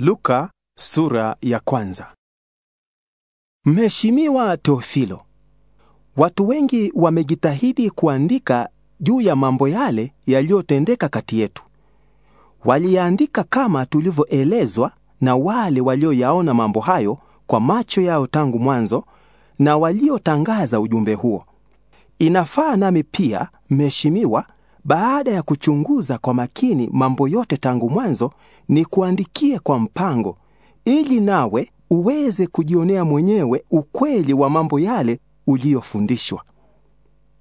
Luka sura ya kwanza. Mheshimiwa Teofilo, watu wengi wamejitahidi kuandika juu ya mambo yale yaliyotendeka kati yetu. Waliyaandika kama tulivyoelezwa na wale walioyaona mambo hayo kwa macho yao tangu mwanzo na waliotangaza ujumbe huo. Inafaa nami pia mheshimiwa baada ya kuchunguza kwa makini mambo yote tangu mwanzo, nikuandikie kwa mpango, ili nawe uweze kujionea mwenyewe ukweli wa mambo yale uliyofundishwa.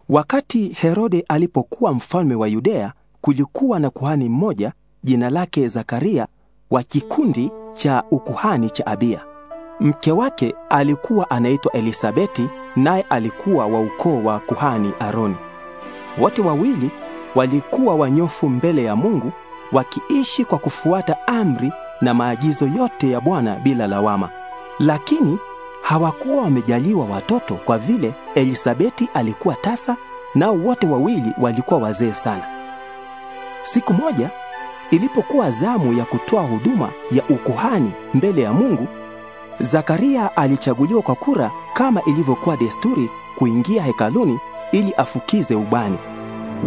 Wakati Herode alipokuwa mfalme wa Yudea, kulikuwa na kuhani mmoja jina lake Zakaria wa kikundi cha ukuhani cha Abia. Mke wake alikuwa anaitwa Elisabeti, naye alikuwa wa ukoo wa kuhani Aroni. Wote wawili walikuwa wanyofu mbele ya Mungu wakiishi kwa kufuata amri na maagizo yote ya Bwana bila lawama. Lakini hawakuwa wamejaliwa watoto kwa vile Elisabeti alikuwa tasa, nao wote wawili walikuwa wazee sana. Siku moja ilipokuwa zamu ya kutoa huduma ya ukuhani mbele ya Mungu, Zakaria alichaguliwa kwa kura kama ilivyokuwa desturi kuingia hekaluni ili afukize ubani.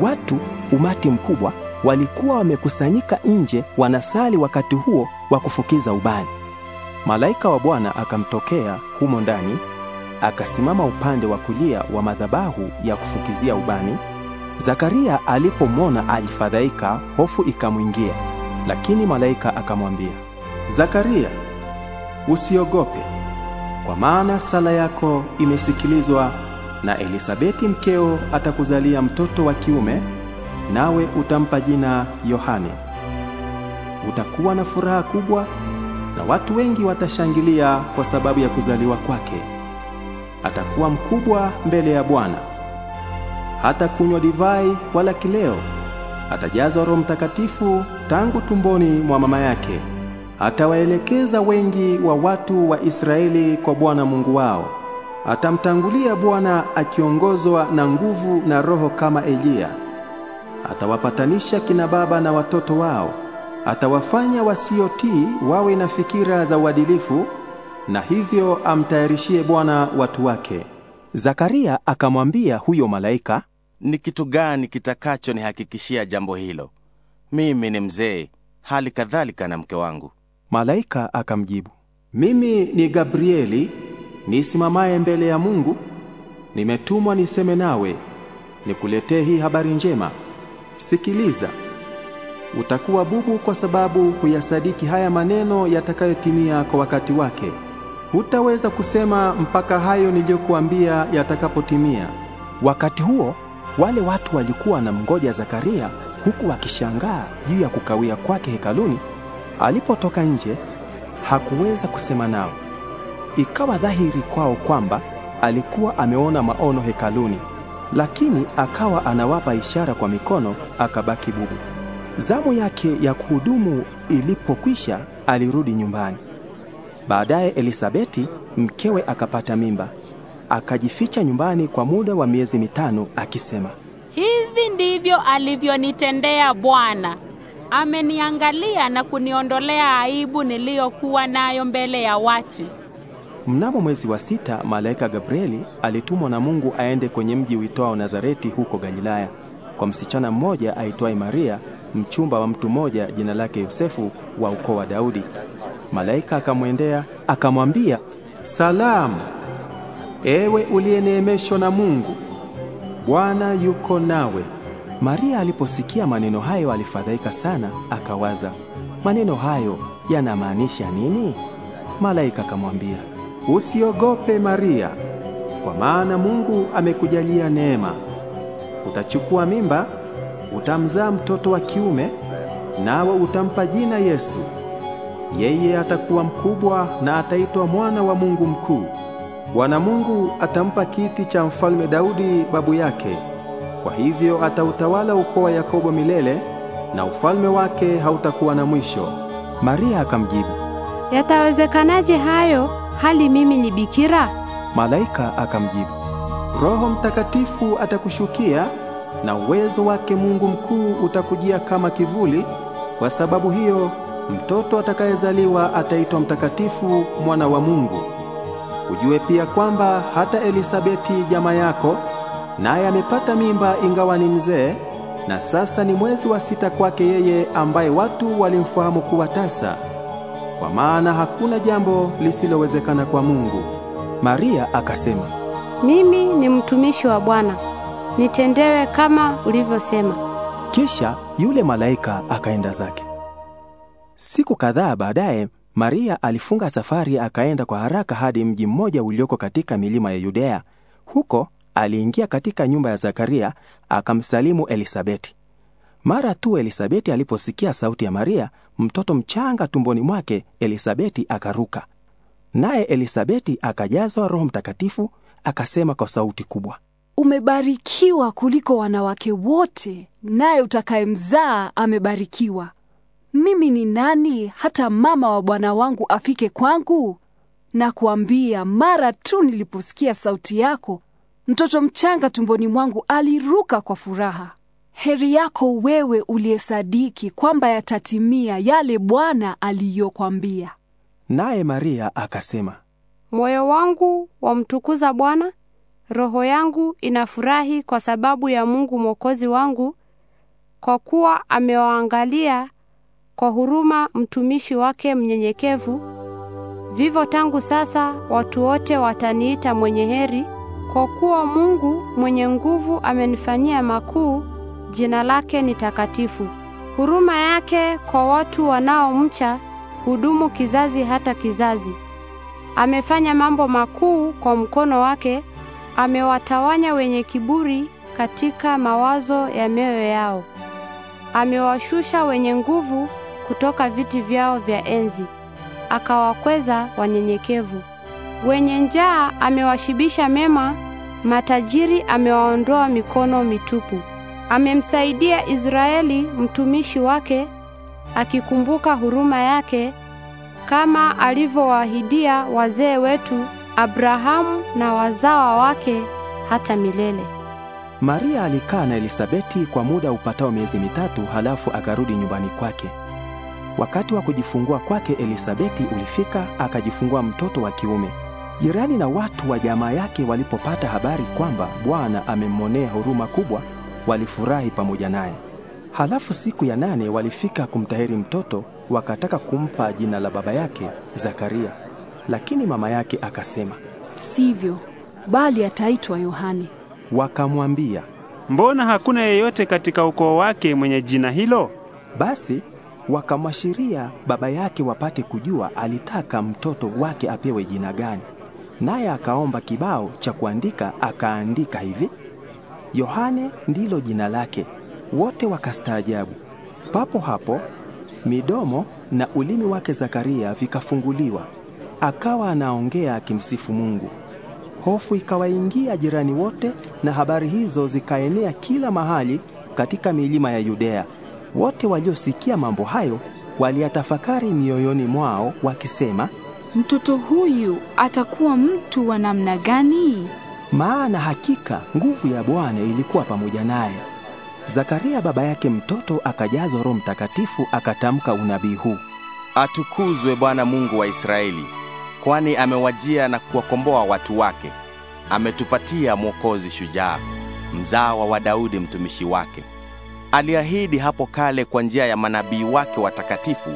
Watu umati mkubwa walikuwa wamekusanyika nje wanasali wakati huo wa kufukiza ubani. Malaika wa Bwana akamtokea humo ndani, akasimama upande wa kulia wa madhabahu ya kufukizia ubani. Zakaria alipomwona alifadhaika, hofu ikamwingia. Lakini malaika akamwambia, Zakaria, usiogope, kwa maana sala yako imesikilizwa na Elisabeti mkeo atakuzalia mtoto wa kiume, nawe utampa jina Yohane. Utakuwa na furaha kubwa na watu wengi watashangilia kwa sababu ya kuzaliwa kwake. Atakuwa mkubwa mbele ya Bwana. Hata kunywa divai wala kileo, atajazwa Roho Mtakatifu tangu tumboni mwa mama yake. Atawaelekeza wengi wa watu wa Israeli kwa Bwana Mungu wao. Atamtangulia Bwana akiongozwa na nguvu na Roho kama Eliya. Atawapatanisha kina baba na watoto wao, atawafanya wasiotii wawe na fikira za uadilifu, na hivyo amtayarishie Bwana watu wake. Zakaria akamwambia huyo malaika, ni kitu gani kitakacho nihakikishia jambo hilo? Mimi ni mzee, hali kadhalika na mke wangu. Malaika akamjibu, mimi ni Gabrieli nisimamaye mbele ya Mungu, nimetumwa niseme nawe, nikuletee hii habari njema. Sikiliza, utakuwa bubu kwa sababu huyasadiki haya maneno yatakayotimia kwa wakati wake. Hutaweza kusema mpaka hayo niliyokuambia yatakapotimia. Wakati huo wale watu walikuwa na mngoja Zakaria huku wakishangaa juu ya kukawia kwake hekaluni. Alipotoka nje hakuweza kusema nao ikawa dhahiri kwao kwamba alikuwa ameona maono hekaluni, lakini akawa anawapa ishara kwa mikono, akabaki bubu. Zamu yake ya kuhudumu ilipokwisha, alirudi nyumbani. Baadaye Elisabeti mkewe akapata mimba, akajificha nyumbani kwa muda wa miezi mitano, akisema, hivi ndivyo alivyonitendea Bwana. Ameniangalia na kuniondolea aibu niliyokuwa nayo mbele ya watu. Mnamo mwezi wa sita, malaika Gabrieli alitumwa na Mungu aende kwenye mji uitwao Nazareti huko Galilaya, kwa msichana mmoja aitwaye Maria, mchumba wa mtu mmoja jina lake Yosefu wa ukoo wa Daudi. Malaika akamwendea akamwambia, salamu, ewe uliyeneemeshwa na Mungu, Bwana yuko nawe. Maria aliposikia maneno hayo alifadhaika sana, akawaza maneno hayo yanamaanisha nini? Malaika akamwambia Usiogope Maria, kwa maana Mungu amekujalia neema. Utachukua mimba, utamzaa mtoto wa kiume, nawe utampa jina Yesu. Yeye atakuwa mkubwa na ataitwa mwana wa Mungu mkuu. Bwana Mungu atampa kiti cha mfalme Daudi babu yake. Kwa hivyo atautawala ukoo wa Yakobo milele na ufalme wake hautakuwa na mwisho. Maria akamjibu, Yatawezekanaje hayo? hali mimi ni bikira? Malaika akamjibu, Roho Mtakatifu atakushukia na uwezo wake Mungu mkuu utakujia kama kivuli. Kwa sababu hiyo, mtoto atakayezaliwa ataitwa mtakatifu, mwana wa Mungu. Ujue pia kwamba hata Elisabeti jamaa yako naye amepata mimba ingawa ni mzee, na sasa ni mwezi wa sita kwake yeye ambaye watu walimfahamu kuwa tasa kwa maana hakuna jambo lisilowezekana kwa Mungu. Maria akasema, mimi ni mtumishi wa Bwana, nitendewe kama ulivyosema. Kisha yule malaika akaenda zake. Siku kadhaa baadaye, Maria alifunga safari, akaenda kwa haraka hadi mji mmoja ulioko katika milima ya Yudea. Huko aliingia katika nyumba ya Zakaria, akamsalimu Elisabeti. Mara tu Elisabeti aliposikia sauti ya Maria, mtoto mchanga tumboni mwake Elisabeti akaruka, naye Elisabeti akajazwa Roho Mtakatifu, akasema kwa sauti kubwa, umebarikiwa kuliko wanawake wote, naye utakayemzaa amebarikiwa. Mimi ni nani hata mama wa Bwana wangu afike kwangu? Na kuambia mara tu niliposikia sauti yako, mtoto mchanga tumboni mwangu aliruka kwa furaha. Heri yako wewe uliyesadiki kwamba yatatimia yale Bwana aliyokwambia. Naye Maria akasema, moyo wangu wamtukuza Bwana, roho yangu inafurahi kwa sababu ya Mungu mwokozi wangu, kwa kuwa amewaangalia kwa huruma mtumishi wake mnyenyekevu. Vivyo tangu sasa watu wote wataniita mwenye heri, kwa kuwa Mungu mwenye nguvu amenifanyia makuu jina lake ni takatifu. Huruma yake kwa watu wanaomcha hudumu kizazi hata kizazi. Amefanya mambo makuu kwa mkono wake, amewatawanya wenye kiburi katika mawazo ya mioyo yao. Amewashusha wenye nguvu kutoka viti vyao vya enzi, akawakweza wanyenyekevu. Wenye njaa amewashibisha mema, matajiri amewaondoa mikono mitupu amemsaidia Israeli mtumishi wake akikumbuka huruma yake kama alivyowaahidia wazee wetu Abrahamu na wazawa wake hata milele. Maria alikaa na Elisabeti kwa muda upatao miezi mitatu, halafu akarudi nyumbani kwake. Wakati wa kujifungua kwake Elisabeti ulifika, akajifungua mtoto wa kiume. Jirani na watu wa jamaa yake walipopata habari kwamba Bwana amemwonea huruma kubwa, walifurahi pamoja naye. Halafu siku ya nane walifika kumtahiri mtoto, wakataka kumpa jina la baba yake Zakaria, lakini mama yake akasema, sivyo, bali ataitwa Yohane. Wakamwambia, mbona hakuna yeyote katika ukoo wake mwenye jina hilo? Basi wakamwashiria baba yake wapate kujua alitaka mtoto wake apewe jina gani. Naye akaomba kibao cha kuandika, akaandika hivi: Yohane ndilo jina lake. Wote wakastaajabu. Papo hapo midomo na ulimi wake Zakaria vikafunguliwa, akawa anaongea akimsifu Mungu. Hofu ikawaingia jirani wote, na habari hizo zikaenea kila mahali katika milima ya Yudea. Wote waliosikia mambo hayo waliyatafakari mioyoni mwao, wakisema, mtoto huyu atakuwa mtu wa namna gani? maana hakika nguvu ya Bwana ilikuwa pamoja naye. Zakaria baba yake mtoto akajazwa Roho Mtakatifu akatamka unabii huu: Atukuzwe Bwana Mungu wa Israeli, kwani amewajia na kuwakomboa watu wake. Ametupatia mwokozi shujaa, mzawa wa Daudi mtumishi wake. Aliahidi hapo kale kwa njia ya manabii wake watakatifu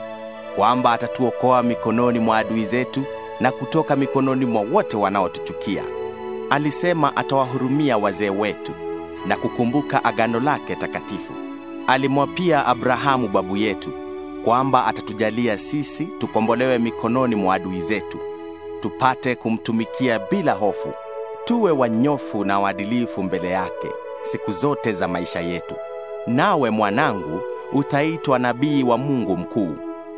kwamba atatuokoa mikononi mwa adui zetu na kutoka mikononi mwa wote wanaotuchukia. Alisema atawahurumia wazee wetu na kukumbuka agano lake takatifu. Alimwapia Abrahamu babu yetu kwamba atatujalia sisi tukombolewe mikononi mwa adui zetu, tupate kumtumikia bila hofu, tuwe wanyofu na waadilifu mbele yake siku zote za maisha yetu. Nawe mwanangu, utaitwa nabii wa Mungu mkuu.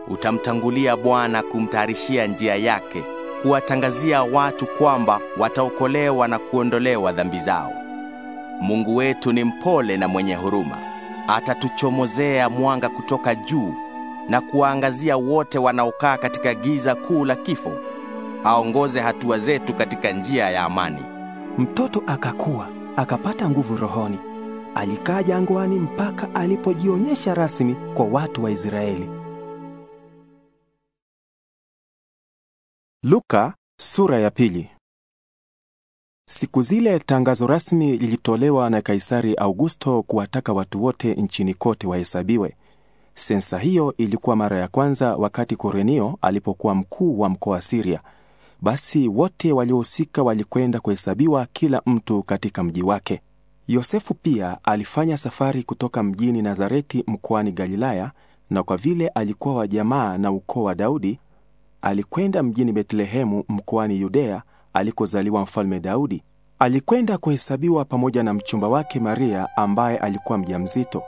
Utamtangulia Bwana kumtayarishia njia yake kuwatangazia watu kwamba wataokolewa na kuondolewa dhambi zao. Mungu wetu ni mpole na mwenye huruma, atatuchomozea mwanga kutoka juu na kuwaangazia wote wanaokaa katika giza kuu la kifo, aongoze hatua zetu katika njia ya amani. Mtoto akakua akapata nguvu rohoni, alikaa jangwani mpaka alipojionyesha rasmi kwa watu wa Israeli. Luka sura ya pili. Siku zile tangazo rasmi lilitolewa na Kaisari Augusto kuwataka watu wote nchini kote wahesabiwe. Sensa hiyo ilikuwa mara ya kwanza wakati Korenio alipokuwa mkuu wa mkoa wa Siria. Basi wote waliohusika walikwenda kuhesabiwa kila mtu katika mji wake. Yosefu pia alifanya safari kutoka mjini Nazareti mkoani Galilaya na kwa vile alikuwa wa jamaa na ukoo wa Daudi alikwenda mjini Betlehemu mkoani Yudea alikozaliwa mfalme Daudi. Alikwenda kuhesabiwa pamoja na mchumba wake Maria ambaye alikuwa mjamzito.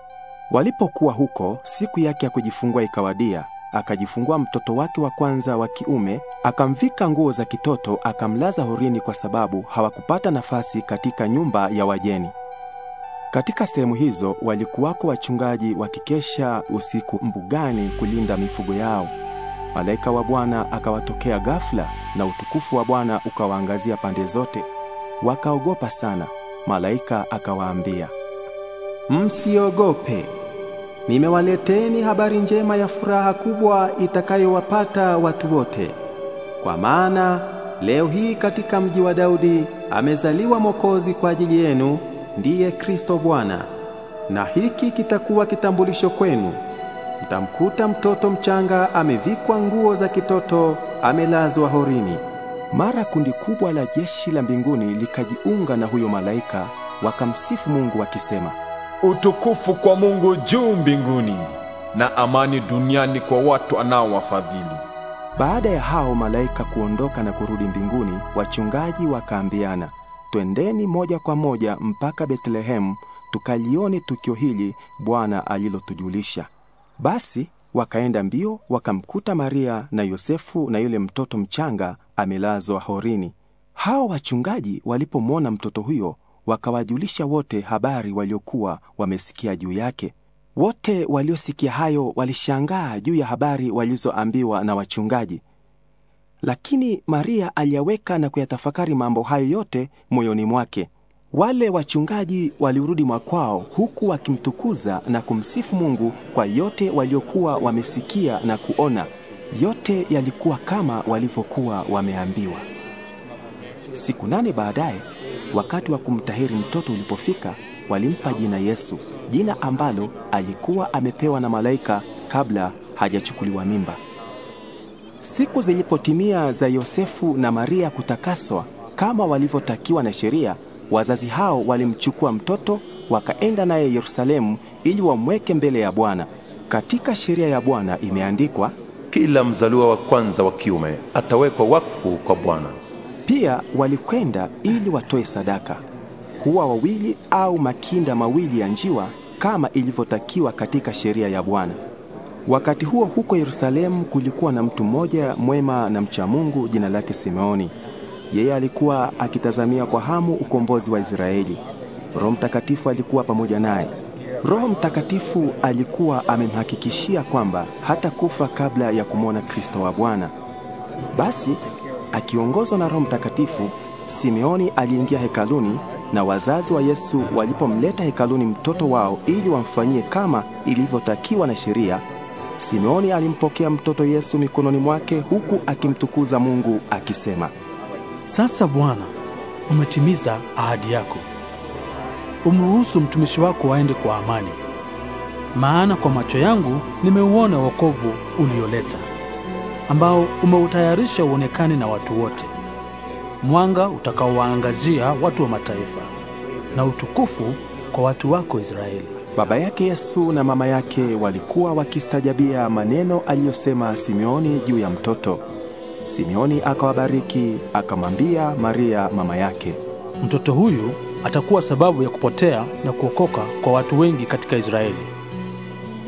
Walipokuwa huko, siku yake ya kujifungua ikawadia, akajifungua mtoto wake wa kwanza wa kiume, akamvika nguo za kitoto, akamlaza horini, kwa sababu hawakupata nafasi katika nyumba ya wajeni Katika sehemu hizo walikuwako wachungaji wakikesha usiku mbugani kulinda mifugo yao. Malaika wa Bwana akawatokea ghafla, na utukufu wa Bwana ukawaangazia pande zote. Wakaogopa sana. Malaika akawaambia, msiogope, nimewaleteni habari njema ya furaha kubwa itakayowapata watu wote, kwa maana leo hii katika mji wa Daudi amezaliwa Mwokozi kwa ajili yenu, ndiye Kristo Bwana. Na hiki kitakuwa kitambulisho kwenu mtamkuta mtoto mchanga amevikwa nguo za kitoto, amelazwa horini. Mara kundi kubwa la jeshi la mbinguni likajiunga na huyo malaika, wakamsifu Mungu wakisema, utukufu kwa Mungu juu mbinguni na amani duniani kwa watu anaowafadhili. Baada ya hao malaika kuondoka na kurudi mbinguni, wachungaji wakaambiana, twendeni moja kwa moja mpaka Betlehemu tukalione tukio hili Bwana alilotujulisha. Basi wakaenda mbio wakamkuta Maria na Yosefu na yule mtoto mchanga amelazwa horini. Hao wachungaji walipomwona mtoto huyo wakawajulisha wote habari waliokuwa wamesikia juu yake. Wote waliosikia hayo walishangaa juu ya habari walizoambiwa na wachungaji. Lakini Maria aliyaweka na kuyatafakari mambo hayo yote moyoni mwake. Wale wachungaji walirudi mwakwao huku wakimtukuza na kumsifu Mungu kwa yote waliokuwa wamesikia na kuona. Yote yalikuwa kama walivyokuwa wameambiwa. Siku nane baadaye, wakati wa kumtahiri mtoto ulipofika, walimpa jina Yesu, jina ambalo alikuwa amepewa na malaika kabla hajachukuliwa mimba. Siku zilipotimia za Yosefu na Maria kutakaswa kama walivyotakiwa na sheria, Wazazi hao walimchukua mtoto wakaenda naye Yerusalemu ili wamweke mbele ya Bwana. Katika sheria ya Bwana imeandikwa, kila mzaliwa wa kwanza wa kiume atawekwa wakfu kwa Bwana. Pia walikwenda ili watoe sadaka, hua wawili au makinda mawili ya njiwa kama ilivyotakiwa katika sheria ya Bwana. Wakati huo huko Yerusalemu kulikuwa na mtu mmoja mwema na mcha Mungu, jina lake Simeoni. Yeye alikuwa akitazamia kwa hamu ukombozi wa Israeli. Roho Mtakatifu alikuwa pamoja naye. Roho Mtakatifu alikuwa amemhakikishia kwamba hatakufa kabla ya kumwona Kristo wa Bwana. Basi akiongozwa na Roho Mtakatifu, Simeoni aliingia hekaluni, na wazazi wa Yesu walipomleta hekaluni mtoto wao ili wamfanyie kama ilivyotakiwa na sheria, Simeoni alimpokea mtoto Yesu mikononi mwake huku akimtukuza Mungu akisema: sasa Bwana, umetimiza ahadi yako, umruhusu mtumishi wako aende kwa amani, maana kwa macho yangu nimeuona wokovu ulioleta, ambao umeutayarisha uonekane na watu wote, mwanga utakaowaangazia watu wa mataifa, na utukufu kwa watu wako Israeli. Baba yake Yesu na mama yake walikuwa wakistajabia maneno aliyosema Simeoni juu ya mtoto. Simeoni akawabariki akamwambia Maria mama yake, mtoto huyu atakuwa sababu ya kupotea na kuokoka kwa watu wengi katika Israeli,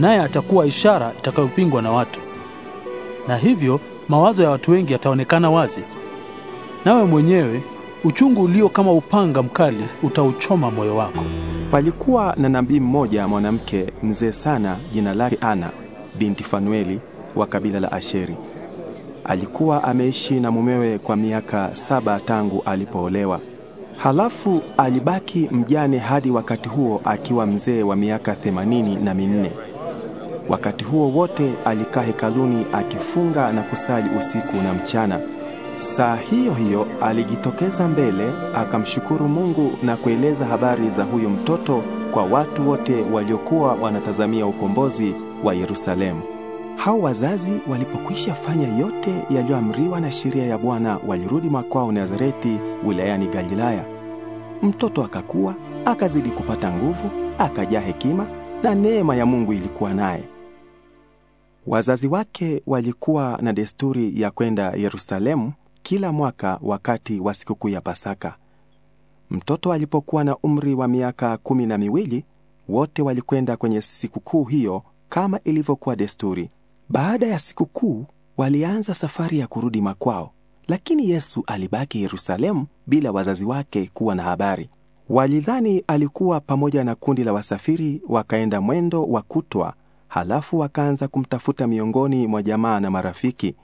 naye atakuwa ishara itakayopingwa na watu, na hivyo mawazo ya watu wengi yataonekana wazi. Nawe mwenyewe uchungu ulio kama upanga mkali utauchoma moyo wako. Palikuwa na nabii mmoja mwanamke mzee sana, jina lake Ana binti Fanueli wa kabila la Asheri. Alikuwa ameishi na mumewe kwa miaka saba tangu alipoolewa. Halafu alibaki mjane hadi wakati huo akiwa mzee wa miaka themanini na minne. Wakati huo wote alikaa hekaluni akifunga na kusali usiku na mchana. Saa hiyo hiyo alijitokeza mbele akamshukuru Mungu na kueleza habari za huyo mtoto kwa watu wote waliokuwa wanatazamia ukombozi wa Yerusalemu. Hao wazazi walipokwisha fanya yote yaliyoamriwa na sheria ya Bwana, walirudi makwao Nazareti, wilayani Galilaya. Mtoto akakuwa, akazidi kupata nguvu, akajaa hekima, na neema ya Mungu ilikuwa naye. Wazazi wake walikuwa na desturi ya kwenda Yerusalemu kila mwaka wakati wa sikukuu ya Pasaka. Mtoto alipokuwa na umri wa miaka kumi na miwili, wote walikwenda kwenye sikukuu hiyo kama ilivyokuwa desturi. Baada ya siku kuu walianza safari ya kurudi makwao, lakini Yesu alibaki Yerusalemu bila wazazi wake kuwa na habari. Walidhani alikuwa pamoja na kundi la wasafiri, wakaenda mwendo wa kutwa, halafu wakaanza kumtafuta miongoni mwa jamaa na marafiki.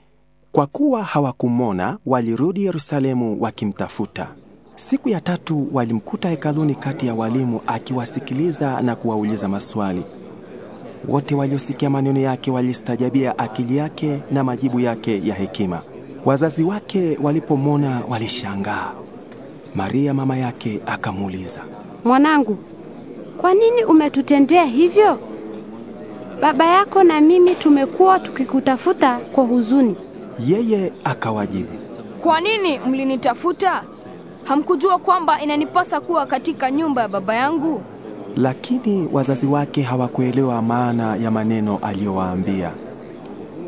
Kwa kuwa hawakumwona, walirudi Yerusalemu wakimtafuta. Siku ya tatu walimkuta hekaluni kati ya walimu akiwasikiliza na kuwauliza maswali. Wote waliosikia maneno yake walistajabia akili yake na majibu yake ya hekima. Wazazi wake walipomwona walishangaa. Maria mama yake akamuuliza, mwanangu, kwa nini umetutendea hivyo? Baba yako na mimi tumekuwa tukikutafuta kwa huzuni. Yeye akawajibu, kwa nini mlinitafuta? Hamkujua kwamba inanipasa kuwa katika nyumba ya baba yangu? lakini wazazi wake hawakuelewa maana ya maneno aliyowaambia.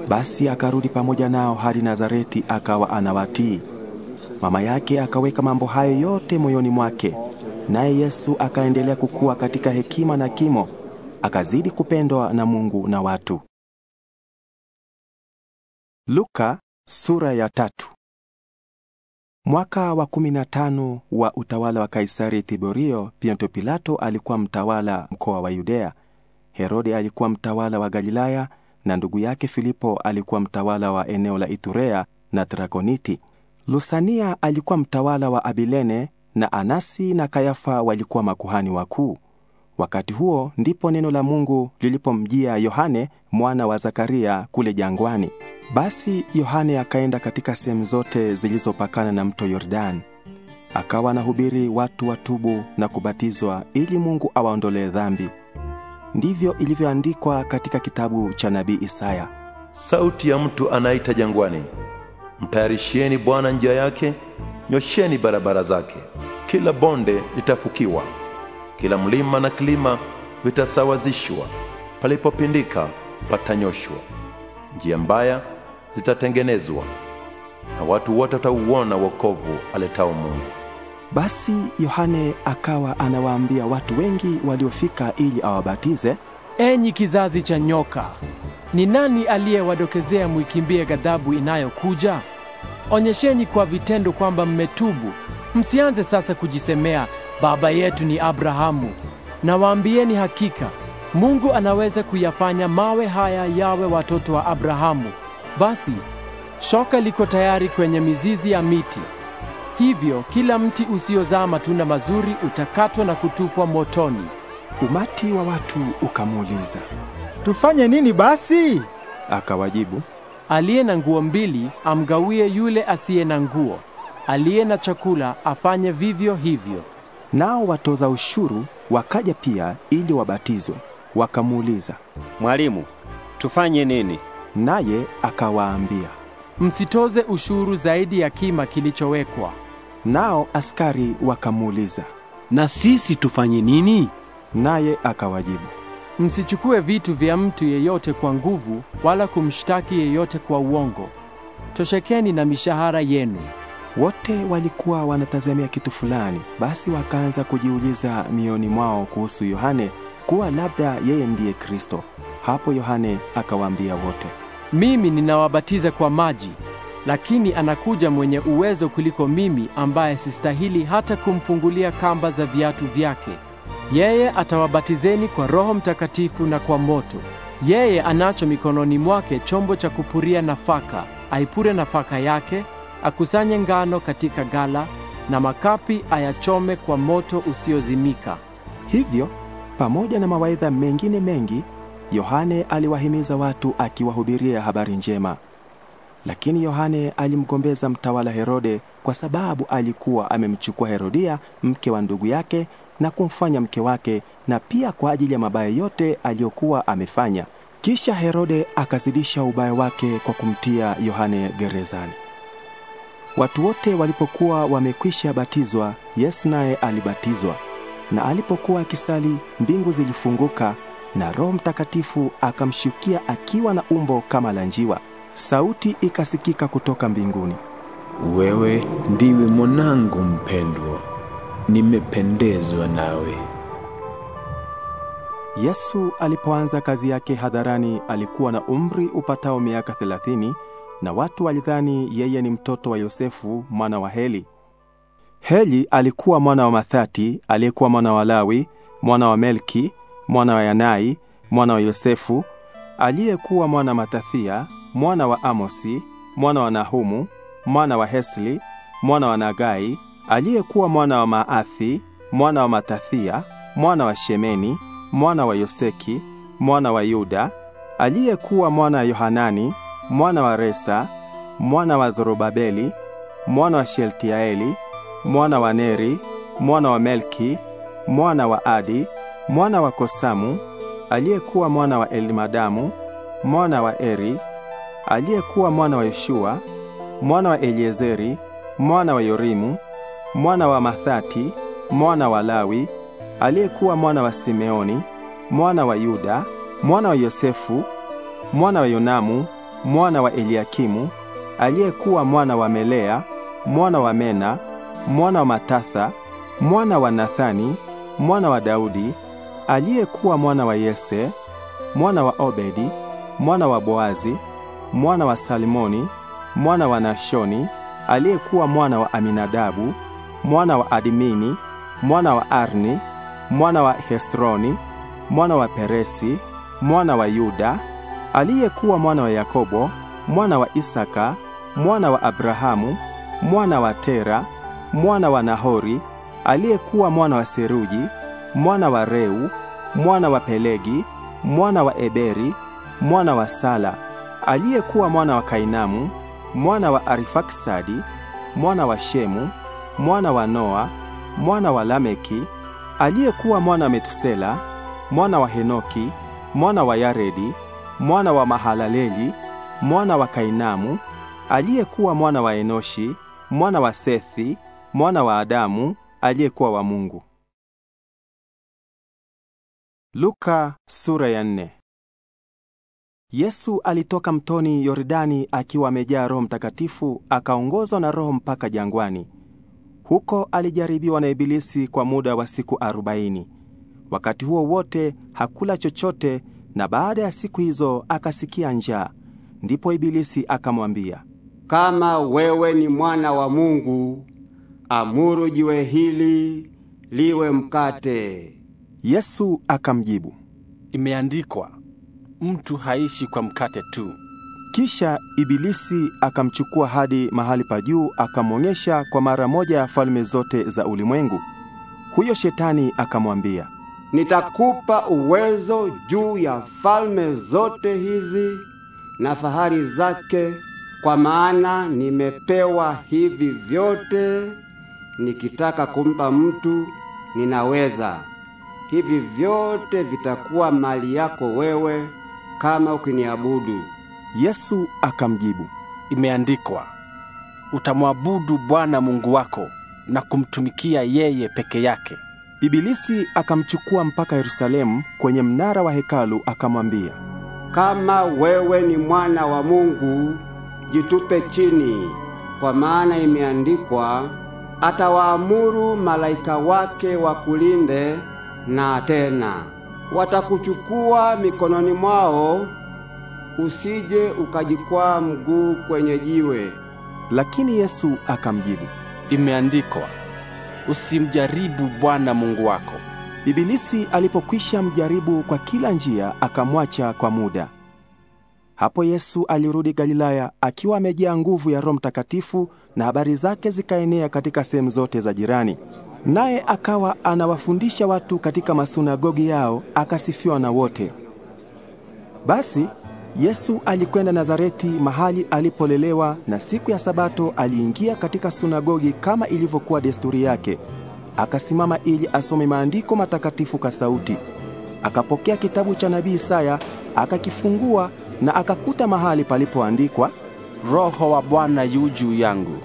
Basi akarudi pamoja nao hadi Nazareti, akawa anawatii. Mama yake akaweka mambo hayo yote moyoni mwake, naye Yesu akaendelea kukua katika hekima na kimo, akazidi kupendwa na Mungu na watu. Luka sura ya tatu. Mwaka wa kumi na tano wa utawala wa Kaisari tiborio Ponto Pilato alikuwa mtawala mkoa wa Yudea. Herode alikuwa mtawala wa Galilaya na ndugu yake Filipo alikuwa mtawala wa eneo la Iturea na Trakoniti. Lusania alikuwa mtawala wa Abilene na Anasi na Kayafa walikuwa makuhani wakuu. Wakati huo ndipo neno la Mungu lilipomjia Yohane mwana wa Zakaria kule jangwani. Basi Yohane akaenda katika sehemu zote zilizopakana na mto Yordani, akawa anahubiri watu watubu na kubatizwa ili Mungu awaondolee dhambi. Ndivyo ilivyoandikwa katika kitabu cha nabii Isaya. Sauti ya mtu anaita jangwani, mtayarishieni Bwana njia yake, nyosheni barabara zake. Kila bonde litafukiwa kila mlima na kilima vitasawazishwa, palipopindika patanyoshwa, njia mbaya zitatengenezwa, na watu wote watauona wokovu aletao Mungu. Basi Yohane akawa anawaambia watu wengi waliofika ili awabatize, enyi kizazi cha nyoka, ni nani aliyewadokezea mwikimbie ghadhabu inayokuja? Onyesheni kwa vitendo kwamba mmetubu, msianze sasa kujisemea baba yetu ni Abrahamu. Nawaambieni hakika Mungu anaweza kuyafanya mawe haya yawe watoto wa Abrahamu. Basi shoka liko tayari kwenye mizizi ya miti, hivyo kila mti usiozaa matunda mazuri utakatwa na kutupwa motoni. Umati wa watu ukamuuliza, tufanye nini basi? Akawajibu, aliye na nguo mbili amgawie yule asiye na nguo, aliye na chakula afanye vivyo hivyo. Nao watoza ushuru wakaja pia ili wabatizwe, wakamuuliza, Mwalimu, tufanye nini? Naye akawaambia, msitoze ushuru zaidi ya kima kilichowekwa. Nao askari wakamuuliza, na sisi tufanye nini? Naye akawajibu, msichukue vitu vya mtu yeyote kwa nguvu, wala kumshtaki yeyote kwa uongo. Toshekeni na mishahara yenu. Wote walikuwa wanatazamia kitu fulani, basi wakaanza kujiuliza mioyoni mwao kuhusu Yohane kuwa labda yeye ndiye Kristo. Hapo Yohane akawaambia wote, mimi ninawabatiza kwa maji, lakini anakuja mwenye uwezo kuliko mimi, ambaye sistahili hata kumfungulia kamba za viatu vyake. Yeye atawabatizeni kwa Roho Mtakatifu na kwa moto. Yeye anacho mikononi mwake chombo cha kupuria nafaka, aipure nafaka yake akusanye ngano katika gala na makapi ayachome kwa moto usiozimika. Hivyo pamoja na mawaidha mengine mengi, Yohane aliwahimiza watu akiwahubiria habari njema. Lakini Yohane alimgombeza mtawala Herode kwa sababu alikuwa amemchukua Herodia, mke wa ndugu yake, na kumfanya mke wake, na pia kwa ajili ya mabaya yote aliyokuwa amefanya. Kisha Herode akazidisha ubaya wake kwa kumtia Yohane gerezani. Watu wote walipokuwa wamekwisha batizwa, Yesu naye alibatizwa, na alipokuwa akisali, mbingu zilifunguka na Roho Mtakatifu akamshukia akiwa na umbo kama la njiwa. Sauti ikasikika kutoka mbinguni, wewe ndiwe mwanangu mpendwa, nimependezwa nawe. Yesu alipoanza kazi yake hadharani alikuwa na umri upatao miaka thelathini na watu walidhani yeye ni mtoto wa Yosefu mwana wa Heli. Heli alikuwa mwana wa Mathati, aliyekuwa mwana wa Lawi, mwana wa Melki, mwana wa Yanai, mwana wa Yosefu, aliyekuwa mwana wa Matathia, mwana wa Amosi, mwana wa Nahumu, mwana wa Hesli, mwana wa Nagai, aliyekuwa mwana wa Maathi, mwana wa Matathia, mwana wa Shemeni, mwana wa Yoseki, mwana wa Yuda, aliyekuwa mwana wa Yohanani, mwana wa Resa, mwana wa Zorobabeli, mwana wa Sheltiaeli, mwana wa Neri, mwana wa Melki, mwana wa Adi, mwana wa Kosamu, aliyekuwa mwana wa elimadamu mwana wa Eri, aliyekuwa mwana wa Yeshua, mwana wa Eliezeri, mwana wa Yorimu, mwana wa Mathati, mwana wa Lawi, aliyekuwa mwana wa Simeoni, mwana wa Yuda, mwana wa Yosefu, mwana wa Yonamu, mwana wa Eliakimu, aliyekuwa mwana wa Melea, mwana wa Mena, mwana wa Matatha, mwana wa Nathani, mwana wa Daudi, aliyekuwa mwana wa Yese, mwana wa Obedi, mwana wa Boazi, mwana wa Salmoni, mwana wa Nashoni, aliyekuwa mwana wa Aminadabu, mwana wa Adimini, mwana wa Arni, mwana wa Hesroni, mwana wa Peresi, mwana wa Yuda aliyekuwa mwana wa Yakobo, mwana wa Isaka, mwana wa Abrahamu, mwana wa Tera, mwana wa Nahori, aliyekuwa mwana wa Seruji, mwana wa Reu, mwana wa Pelegi, mwana wa Eberi, mwana wa Sala, aliyekuwa mwana wa Kainamu, mwana wa Arifaksadi, mwana wa Shemu, mwana wa Noa, mwana wa Lameki, aliyekuwa mwana wa Metusela, mwana wa Henoki, mwana wa Yaredi, mwana wa Mahalaleli, mwana wa Kainamu, aliyekuwa mwana wa Enoshi, mwana wa Sethi, mwana wa Adamu, aliyekuwa wa Mungu. Luka sura ya nne. Yesu alitoka mtoni Yordani akiwa amejaa Roho Mtakatifu, akaongozwa na Roho mpaka jangwani. Huko alijaribiwa na Ibilisi kwa muda wa siku arobaini. Wakati huo wote hakula chochote na baada ya siku hizo akasikia njaa. Ndipo Ibilisi akamwambia, kama wewe ni mwana wa Mungu, amuru jiwe hili liwe mkate. Yesu akamjibu, imeandikwa, mtu haishi kwa mkate tu. Kisha Ibilisi akamchukua hadi mahali pa juu, akamwonyesha kwa mara moja ya falme zote za ulimwengu. Huyo shetani akamwambia nitakupa uwezo juu ya falme zote hizi na fahari zake, kwa maana nimepewa hivi vyote. Nikitaka kumpa mtu ninaweza. Hivi vyote vitakuwa mali yako wewe, kama ukiniabudu. Yesu akamjibu, imeandikwa, utamwabudu Bwana Mungu wako na kumtumikia yeye peke yake. Ibilisi akamchukua mpaka Yerusalemu kwenye mnara wa hekalu akamwambia, kama wewe ni mwana wa Mungu, jitupe chini, kwa maana imeandikwa, atawaamuru malaika wake wakulinde, na tena watakuchukua mikononi mwao, usije ukajikwaa mguu kwenye jiwe. Lakini Yesu akamjibu, imeandikwa usimjaribu Bwana Mungu wako. Ibilisi alipokwisha mjaribu kwa kila njia, akamwacha kwa muda. Hapo Yesu alirudi Galilaya akiwa amejaa nguvu ya Roho Mtakatifu, na habari zake zikaenea katika sehemu zote za jirani. Naye akawa anawafundisha watu katika masunagogi yao, akasifiwa na wote. Basi Yesu alikwenda Nazareti, mahali alipolelewa, na siku ya Sabato aliingia katika sunagogi kama ilivyokuwa desturi yake. Akasimama ili asome maandiko matakatifu kwa sauti. Akapokea kitabu cha nabii Isaya, akakifungua na akakuta mahali palipoandikwa, Roho wa Bwana yu juu yangu,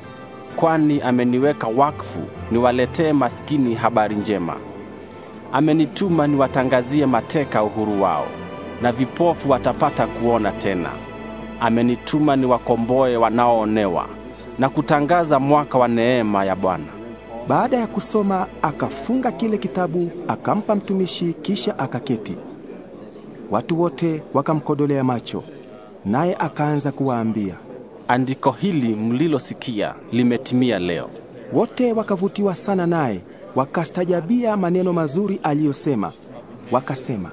kwani ameniweka wakfu niwaletee maskini habari njema. Amenituma niwatangazie mateka uhuru wao na vipofu watapata kuona tena. Amenituma niwakomboe wanaoonewa na kutangaza mwaka wa neema ya Bwana. Baada ya kusoma, akafunga kile kitabu, akampa mtumishi, kisha akaketi. Watu wote wakamkodolea macho, naye akaanza kuwaambia, andiko hili mlilosikia limetimia leo. Wote wakavutiwa sana naye, wakastajabia maneno mazuri aliyosema, wakasema,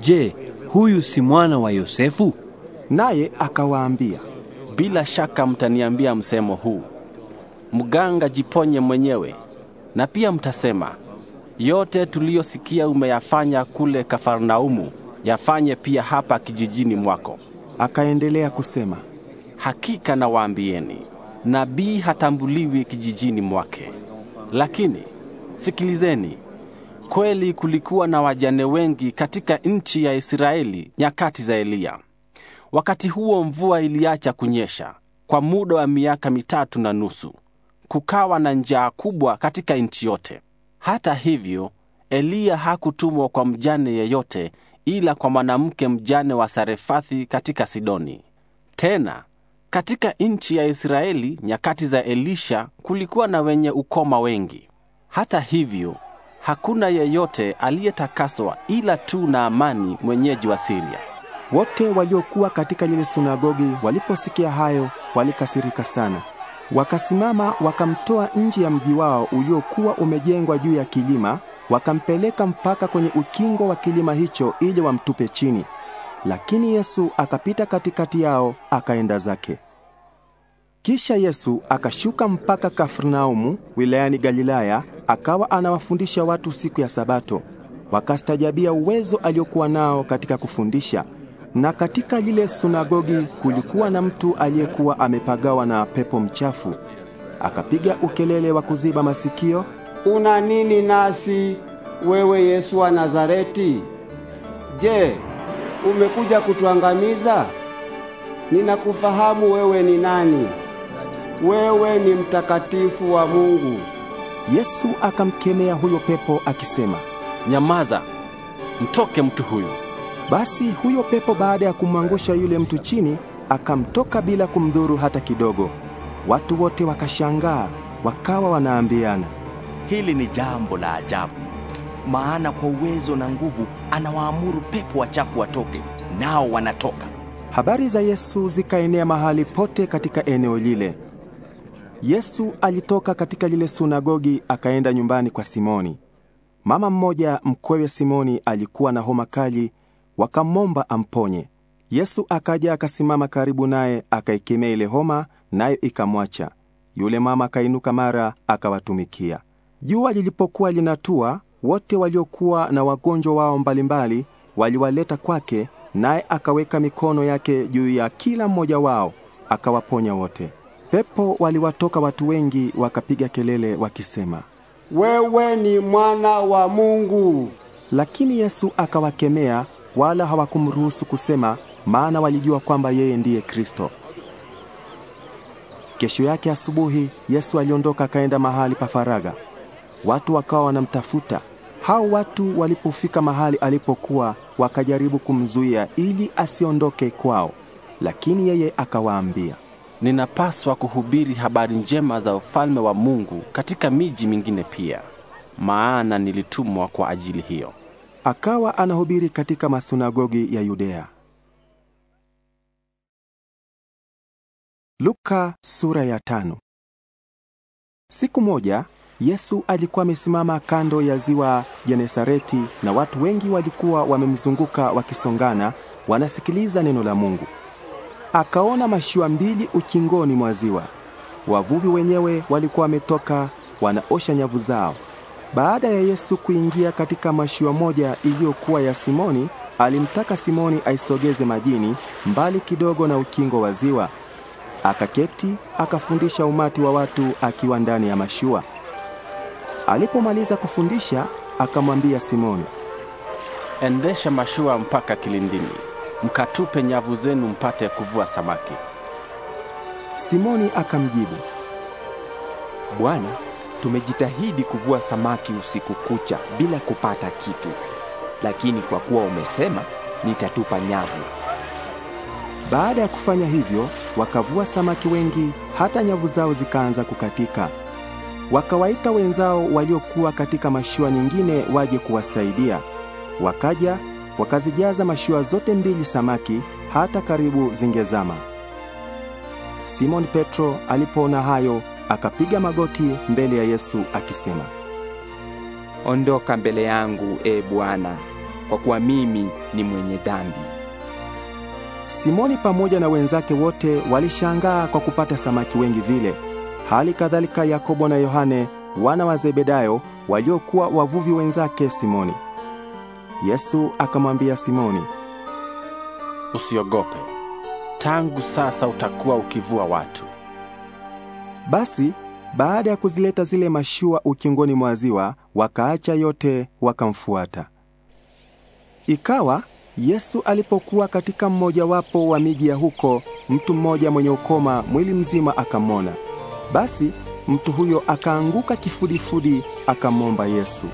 je, huyu si mwana wa Yosefu? Naye akawaambia, bila shaka mtaniambia msemo huu, mganga jiponye mwenyewe, na pia mtasema yote tuliyosikia umeyafanya kule Kafarnaumu, yafanye pia hapa kijijini mwako. Akaendelea kusema, hakika nawaambieni, nabii hatambuliwi kijijini mwake. Lakini sikilizeni, Kweli kulikuwa na wajane wengi katika nchi ya Israeli nyakati za Eliya. Wakati huo mvua iliacha kunyesha kwa muda wa miaka mitatu na nusu. Kukawa na njaa kubwa katika nchi yote. Hata hivyo, Eliya hakutumwa kwa mjane yeyote ila kwa mwanamke mjane wa Sarefathi katika Sidoni. Tena katika nchi ya Israeli nyakati za Elisha kulikuwa na wenye ukoma wengi. Hata hivyo hakuna yeyote aliyetakaswa ila tu Naamani mwenyeji wa Siria. Wote waliokuwa katika lile sinagogi waliposikia hayo walikasirika sana. Wakasimama wakamtoa nje ya mji wao uliokuwa umejengwa juu ya kilima, wakampeleka mpaka kwenye ukingo wa kilima hicho ili wamtupe chini. Lakini Yesu akapita katikati yao akaenda zake. Kisha Yesu akashuka mpaka Kafarnaumu wilayani Galilaya akawa anawafundisha watu siku ya Sabato. Wakastajabia uwezo aliokuwa nao katika kufundisha. Na katika lile sunagogi kulikuwa na mtu aliyekuwa amepagawa na pepo mchafu, akapiga ukelele wa kuziba masikio, una nini nasi wewe Yesu wa Nazareti? Je, umekuja kutuangamiza? Ninakufahamu wewe ni nani. Wewe ni mtakatifu wa Mungu. Yesu akamkemea huyo pepo akisema, nyamaza, mtoke mtu huyu. Basi huyo pepo baada ya kumwangusha yule mtu chini, akamtoka bila kumdhuru hata kidogo. Watu wote wakashangaa, wakawa wanaambiana, hili ni jambo la ajabu, maana kwa uwezo na nguvu anawaamuru pepo wachafu watoke, nao wanatoka. Habari za Yesu zikaenea mahali pote katika eneo lile. Yesu alitoka katika lile sunagogi akaenda nyumbani kwa Simoni. Mama mmoja mkwewe Simoni alikuwa na homa kali, wakamwomba amponye. Yesu akaja akasimama karibu naye, akaikemea ile homa, nayo ikamwacha. Yule mama akainuka mara akawatumikia. Jua lilipokuwa linatua, wote waliokuwa na wagonjwa wao mbalimbali waliwaleta kwake, naye akaweka mikono yake juu ya kila mmoja wao, akawaponya wote. Pepo waliwatoka watu wengi wakapiga kelele wakisema, wewe ni mwana wa Mungu. Lakini Yesu akawakemea, wala hawakumruhusu kusema, maana walijua kwamba yeye ndiye Kristo. Kesho yake asubuhi, Yesu aliondoka akaenda mahali pa faragha. Watu wakawa wanamtafuta. Hao watu walipofika mahali alipokuwa, wakajaribu kumzuia ili asiondoke kwao, lakini yeye akawaambia ninapaswa kuhubiri habari njema za ufalme wa Mungu katika miji mingine pia, maana nilitumwa kwa ajili hiyo. Akawa anahubiri katika masunagogi ya Yudea. Luka sura ya tano. Siku moja Yesu alikuwa amesimama kando ya ziwa Genesareti na watu wengi walikuwa wamemzunguka wakisongana wanasikiliza neno la Mungu akaona mashua mbili ukingoni mwa ziwa. Wavuvi wenyewe walikuwa wametoka wanaosha nyavu zao. Baada ya Yesu kuingia katika mashua moja iliyokuwa ya Simoni, alimtaka Simoni aisogeze majini mbali kidogo na ukingo wa ziwa. Akaketi akafundisha umati wa watu akiwa ndani ya mashua. Alipomaliza kufundisha, akamwambia Simoni, endesha mashua mpaka kilindini mkatupe nyavu zenu mpate kuvua samaki. Simoni akamjibu, Bwana, tumejitahidi kuvua samaki usiku kucha bila kupata kitu, lakini kwa kuwa umesema, nitatupa nyavu. Baada ya kufanya hivyo, wakavua samaki wengi, hata nyavu zao zikaanza kukatika. Wakawaita wenzao waliokuwa katika mashua nyingine waje kuwasaidia. Wakaja wakazijaza mashua zote mbili samaki hata karibu zingezama. Simon Petro alipoona hayo akapiga magoti mbele ya Yesu akisema, Ondoka mbele yangu, e Bwana, kwa kuwa mimi ni mwenye dhambi. Simoni pamoja na wenzake wote walishangaa kwa kupata samaki wengi vile. Hali kadhalika Yakobo na Yohane wana wa Zebedayo waliokuwa wavuvi wenzake Simoni. Yesu akamwambia Simoni, usiogope, tangu sasa utakuwa ukivua watu. Basi baada ya kuzileta zile mashua ukingoni mwa ziwa, wakaacha yote wakamfuata. Ikawa Yesu alipokuwa katika mmojawapo wa miji ya huko, mtu mmoja mwenye ukoma mwili mzima akamwona. Basi mtu huyo akaanguka kifudifudi, akamwomba Yesu,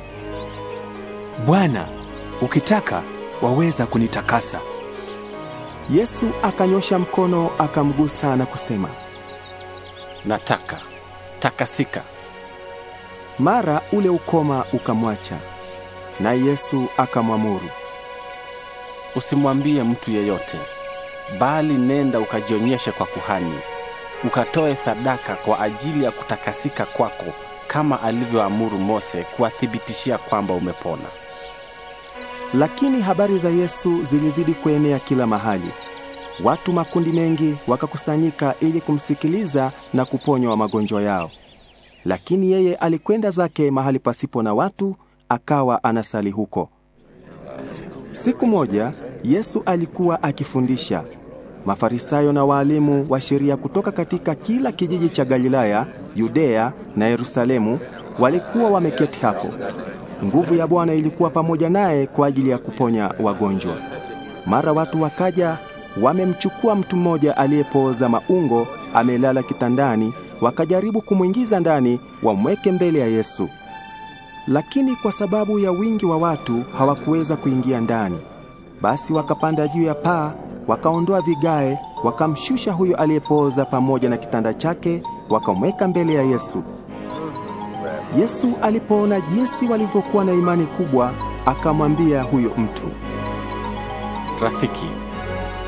Bwana Ukitaka waweza kunitakasa. Yesu akanyosha mkono akamgusa na kusema, nataka, takasika. Mara ule ukoma ukamwacha, na Yesu akamwamuru, usimwambie mtu yeyote, bali nenda ukajionyeshe kwa kuhani, ukatoe sadaka kwa ajili ya kutakasika kwako, kama alivyoamuru Mose, kuwathibitishia kwamba umepona. Lakini habari za Yesu zilizidi kuenea kila mahali. Watu makundi mengi wakakusanyika ili kumsikiliza na kuponywa magonjwa yao. Lakini yeye alikwenda zake mahali pasipo na watu, akawa anasali huko. Siku moja Yesu alikuwa akifundisha. Mafarisayo na waalimu wa sheria kutoka katika kila kijiji cha Galilaya, Yudea na Yerusalemu walikuwa wameketi hapo. Nguvu ya Bwana ilikuwa pamoja naye kwa ajili ya kuponya wagonjwa. Mara watu wakaja, wamemchukua mtu mmoja aliyepooza maungo, amelala kitandani, wakajaribu kumwingiza ndani, wamweke mbele ya Yesu. Lakini kwa sababu ya wingi wa watu hawakuweza kuingia ndani. Basi wakapanda juu ya paa, wakaondoa vigae, wakamshusha huyo aliyepooza pamoja na kitanda chake, wakamweka mbele ya Yesu. Yesu alipoona jinsi walivyokuwa na imani kubwa, akamwambia huyo mtu, rafiki,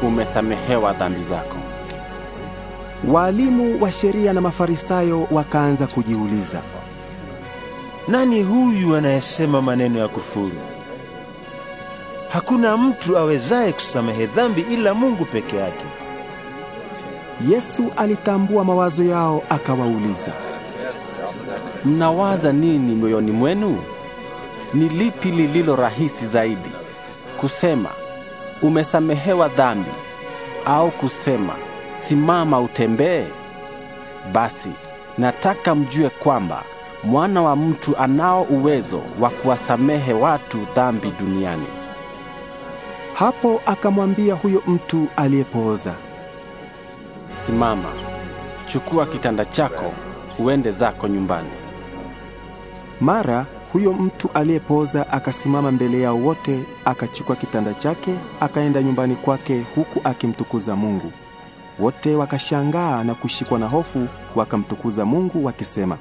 umesamehewa dhambi zako. Waalimu wa sheria na Mafarisayo wakaanza kujiuliza, nani huyu anayesema maneno ya kufuru? Hakuna mtu awezaye kusamehe dhambi ila Mungu peke yake. Yesu alitambua mawazo yao akawauliza mnawaza nini mioyoni mwenu? Ni lipi lililo rahisi zaidi, kusema umesamehewa dhambi, au kusema simama utembee? Basi nataka mjue kwamba mwana wa mtu anao uwezo wa kuwasamehe watu dhambi duniani. Hapo akamwambia huyo mtu aliyepooza, simama, chukua kitanda chako uende zako nyumbani. Mara huyo mtu aliyepooza akasimama mbele yao wote, akachukua kitanda chake, akaenda nyumbani kwake, huku akimtukuza Mungu. Wote wakashangaa na kushikwa na hofu, wakamtukuza Mungu wakisema,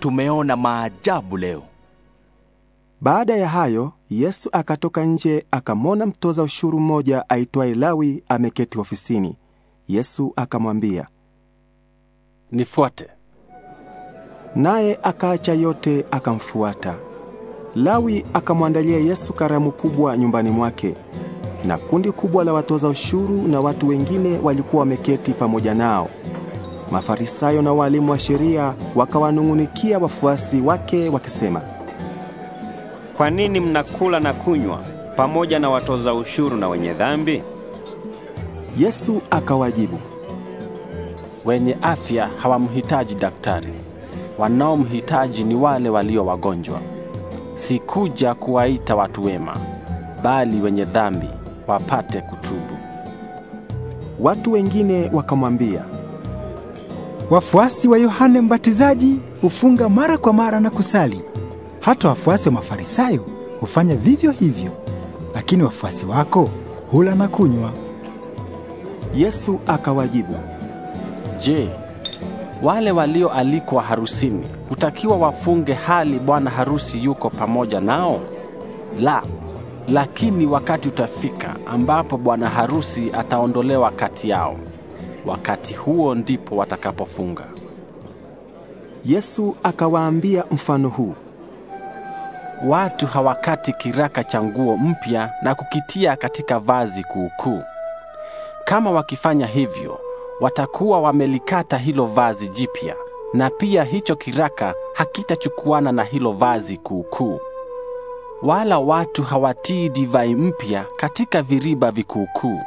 tumeona maajabu leo. Baada ya hayo, Yesu akatoka nje, akamwona mtoza ushuru mmoja aitwaye Lawi ameketi ofisini. Yesu akamwambia, nifuate naye akaacha yote akamfuata. Lawi akamwandalia Yesu karamu kubwa nyumbani mwake, na kundi kubwa la watoza ushuru na watu wengine walikuwa wameketi pamoja nao. Mafarisayo na walimu wa sheria wakawanung'unikia wafuasi wake wakisema, kwa nini mnakula na kunywa pamoja na watoza ushuru na wenye dhambi? Yesu akawajibu, wenye afya hawamhitaji daktari wanaomhitaji ni wale walio wagonjwa. Sikuja kuwaita watu wema, bali wenye dhambi wapate kutubu. Watu wengine wakamwambia, wafuasi wa Yohane Mbatizaji hufunga mara kwa mara na kusali, hata wafuasi wa Mafarisayo hufanya vivyo hivyo, lakini wafuasi wako hula na kunywa. Yesu akawajibu, Je, wale walioalikwa harusini hutakiwa wafunge hali bwana harusi yuko pamoja nao? La, lakini wakati utafika ambapo bwana harusi ataondolewa kati yao. Wakati huo ndipo watakapofunga. Yesu akawaambia mfano huu: watu hawakati kiraka cha nguo mpya na kukitia katika vazi kuukuu. Kama wakifanya hivyo watakuwa wamelikata hilo vazi jipya, na pia hicho kiraka hakitachukuana na hilo vazi kuukuu. Wala watu hawatii divai mpya katika viriba vikuukuu,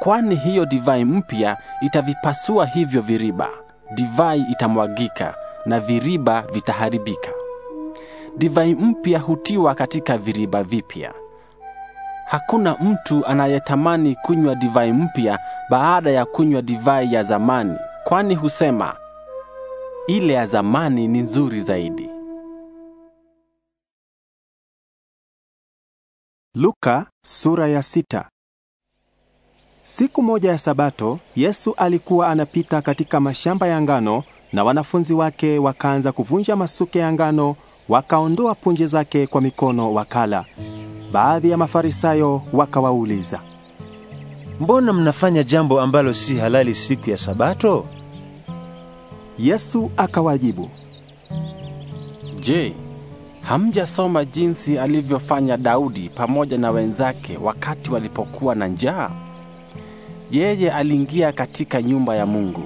kwani hiyo divai mpya itavipasua hivyo viriba, divai itamwagika na viriba vitaharibika. Divai mpya hutiwa katika viriba vipya. Hakuna mtu anayetamani kunywa divai mpya baada ya kunywa divai ya zamani, kwani husema ile ya zamani ni nzuri zaidi. Luka sura ya sita. Siku moja ya Sabato, Yesu alikuwa anapita katika mashamba ya ngano na wanafunzi wake wakaanza kuvunja masuke ya ngano Wakaondoa punje zake kwa mikono wakala. Baadhi ya Mafarisayo wakawauliza, mbona mnafanya jambo ambalo si halali siku ya Sabato? Yesu akawajibu, Je, hamjasoma jinsi alivyofanya Daudi pamoja na wenzake wakati walipokuwa na njaa? Yeye aliingia katika nyumba ya Mungu,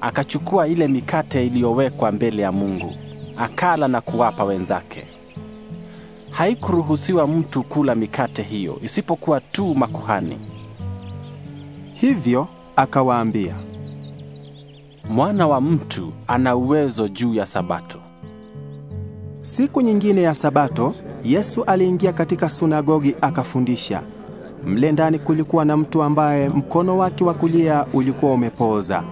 akachukua ile mikate iliyowekwa mbele ya Mungu akala na kuwapa wenzake. Haikuruhusiwa mtu kula mikate hiyo isipokuwa tu makuhani. Hivyo akawaambia, Mwana wa mtu ana uwezo juu ya Sabato. Siku nyingine ya Sabato, Yesu aliingia katika sunagogi akafundisha. Mle ndani kulikuwa na mtu ambaye mkono wake wa kulia ulikuwa umepooza.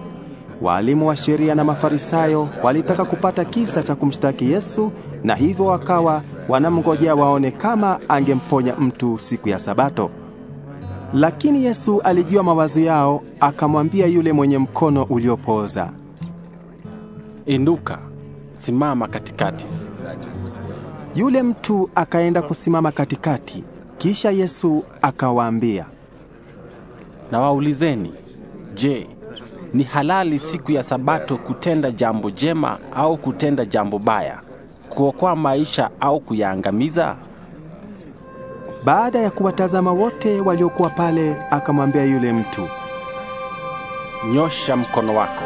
Waalimu wa sheria na Mafarisayo walitaka kupata kisa cha kumshtaki Yesu na hivyo wakawa wanamngojea waone kama angemponya mtu siku ya Sabato. Lakini Yesu alijua mawazo yao, akamwambia yule mwenye mkono uliopooza, induka simama katikati." Yule mtu akaenda kusimama katikati. Kisha Yesu akawaambia, nawaulizeni je, ni halali siku ya Sabato kutenda jambo jema au kutenda jambo baya, kuokoa maisha au kuyaangamiza? Baada ya kuwatazama wote waliokuwa pale, akamwambia yule mtu, nyosha mkono wako.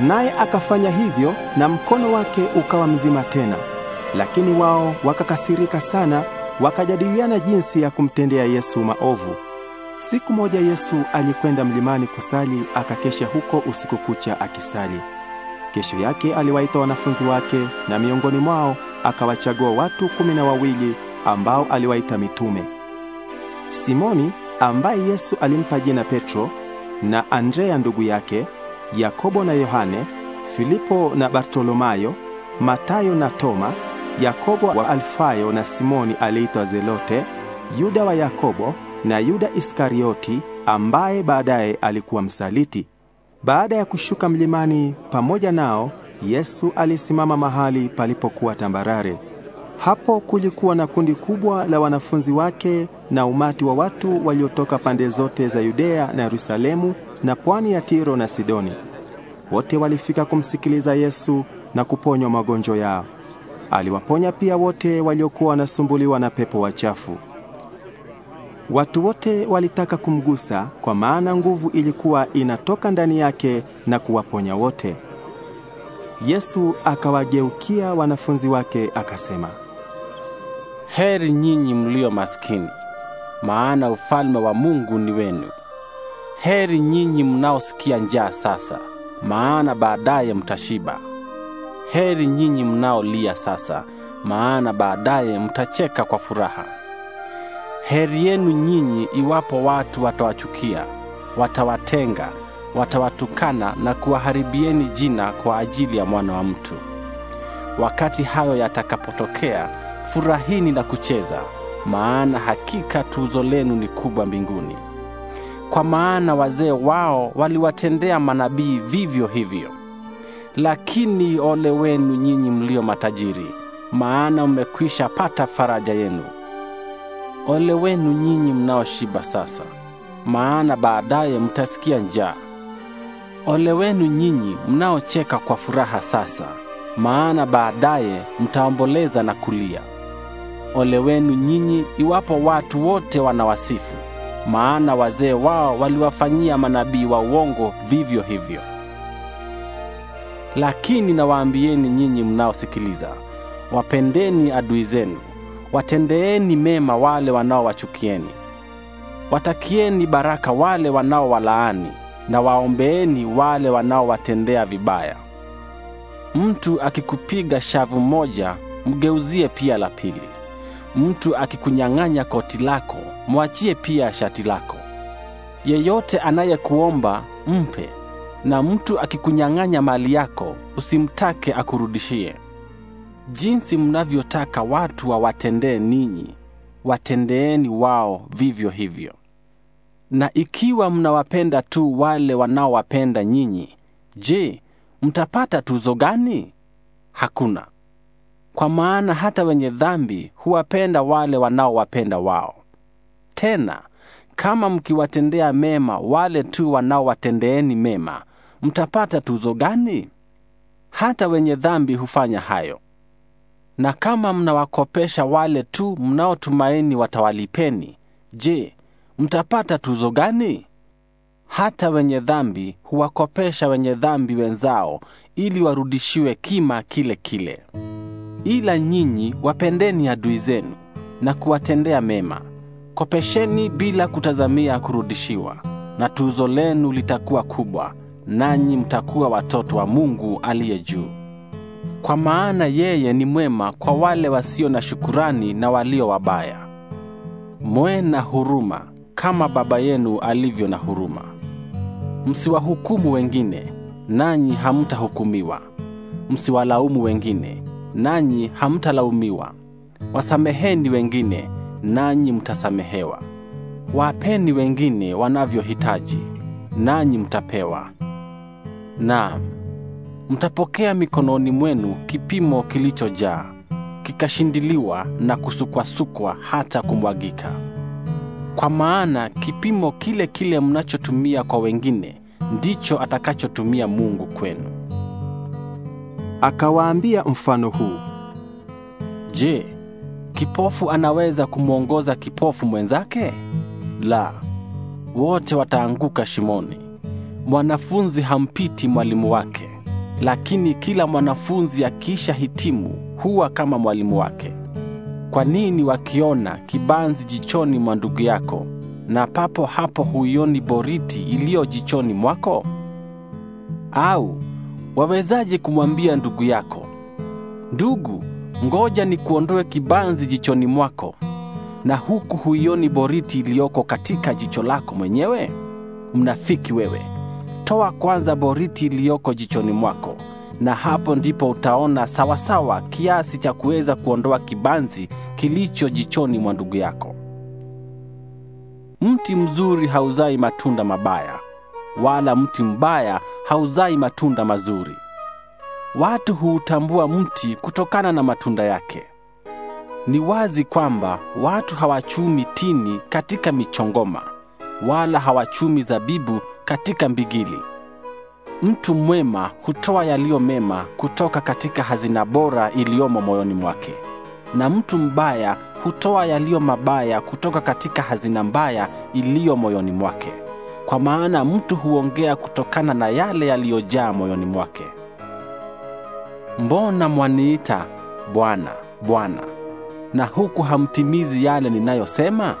Naye akafanya hivyo, na mkono wake ukawa mzima tena. Lakini wao wakakasirika sana, wakajadiliana jinsi ya kumtendea Yesu maovu. Siku moja Yesu alikwenda mlimani kusali, akakesha huko usiku kucha akisali. Kesho yake aliwaita wanafunzi wake, na miongoni mwao akawachagua watu kumi na wawili ambao aliwaita mitume: Simoni ambaye Yesu alimpa jina Petro, na Andrea ndugu yake, Yakobo na Yohane, Filipo na Bartolomayo, Matayo na Toma, Yakobo wa Alfayo na Simoni aliitwa Zelote, Yuda wa Yakobo na Yuda Iskarioti ambaye baadaye alikuwa msaliti. Baada ya kushuka mlimani pamoja nao, Yesu alisimama mahali palipokuwa tambarare. Hapo kulikuwa na kundi kubwa la wanafunzi wake na umati wa watu waliotoka pande zote za Yudea na Yerusalemu na pwani ya Tiro na Sidoni. Wote walifika kumsikiliza Yesu na kuponywa magonjwa yao. Aliwaponya pia wote waliokuwa wanasumbuliwa na pepo wachafu. Watu wote walitaka kumgusa kwa maana nguvu ilikuwa inatoka ndani yake na kuwaponya wote. Yesu akawageukia wanafunzi wake akasema, Heri nyinyi mlio maskini, maana ufalme wa Mungu ni wenu. Heri nyinyi mnaosikia njaa sasa, maana baadaye mtashiba. Heri nyinyi mnaolia sasa, maana baadaye mtacheka kwa furaha. Heri yenu nyinyi iwapo watu watawachukia, watawatenga, watawatukana na kuwaharibieni jina kwa ajili ya mwana wa mtu. Wakati hayo yatakapotokea, furahini na kucheza, maana hakika tuzo lenu ni kubwa mbinguni. Kwa maana wazee wao waliwatendea manabii vivyo hivyo. Lakini ole wenu nyinyi mlio matajiri, maana mmekwisha pata faraja yenu. Ole wenu nyinyi mnaoshiba sasa, maana baadaye mtasikia njaa. Ole wenu nyinyi mnaocheka kwa furaha sasa, maana baadaye mtaomboleza na kulia. Ole wenu nyinyi iwapo watu wote wanawasifu, maana wazee wao waliwafanyia manabii wa uongo vivyo hivyo. Lakini nawaambieni nyinyi mnaosikiliza, wapendeni adui zenu watendeeni mema wale wanaowachukieni, watakieni baraka wale wanaowalaani, na waombeeni wale wanaowatendea vibaya. Mtu akikupiga shavu moja, mgeuzie pia la pili. Mtu akikunyang'anya koti lako, mwachie pia shati lako. Yeyote anayekuomba mpe, na mtu akikunyang'anya mali yako, usimtake akurudishie jinsi mnavyotaka watu wawatendee ninyi, watendeeni wao vivyo hivyo. Na ikiwa mnawapenda tu wale wanaowapenda nyinyi, je, mtapata tuzo gani? Hakuna. Kwa maana hata wenye dhambi huwapenda wale wanaowapenda wao. Tena kama mkiwatendea mema wale tu wanaowatendeeni mema, mtapata tuzo gani? Hata wenye dhambi hufanya hayo. Na kama mnawakopesha wale tu mnaotumaini watawalipeni, je, mtapata tuzo gani? Hata wenye dhambi huwakopesha wenye dhambi wenzao ili warudishiwe kima kile kile. Ila nyinyi wapendeni adui zenu na kuwatendea mema, kopesheni bila kutazamia kurudishiwa, na tuzo lenu litakuwa kubwa, nanyi mtakuwa watoto wa Mungu aliye juu kwa maana yeye ni mwema kwa wale wasio na shukurani na walio wabaya. Mwe na huruma kama Baba yenu alivyo na huruma. Msiwahukumu wengine, nanyi hamtahukumiwa. Msiwalaumu wengine, nanyi hamtalaumiwa. Wasameheni wengine, nanyi mtasamehewa. Wapeni wengine wanavyohitaji, nanyi mtapewa. Naam mtapokea mikononi mwenu kipimo kilichojaa, kikashindiliwa na kusukwasukwa hata kumwagika. Kwa maana kipimo kile kile mnachotumia kwa wengine ndicho atakachotumia Mungu kwenu. Akawaambia mfano huu: Je, kipofu anaweza kumwongoza kipofu mwenzake? La, wote wataanguka shimoni. Mwanafunzi hampiti mwalimu wake lakini kila mwanafunzi akisha hitimu huwa kama mwalimu wake. Kwa nini wakiona kibanzi jichoni mwa ndugu yako na papo hapo huioni boriti iliyo jichoni mwako? Au wawezaje kumwambia ndugu yako, ndugu, ngoja nikuondoe kibanzi jichoni mwako, na huku huioni boriti iliyoko katika jicho lako mwenyewe? Mnafiki wewe, toa kwanza boriti iliyoko jichoni mwako na hapo ndipo utaona sawasawa kiasi cha kuweza kuondoa kibanzi kilicho jichoni mwa ndugu yako. Mti mzuri hauzai matunda mabaya, wala mti mbaya hauzai matunda mazuri. Watu huutambua mti kutokana na matunda yake. Ni wazi kwamba watu hawachumi tini katika michongoma, wala hawachumi zabibu katika mbigili. Mtu mwema hutoa yaliyo mema kutoka katika hazina bora iliyomo moyoni mwake, na mtu mbaya hutoa yaliyo mabaya kutoka katika hazina mbaya iliyo moyoni mwake, kwa maana mtu huongea kutokana na yale yaliyojaa moyoni mwake. Mbona mwaniita Bwana, Bwana, na huku hamtimizi yale ninayosema?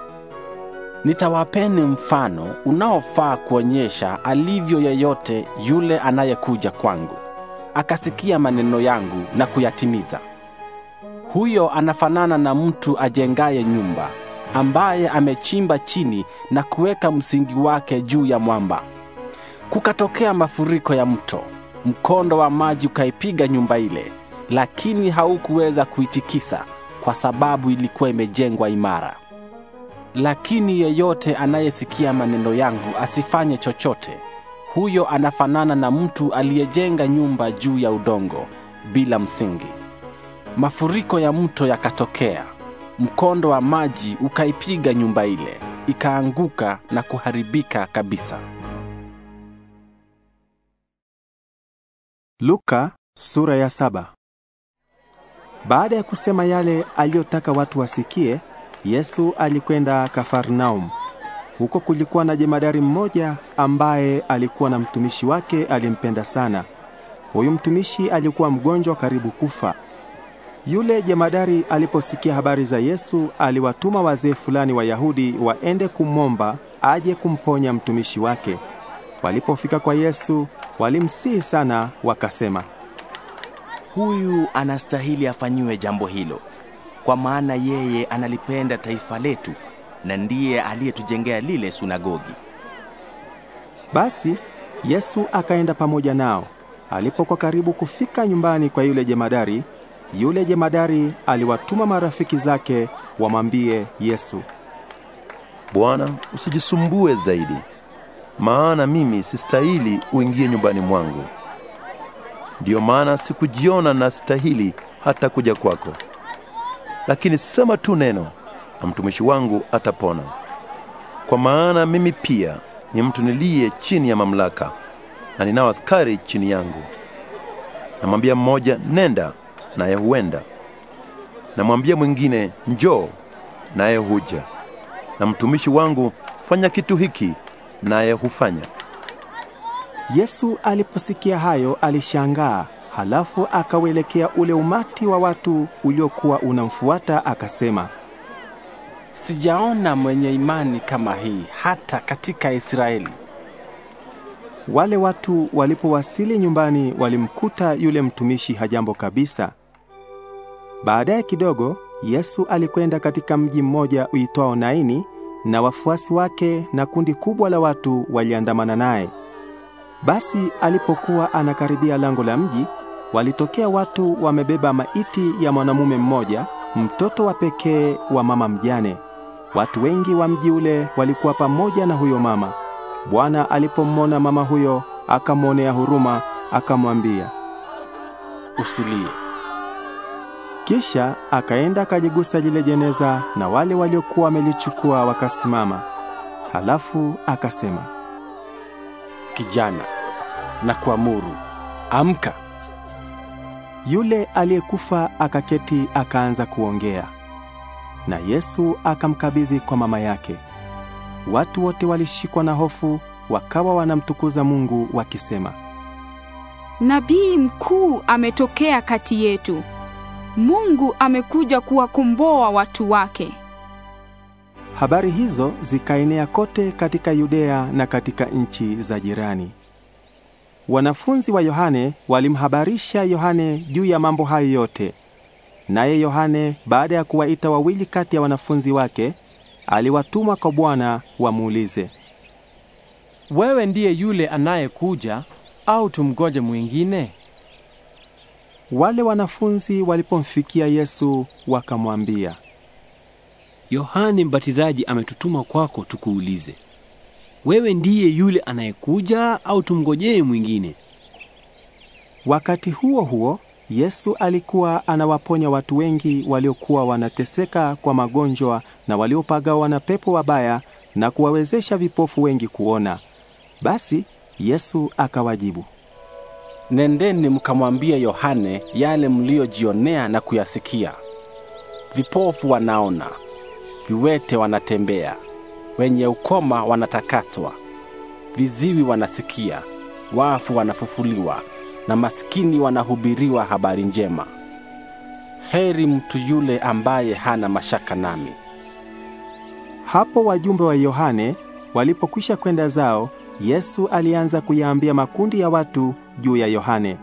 Nitawapeni mfano unaofaa kuonyesha alivyo yeyote yule anayekuja kwangu, akasikia maneno yangu na kuyatimiza. Huyo anafanana na mtu ajengaye nyumba, ambaye amechimba chini na kuweka msingi wake juu ya mwamba. Kukatokea mafuriko ya mto, mkondo wa maji ukaipiga nyumba ile, lakini haukuweza kuitikisa kwa sababu ilikuwa imejengwa imara. Lakini yeyote anayesikia maneno yangu asifanye chochote, huyo anafanana na mtu aliyejenga nyumba juu ya udongo bila msingi. Mafuriko ya mto yakatokea, mkondo wa maji ukaipiga nyumba ile, ikaanguka na kuharibika kabisa. Luka sura ya saba. Baada ya kusema yale aliyotaka watu wasikie, Yesu alikwenda Kafarnaum. Huko kulikuwa na jemadari mmoja ambaye alikuwa na mtumishi wake alimpenda sana. Huyu mtumishi alikuwa mgonjwa karibu kufa. Yule jemadari aliposikia habari za Yesu, aliwatuma wazee fulani Wayahudi waende kumwomba aje kumponya mtumishi wake. Walipofika kwa Yesu, walimsihi sana wakasema, "Huyu anastahili afanyiwe jambo hilo." kwa maana yeye analipenda taifa letu na ndiye aliyetujengea lile sunagogi. Basi Yesu akaenda pamoja nao. Alipokuwa karibu kufika nyumbani kwa yule jemadari, yule jemadari aliwatuma marafiki zake wamwambie Yesu, Bwana, usijisumbue zaidi, maana mimi sistahili uingie nyumbani mwangu. Ndiyo maana sikujiona na stahili hata kuja kwako lakini sema tu neno na mtumishi wangu atapona. Kwa maana mimi pia ni mtu niliye chini ya mamlaka na ninao askari chini yangu. Namwambia mmoja, nenda, naye huenda; namwambia mwingine, njoo, naye huja; na mtumishi wangu, fanya kitu hiki, naye hufanya. Yesu aliposikia hayo alishangaa. Halafu akawelekea ule umati wa watu uliokuwa unamfuata akasema, sijaona mwenye imani kama hii hata katika Israeli. Wale watu walipowasili nyumbani walimkuta yule mtumishi hajambo kabisa. Baadaye kidogo Yesu alikwenda katika mji mmoja uitwao Naini na wafuasi wake na kundi kubwa la watu waliandamana naye. Basi alipokuwa anakaribia lango la mji, walitokea watu wamebeba maiti ya mwanamume mmoja, mtoto wa pekee wa mama mjane. Watu wengi wa mji ule walikuwa pamoja na huyo mama. Bwana alipomwona mama huyo, akamwonea huruma, akamwambia, usilie. Kisha akaenda akajigusa lile jeneza, na wale waliokuwa wamelichukua wakasimama. Halafu akasema, kijana, nakuamuru amka. Yule aliyekufa akaketi akaanza kuongea, na Yesu akamkabidhi kwa mama yake. Watu wote walishikwa na hofu, wakawa wanamtukuza Mungu wakisema, nabii mkuu ametokea kati yetu. Mungu amekuja kuwakomboa watu wake. Habari hizo zikaenea kote katika Yudea na katika nchi za jirani. Wanafunzi wa Yohane walimhabarisha Yohane juu ya mambo hayo yote. Naye Yohane baada ya kuwaita wawili kati ya wanafunzi wake, aliwatuma kwa Bwana wamuulize, wewe ndiye yule anayekuja au tumgoje mwingine? Wale wanafunzi walipomfikia Yesu wakamwambia, Yohane Mbatizaji ametutuma kwako tukuulize wewe ndiye yule anayekuja au tumngojee mwingine? Wakati huo huo, Yesu alikuwa anawaponya watu wengi waliokuwa wanateseka kwa magonjwa na waliopagawa na pepo wabaya na kuwawezesha vipofu wengi kuona. Basi Yesu akawajibu, Nendeni mkamwambie Yohane yale mliyojionea na kuyasikia. Vipofu wanaona, viwete wanatembea wenye ukoma wanatakaswa, viziwi wanasikia, wafu wanafufuliwa, na maskini wanahubiriwa habari njema. Heri mtu yule ambaye hana mashaka nami. Hapo wajumbe wa Yohane walipokwisha kwenda zao, Yesu alianza kuyaambia makundi ya watu juu ya Yohane.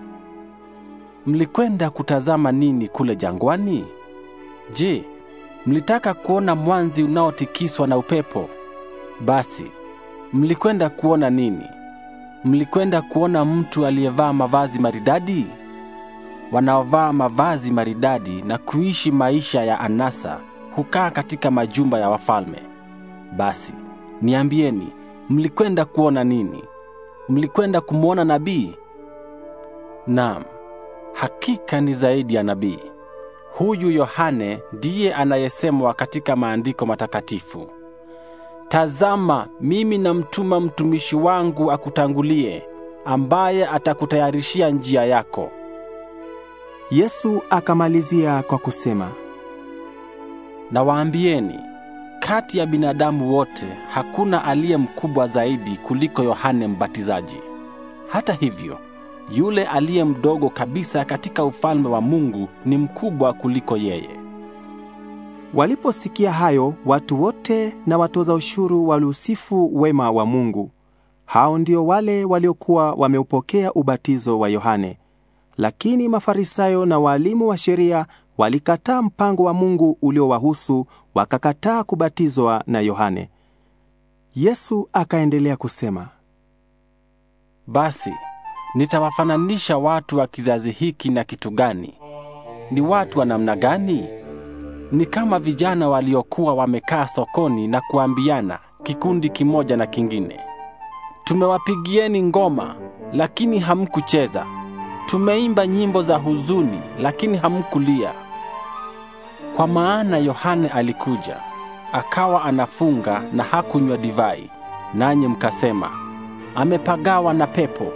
Mlikwenda kutazama nini kule jangwani? Je, mlitaka kuona mwanzi unaotikiswa na upepo basi mlikwenda kuona nini? Mlikwenda kuona mtu aliyevaa mavazi maridadi? Wanaovaa mavazi maridadi na kuishi maisha ya anasa hukaa katika majumba ya wafalme. Basi niambieni, mlikwenda kuona nini? Mlikwenda kumwona nabii? Naam, hakika ni zaidi ya nabii. Huyu Yohane ndiye anayesemwa katika maandiko matakatifu. Tazama, mimi namtuma mtumishi wangu akutangulie, ambaye atakutayarishia njia yako. Yesu akamalizia kwa kusema, nawaambieni, kati ya binadamu wote hakuna aliye mkubwa zaidi kuliko Yohane Mbatizaji. Hata hivyo, yule aliye mdogo kabisa katika ufalme wa Mungu ni mkubwa kuliko yeye. Waliposikia hayo, watu wote na watoza ushuru waliusifu wema wa Mungu. Hao ndio wale waliokuwa wameupokea ubatizo wa Yohane. Lakini Mafarisayo na waalimu wa sheria walikataa mpango wa Mungu uliowahusu, wakakataa kubatizwa na Yohane. Yesu akaendelea kusema, basi nitawafananisha watu wa kizazi hiki na kitu gani? Ni watu wa namna gani? Ni kama vijana waliokuwa wamekaa sokoni na kuambiana kikundi kimoja na kingine, tumewapigieni ngoma lakini hamkucheza, tumeimba nyimbo za huzuni lakini hamkulia. Kwa maana Yohane alikuja akawa anafunga na hakunywa divai, nanyi mkasema amepagawa na pepo.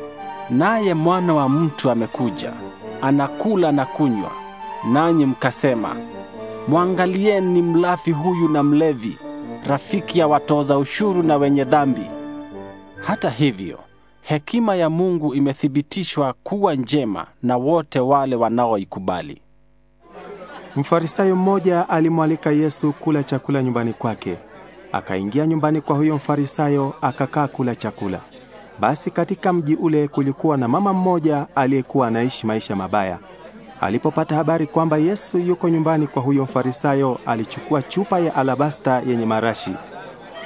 Naye mwana wa mtu amekuja anakula na kunywa, nanyi mkasema Mwangalieni mlafi huyu na mlevi, rafiki ya watoza ushuru na wenye dhambi. Hata hivyo, hekima ya Mungu imethibitishwa kuwa njema na wote wale wanaoikubali. Mfarisayo mmoja alimwalika Yesu kula chakula nyumbani kwake. Akaingia nyumbani kwa huyo Mfarisayo akakaa kula chakula. Basi katika mji ule kulikuwa na mama mmoja aliyekuwa anaishi maisha mabaya. Alipopata habari kwamba Yesu yuko nyumbani kwa huyo Farisayo, alichukua chupa ya alabasta yenye marashi,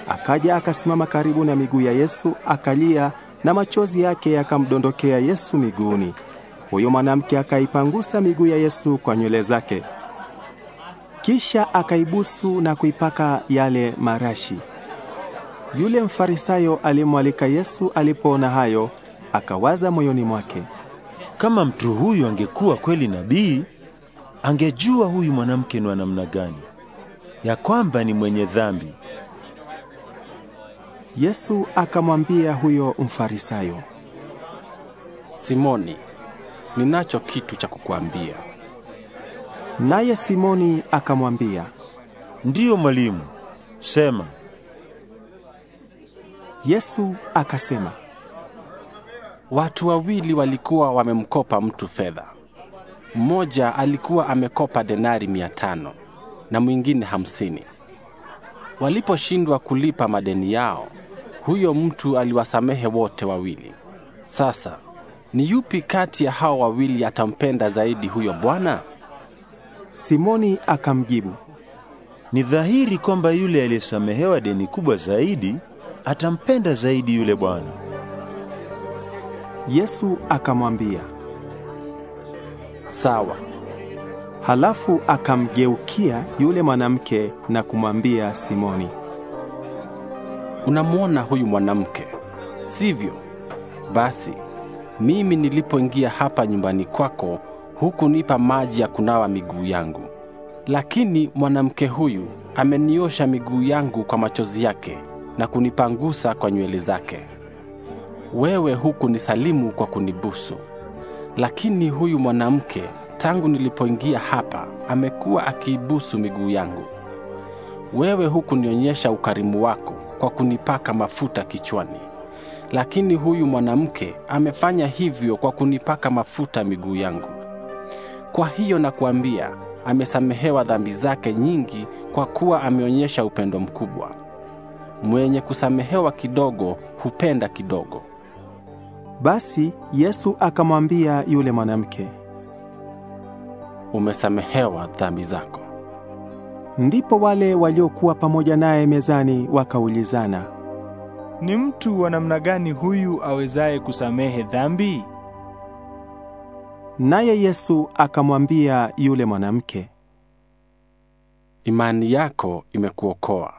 akaja akasimama karibu na miguu ya Yesu, akalia na machozi yake yakamdondokea Yesu miguuni. Huyo mwanamke akaipangusa miguu ya Yesu kwa nywele zake, kisha akaibusu na kuipaka yale marashi. Yule mfarisayo aliyemwalika Yesu alipoona hayo, akawaza moyoni mwake kama mtu huyu angekuwa kweli nabii, angejua huyu mwanamke ni wa namna gani, ya kwamba ni mwenye dhambi. Yesu akamwambia huyo Mfarisayo, Simoni, ninacho kitu cha kukuambia. Naye Simoni akamwambia, ndiyo mwalimu, sema. Yesu akasema, Watu wawili walikuwa wamemkopa mtu fedha. Mmoja alikuwa amekopa denari mia tano na mwingine hamsini. Waliposhindwa kulipa madeni yao, huyo mtu aliwasamehe wote wawili. Sasa ni yupi kati ya hao wawili atampenda zaidi huyo bwana? Simoni akamjibu, ni dhahiri kwamba yule aliyesamehewa deni kubwa zaidi atampenda zaidi yule bwana. Yesu akamwambia, sawa. Halafu akamgeukia yule mwanamke na kumwambia Simoni, unamwona huyu mwanamke, sivyo? Basi mimi nilipoingia hapa nyumbani kwako hukunipa maji ya kunawa miguu yangu, lakini mwanamke huyu ameniosha miguu yangu kwa machozi yake na kunipangusa kwa nywele zake wewe huku nisalimu kwa kunibusu. Lakini huyu mwanamke tangu nilipoingia hapa amekuwa akiibusu miguu yangu. Wewe hukunionyesha ukarimu wako kwa kunipaka mafuta kichwani, lakini huyu mwanamke amefanya hivyo kwa kunipaka mafuta miguu yangu. Kwa hiyo nakuambia, amesamehewa dhambi zake nyingi kwa kuwa ameonyesha upendo mkubwa. Mwenye kusamehewa kidogo hupenda kidogo. Basi Yesu akamwambia yule mwanamke, umesamehewa dhambi zako. Ndipo wale waliokuwa pamoja naye mezani wakaulizana, ni mtu wa namna gani huyu awezaye kusamehe dhambi? Naye Yesu akamwambia yule mwanamke, imani yako imekuokoa,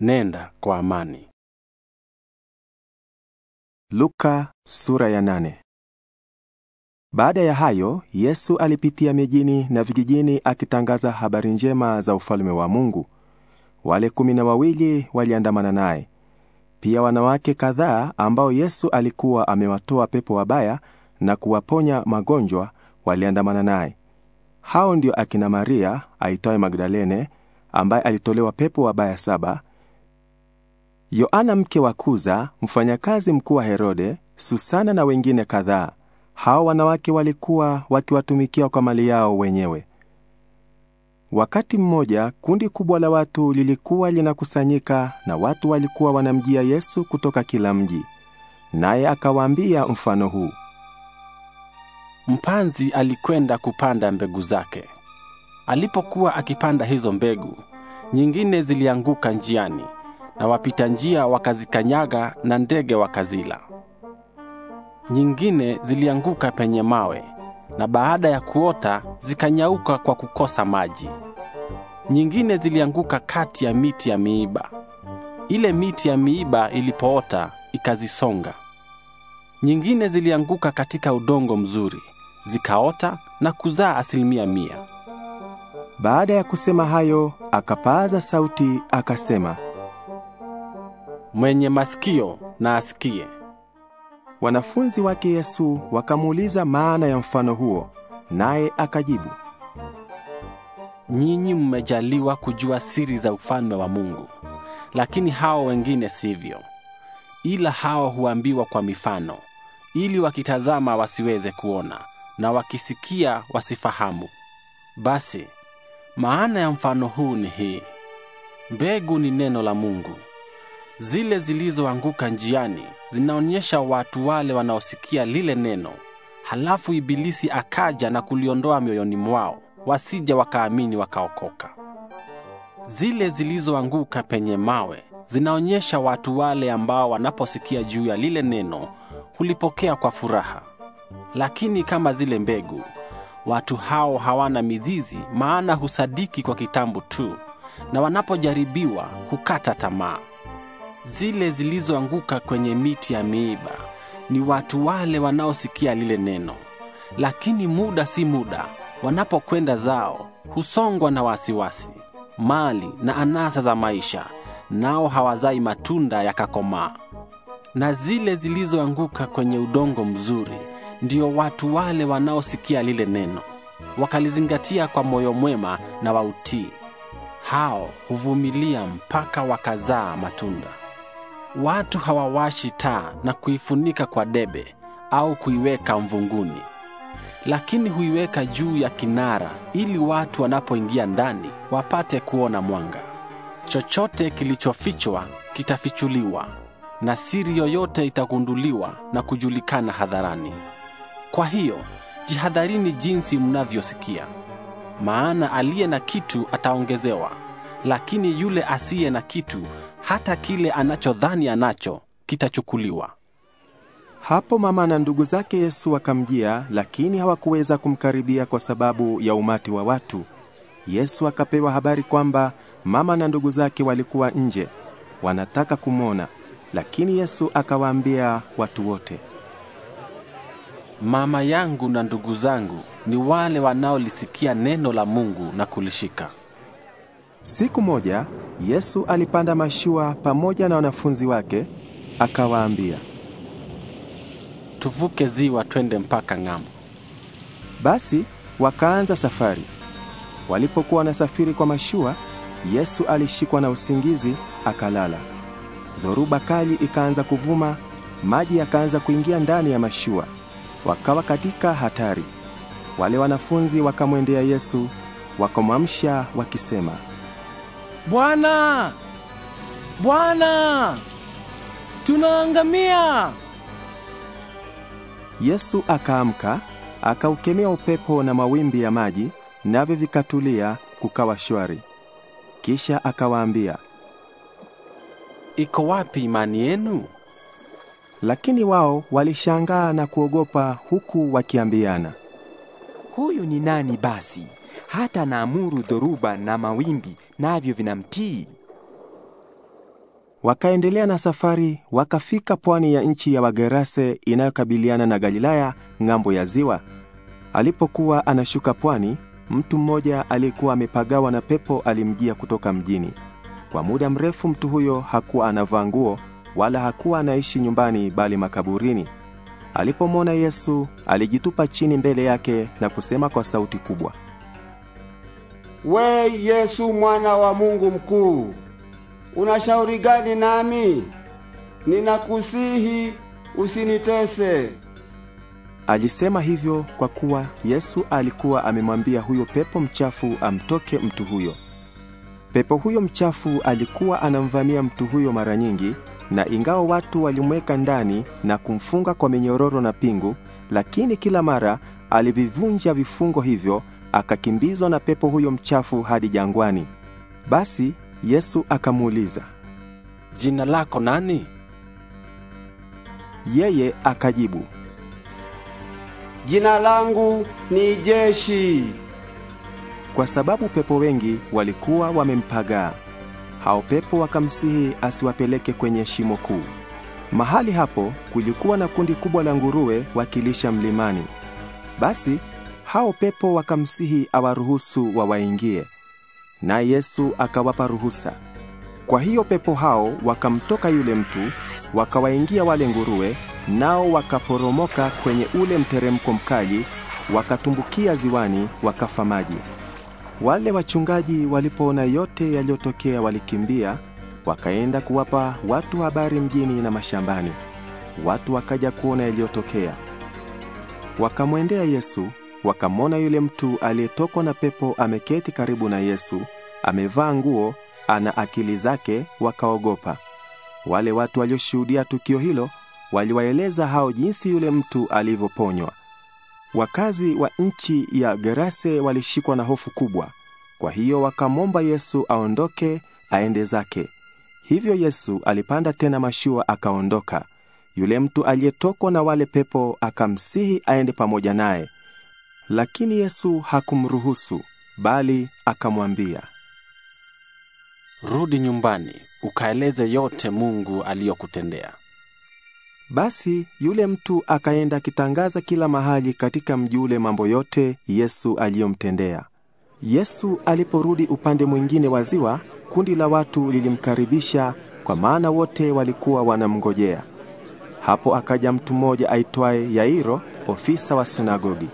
nenda kwa amani. Luka Sura ya nane. Baada ya hayo, Yesu alipitia mijini na vijijini akitangaza habari njema za ufalme wa Mungu. Wale kumi na wawili waliandamana naye, pia wanawake kadhaa ambao Yesu alikuwa amewatoa pepo wabaya na kuwaponya magonjwa waliandamana naye. Hao ndio akina Maria aitwaye Magdalene, ambaye alitolewa pepo wabaya saba, Yoana mke wa Kuza, mfanyakazi mkuu wa Herode Susana na wengine kadhaa. Hao wanawake walikuwa wakiwatumikia kwa mali yao wenyewe. Wakati mmoja kundi kubwa la watu lilikuwa linakusanyika na watu walikuwa wanamjia Yesu kutoka kila mji. Naye akawaambia mfano huu. Mpanzi alikwenda kupanda mbegu zake. Alipokuwa akipanda hizo mbegu, nyingine zilianguka njiani na wapita njia wakazikanyaga na ndege wakazila nyingine zilianguka penye mawe, na baada ya kuota zikanyauka kwa kukosa maji. Nyingine zilianguka kati ya miti ya miiba. Ile miti ya miiba ilipoota ikazisonga. Nyingine zilianguka katika udongo mzuri, zikaota na kuzaa asilimia mia. Baada ya kusema hayo, akapaaza sauti akasema, mwenye masikio na asikie. Wanafunzi wake Yesu wakamuuliza maana ya mfano huo, naye akajibu, nyinyi mmejaliwa kujua siri za ufalme wa Mungu, lakini hao wengine sivyo. Ila hao huambiwa kwa mifano, ili wakitazama wasiweze kuona na wakisikia wasifahamu. Basi maana ya mfano huu ni hii: mbegu ni neno la Mungu. Zile zilizoanguka njiani zinaonyesha watu wale wanaosikia lile neno, halafu Ibilisi akaja na kuliondoa mioyoni mwao, wasije wakaamini wakaokoka. Zile zilizoanguka penye mawe zinaonyesha watu wale ambao wanaposikia juu ya lile neno hulipokea kwa furaha, lakini kama zile mbegu, watu hao hawana mizizi, maana husadiki kwa kitambo tu, na wanapojaribiwa hukata tamaa zile zilizoanguka kwenye miti ya miiba ni watu wale wanaosikia lile neno, lakini muda si muda, wanapokwenda zao husongwa na wasiwasi, mali na anasa za maisha, nao hawazai matunda yakakomaa. Na zile zilizoanguka kwenye udongo mzuri ndio watu wale wanaosikia lile neno, wakalizingatia kwa moyo mwema na wautii. Hao huvumilia mpaka wakazaa matunda. Watu hawawashi taa na kuifunika kwa debe au kuiweka mvunguni, lakini huiweka juu ya kinara ili watu wanapoingia ndani wapate kuona mwanga. Chochote kilichofichwa kitafichuliwa na siri yoyote itagunduliwa na kujulikana hadharani. Kwa hiyo jihadharini jinsi mnavyosikia, maana aliye na kitu ataongezewa, lakini yule asiye na kitu hata kile anachodhani anacho kitachukuliwa. Hapo mama na ndugu zake Yesu wakamjia, lakini hawakuweza kumkaribia kwa sababu ya umati wa watu. Yesu akapewa habari kwamba mama na ndugu zake walikuwa nje wanataka kumwona, lakini Yesu akawaambia watu wote, mama yangu na ndugu zangu ni wale wanaolisikia neno la Mungu na kulishika. Siku moja Yesu alipanda mashua pamoja na wanafunzi wake, akawaambia, tuvuke ziwa twende mpaka ng'ambo. Basi wakaanza safari. Walipokuwa wanasafiri kwa mashua, Yesu alishikwa na usingizi akalala. Dhoruba kali ikaanza kuvuma, maji yakaanza kuingia ndani ya mashua, wakawa katika hatari. Wale wanafunzi wakamwendea Yesu wakamwamsha wakisema Bwana, Bwana, tunaangamia! Yesu akaamka, akaukemea upepo na mawimbi ya maji, navyo vikatulia, kukawa shwari. Kisha akawaambia, Iko wapi imani yenu? Lakini wao walishangaa na kuogopa, huku wakiambiana, Huyu ni nani basi hata naamuru dhoruba na mawimbi, navyo vinamtii. Wakaendelea na safari, wakafika pwani ya nchi ya Wagerase inayokabiliana na Galilaya ng'ambo ya ziwa. Alipokuwa anashuka pwani, mtu mmoja aliyekuwa amepagawa na pepo alimjia kutoka mjini. Kwa muda mrefu mtu huyo hakuwa anavaa nguo wala hakuwa anaishi nyumbani bali makaburini. Alipomwona Yesu, alijitupa chini mbele yake na kusema kwa sauti kubwa, We Yesu mwana wa Mungu mkuu, unashauri gani nami? Ninakusihi usinitese. Alisema hivyo kwa kuwa Yesu alikuwa amemwambia huyo pepo mchafu amtoke mtu huyo. Pepo huyo mchafu alikuwa anamvamia mtu huyo mara nyingi, na ingawa watu walimweka ndani na kumfunga kwa minyororo na pingu, lakini kila mara alivivunja vifungo hivyo akakimbizwa na pepo huyo mchafu hadi jangwani. Basi Yesu akamuuliza, jina lako nani? Yeye akajibu, jina langu ni Jeshi, kwa sababu pepo wengi walikuwa wamempagaa. Hao pepo wakamsihi asiwapeleke kwenye shimo kuu. Mahali hapo kulikuwa na kundi kubwa la nguruwe wakilisha mlimani. Basi hao pepo wakamsihi awaruhusu wawaingie, naye Yesu akawapa ruhusa. Kwa hiyo pepo hao wakamtoka yule mtu, wakawaingia wale nguruwe, nao wakaporomoka kwenye ule mteremko mkali, wakatumbukia ziwani, wakafa maji. Wale wachungaji walipoona yote yaliyotokea, walikimbia wakaenda kuwapa watu habari mjini na mashambani. Watu wakaja kuona yaliyotokea, wakamwendea Yesu wakamwona yule mtu aliyetokwa na pepo ameketi karibu na Yesu, amevaa nguo, ana akili zake, wakaogopa. Wale watu walioshuhudia tukio hilo waliwaeleza hao jinsi yule mtu alivyoponywa. Wakazi wa nchi ya Gerase walishikwa na hofu kubwa. Kwa hiyo wakamwomba Yesu aondoke aende zake. Hivyo Yesu alipanda tena mashua akaondoka. Yule mtu aliyetokwa na wale pepo akamsihi aende pamoja naye. Lakini Yesu hakumruhusu, bali akamwambia, rudi nyumbani ukaeleze yote Mungu aliyokutendea. Basi yule mtu akaenda akitangaza kila mahali katika mji ule mambo yote Yesu aliyomtendea. Yesu aliporudi upande mwingine wa ziwa, kundi la watu lilimkaribisha kwa maana wote walikuwa wanamngojea. Hapo akaja mtu mmoja aitwaye Yairo, ofisa wa sinagogi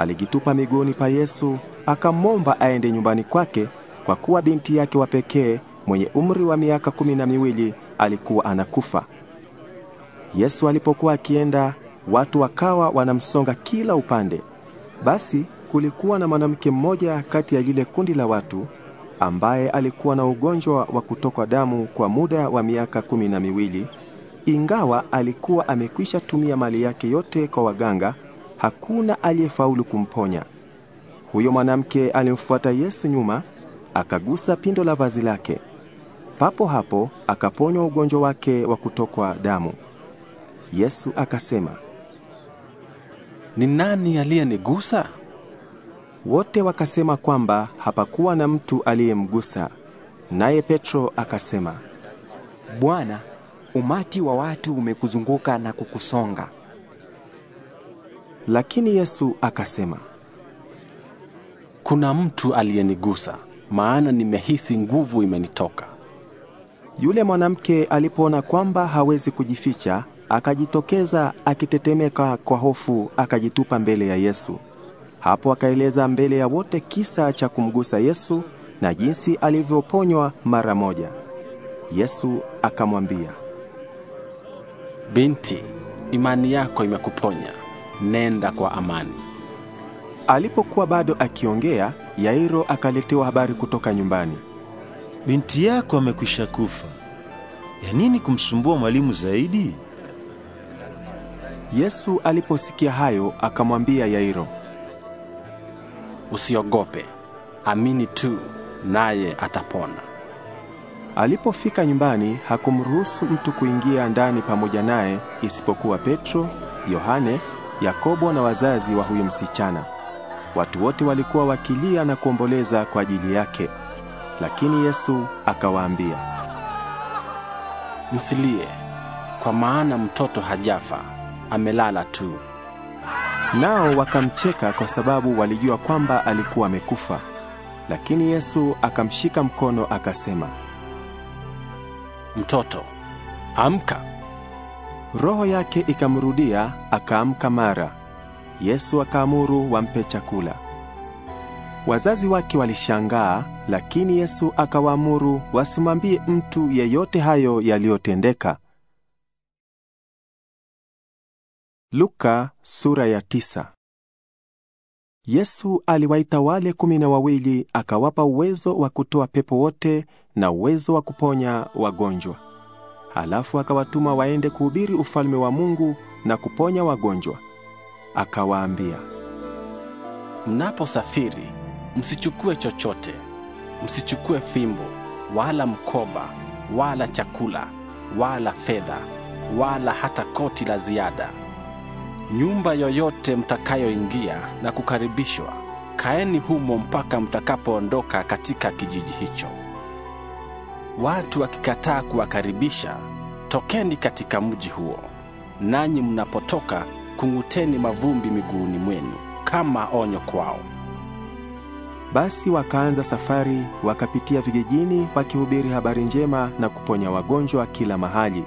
alijitupa miguuni pa Yesu akamwomba aende nyumbani kwake, kwa kuwa binti yake wa pekee mwenye umri wa miaka kumi na miwili alikuwa anakufa. Yesu alipokuwa akienda, watu wakawa wanamsonga kila upande. Basi kulikuwa na mwanamke mmoja kati ya lile kundi la watu ambaye alikuwa na ugonjwa wa kutokwa damu kwa muda wa miaka kumi na miwili, ingawa alikuwa amekwisha tumia mali yake yote kwa waganga hakuna aliyefaulu kumponya. Huyo mwanamke alimfuata Yesu nyuma, akagusa pindo la vazi lake. Papo hapo akaponywa ugonjwa wake wa kutokwa damu. Yesu akasema, ni nani aliyenigusa? Wote wakasema kwamba hapakuwa na mtu aliyemgusa, naye Petro akasema, Bwana, umati wa watu umekuzunguka na kukusonga lakini Yesu akasema, kuna mtu aliyenigusa, maana nimehisi nguvu imenitoka. Yule mwanamke alipoona kwamba hawezi kujificha, akajitokeza akitetemeka kwa hofu, akajitupa mbele ya Yesu. Hapo akaeleza mbele ya wote kisa cha kumgusa Yesu na jinsi alivyoponywa mara moja. Yesu akamwambia, binti, imani yako imekuponya nenda kwa amani. Alipokuwa bado akiongea, Yairo akaletewa habari kutoka nyumbani. Binti yako amekwisha kufa. Ya nini kumsumbua mwalimu zaidi? Yesu aliposikia hayo akamwambia Yairo, usiogope, amini tu, naye atapona. Alipofika nyumbani hakumruhusu mtu kuingia ndani pamoja naye isipokuwa Petro, Yohane Yakobo na wazazi wa huyo msichana. Watu wote walikuwa wakilia na kuomboleza kwa ajili yake, lakini Yesu akawaambia, msilie, kwa maana mtoto hajafa, amelala tu. Nao wakamcheka kwa sababu walijua kwamba alikuwa amekufa. Lakini Yesu akamshika mkono akasema, mtoto amka. Roho yake ikamrudia akaamka mara. Yesu akaamuru wampe chakula. Wazazi wake walishangaa, lakini Yesu akawaamuru wasimwambie mtu yeyote hayo yaliyotendeka. Luka sura ya tisa. Yesu aliwaita wale kumi na wawili akawapa uwezo wa kutoa pepo wote na uwezo wa kuponya wagonjwa. Halafu akawatuma waende kuhubiri ufalme wa Mungu na kuponya wagonjwa. Akawaambia, mnaposafiri msichukue chochote, msichukue fimbo wala mkoba wala chakula wala fedha wala hata koti la ziada. Nyumba yoyote mtakayoingia na kukaribishwa, kaeni humo mpaka mtakapoondoka katika kijiji hicho watu wakikataa kuwakaribisha, tokeni katika mji huo, nanyi mnapotoka kung'uteni mavumbi miguuni mwenu kama onyo kwao. Basi wakaanza safari, wakapitia vijijini wakihubiri habari njema na kuponya wagonjwa kila mahali.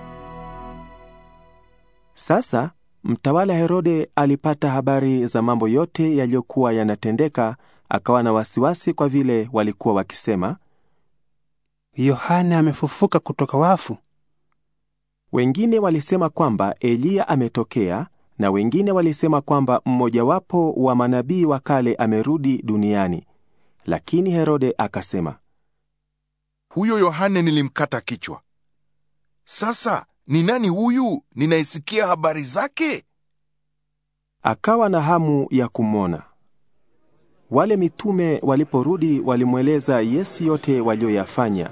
Sasa mtawala Herode alipata habari za mambo yote yaliyokuwa yanatendeka, akawa na wasiwasi kwa vile walikuwa wakisema, Yohane amefufuka kutoka wafu. Wengine walisema kwamba Eliya ametokea na wengine walisema kwamba mmojawapo wa manabii wa kale amerudi duniani. Lakini Herode akasema, huyo Yohane nilimkata kichwa. Sasa ni nani huyu ninayesikia habari zake? Akawa na hamu ya kumwona. Wale mitume waliporudi walimweleza Yesu yote walioyafanya.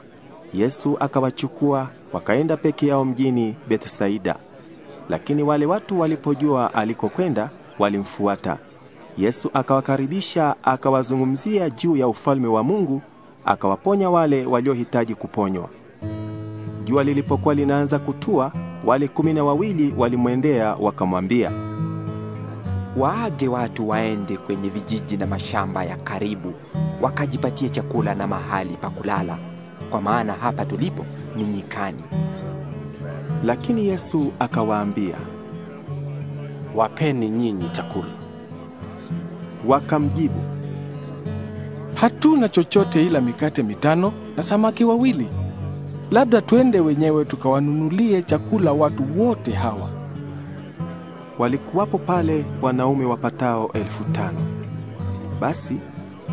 Yesu akawachukua wakaenda peke yao mjini Bethsaida. Lakini wale watu walipojua alikokwenda, walimfuata. Yesu akawakaribisha, akawazungumzia juu ya ufalme wa Mungu, akawaponya wale waliohitaji kuponywa. Jua lilipokuwa linaanza kutua, wale kumi na wawili walimwendea wakamwambia, waage watu waende kwenye vijiji na mashamba ya karibu, wakajipatie chakula na mahali pa kulala kwa maana hapa tulipo ni nyikani. Lakini Yesu akawaambia, wapeni nyinyi chakula. Wakamjibu, hatuna chochote ila mikate mitano na samaki wawili, labda twende wenyewe tukawanunulie chakula watu wote hawa. Walikuwapo pale wanaume wapatao elfu tano. Basi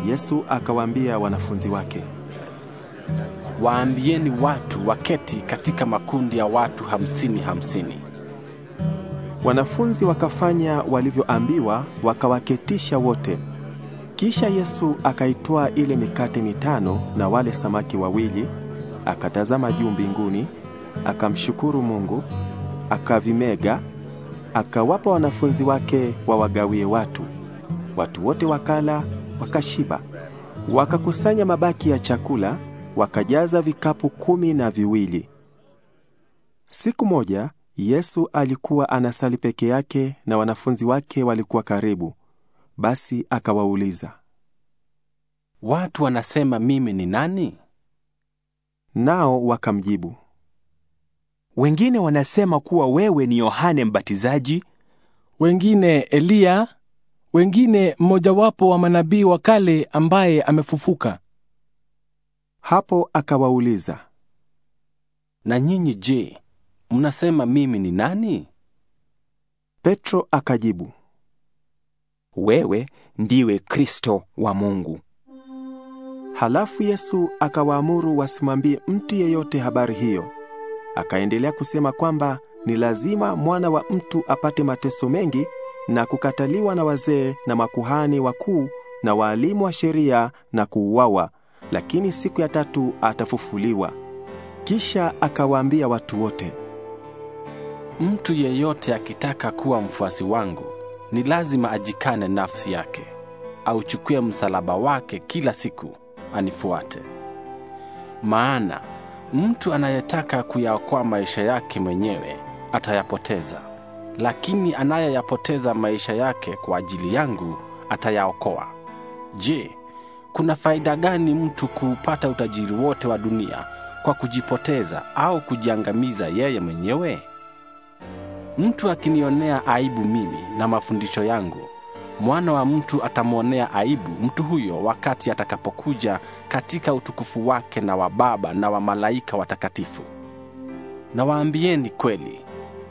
Yesu akawaambia wanafunzi wake, waambieni watu waketi katika makundi ya watu hamsini hamsini. Wanafunzi wakafanya walivyoambiwa, wakawaketisha wote. Kisha Yesu akaitoa ile mikate mitano na wale samaki wawili, akatazama juu mbinguni, akamshukuru Mungu, akavimega, akawapa wanafunzi wake wawagawie watu. Watu wote wakala, wakashiba. Wakakusanya mabaki ya chakula wakajaza vikapu kumi na viwili. Siku moja Yesu alikuwa anasali peke yake na wanafunzi wake walikuwa karibu. Basi akawauliza, watu wanasema mimi ni nani? Nao wakamjibu, wengine wanasema kuwa wewe ni Yohane Mbatizaji, wengine Eliya, wengine mmojawapo wa manabii wa kale ambaye amefufuka. Hapo akawauliza, na nyinyi je, mnasema mimi ni nani? Petro akajibu, wewe ndiwe Kristo wa Mungu. Halafu Yesu akawaamuru wasimwambie mtu yeyote habari hiyo. Akaendelea kusema kwamba ni lazima mwana wa mtu apate mateso mengi na kukataliwa na wazee na makuhani wakuu na waalimu wa sheria na kuuawa lakini siku ya tatu atafufuliwa. Kisha akawaambia watu wote, mtu yeyote akitaka kuwa mfuasi wangu ni lazima ajikane nafsi yake, auchukue msalaba wake kila siku anifuate. Maana mtu anayetaka kuyaokoa maisha yake mwenyewe atayapoteza, lakini anayeyapoteza maisha yake kwa ajili yangu atayaokoa. Je, kuna faida gani mtu kuupata utajiri wote wa dunia kwa kujipoteza au kujiangamiza yeye mwenyewe? Mtu akinionea aibu mimi na mafundisho yangu, mwana wa mtu atamwonea aibu mtu huyo wakati atakapokuja katika utukufu wake na wa Baba na wa malaika watakatifu. Nawaambieni kweli,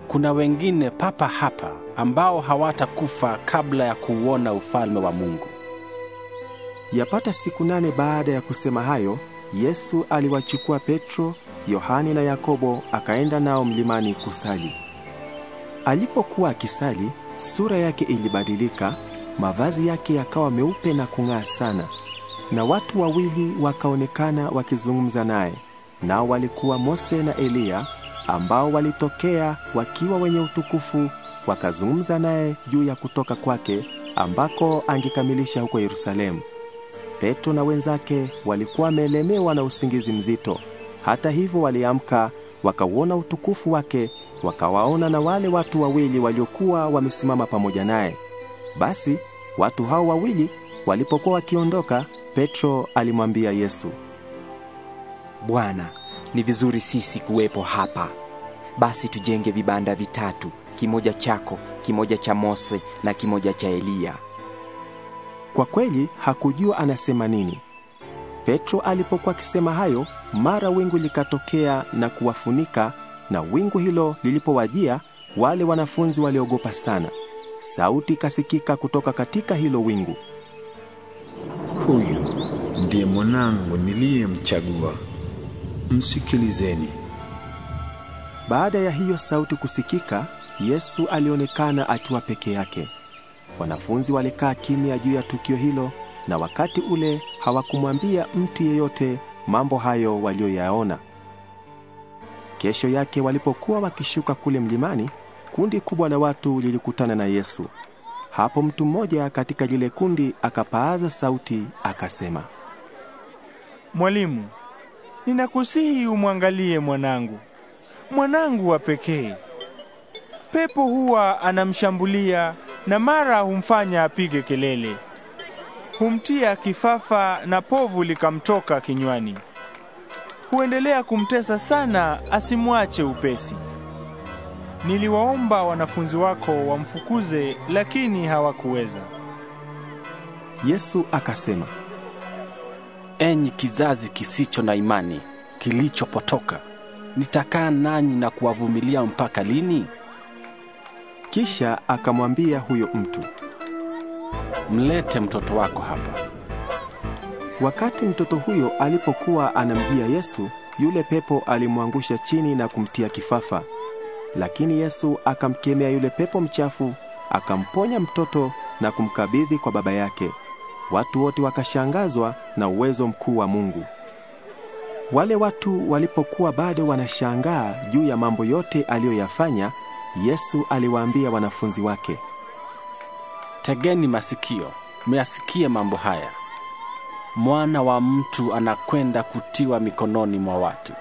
kuna wengine papa hapa ambao hawatakufa kabla ya kuuona ufalme wa Mungu. Yapata siku nane baada ya kusema hayo, Yesu aliwachukua Petro, Yohani na Yakobo akaenda nao mlimani kusali. Alipokuwa akisali, sura yake ilibadilika, mavazi yake yakawa meupe na kung'aa sana. Na watu wawili wakaonekana wakizungumza naye, nao walikuwa Mose na Eliya ambao walitokea wakiwa wenye utukufu, wakazungumza naye juu ya kutoka kwake ambako angekamilisha huko Yerusalemu. Petro na wenzake walikuwa wamelemewa na usingizi mzito. Hata hivyo, waliamka wakauona utukufu wake, wakawaona na wale watu wawili waliokuwa wamesimama pamoja naye. Basi watu hao wawili walipokuwa wakiondoka, Petro alimwambia Yesu, Bwana, ni vizuri sisi kuwepo hapa. Basi tujenge vibanda vitatu, kimoja chako, kimoja cha Mose na kimoja cha Eliya. Kwa kweli hakujua anasema nini. Petro alipokuwa akisema hayo, mara wingu likatokea na kuwafunika, na wingu hilo lilipowajia wale wanafunzi waliogopa sana. Sauti ikasikika kutoka katika hilo wingu, huyu ndiye mwanangu niliyemchagua, msikilizeni. Baada ya hiyo sauti kusikika, Yesu alionekana akiwa peke yake. Wanafunzi walikaa kimya juu ya tukio hilo, na wakati ule hawakumwambia mtu yeyote mambo hayo waliyoyaona Kesho yake walipokuwa wakishuka kule mlimani, kundi kubwa la watu lilikutana na Yesu. Hapo mtu mmoja katika lile kundi akapaaza sauti akasema, Mwalimu, ninakusihi umwangalie mwanangu, mwanangu wa pekee. Pepo huwa anamshambulia na mara humfanya apige kelele. Humtia kifafa na povu likamtoka kinywani. Huendelea kumtesa sana asimwache upesi. Niliwaomba wanafunzi wako wamfukuze, lakini hawakuweza. Yesu akasema, enyi kizazi kisicho na imani kilichopotoka, nitakaa nanyi na kuwavumilia mpaka lini? Kisha akamwambia huyo mtu, mlete mtoto wako hapa. Wakati mtoto huyo alipokuwa anamjia Yesu, yule pepo alimwangusha chini na kumtia kifafa, lakini Yesu akamkemea yule pepo mchafu, akamponya mtoto na kumkabidhi kwa baba yake. Watu wote wakashangazwa na uwezo mkuu wa Mungu. Wale watu walipokuwa bado wanashangaa juu ya mambo yote aliyoyafanya, Yesu aliwaambia wanafunzi wake, tegeni masikio, meyasikia mambo haya. Mwana wa mtu anakwenda kutiwa mikononi mwa watu.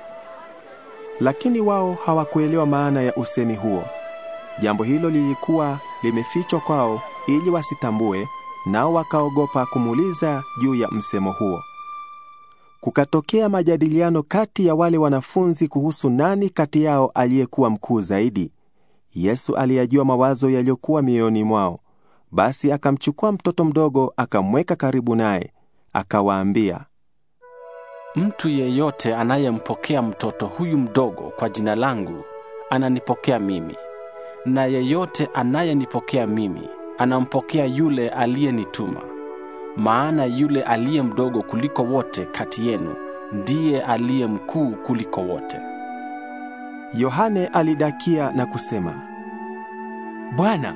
Lakini wao hawakuelewa maana ya usemi huo. Jambo hilo lilikuwa limefichwa kwao ili wasitambue, nao wakaogopa kumuuliza juu ya msemo huo. Kukatokea majadiliano kati ya wale wanafunzi kuhusu nani kati yao aliyekuwa mkuu zaidi. Yesu aliyajua mawazo yaliyokuwa mioyoni mwao. Basi akamchukua mtoto mdogo, akamweka karibu naye, akawaambia, mtu yeyote anayempokea mtoto huyu mdogo kwa jina langu ananipokea mimi, na yeyote anayenipokea mimi anampokea yule aliyenituma. Maana yule aliye mdogo kuliko wote kati yenu ndiye aliye mkuu kuliko wote. Yohane alidakia na kusema, Bwana,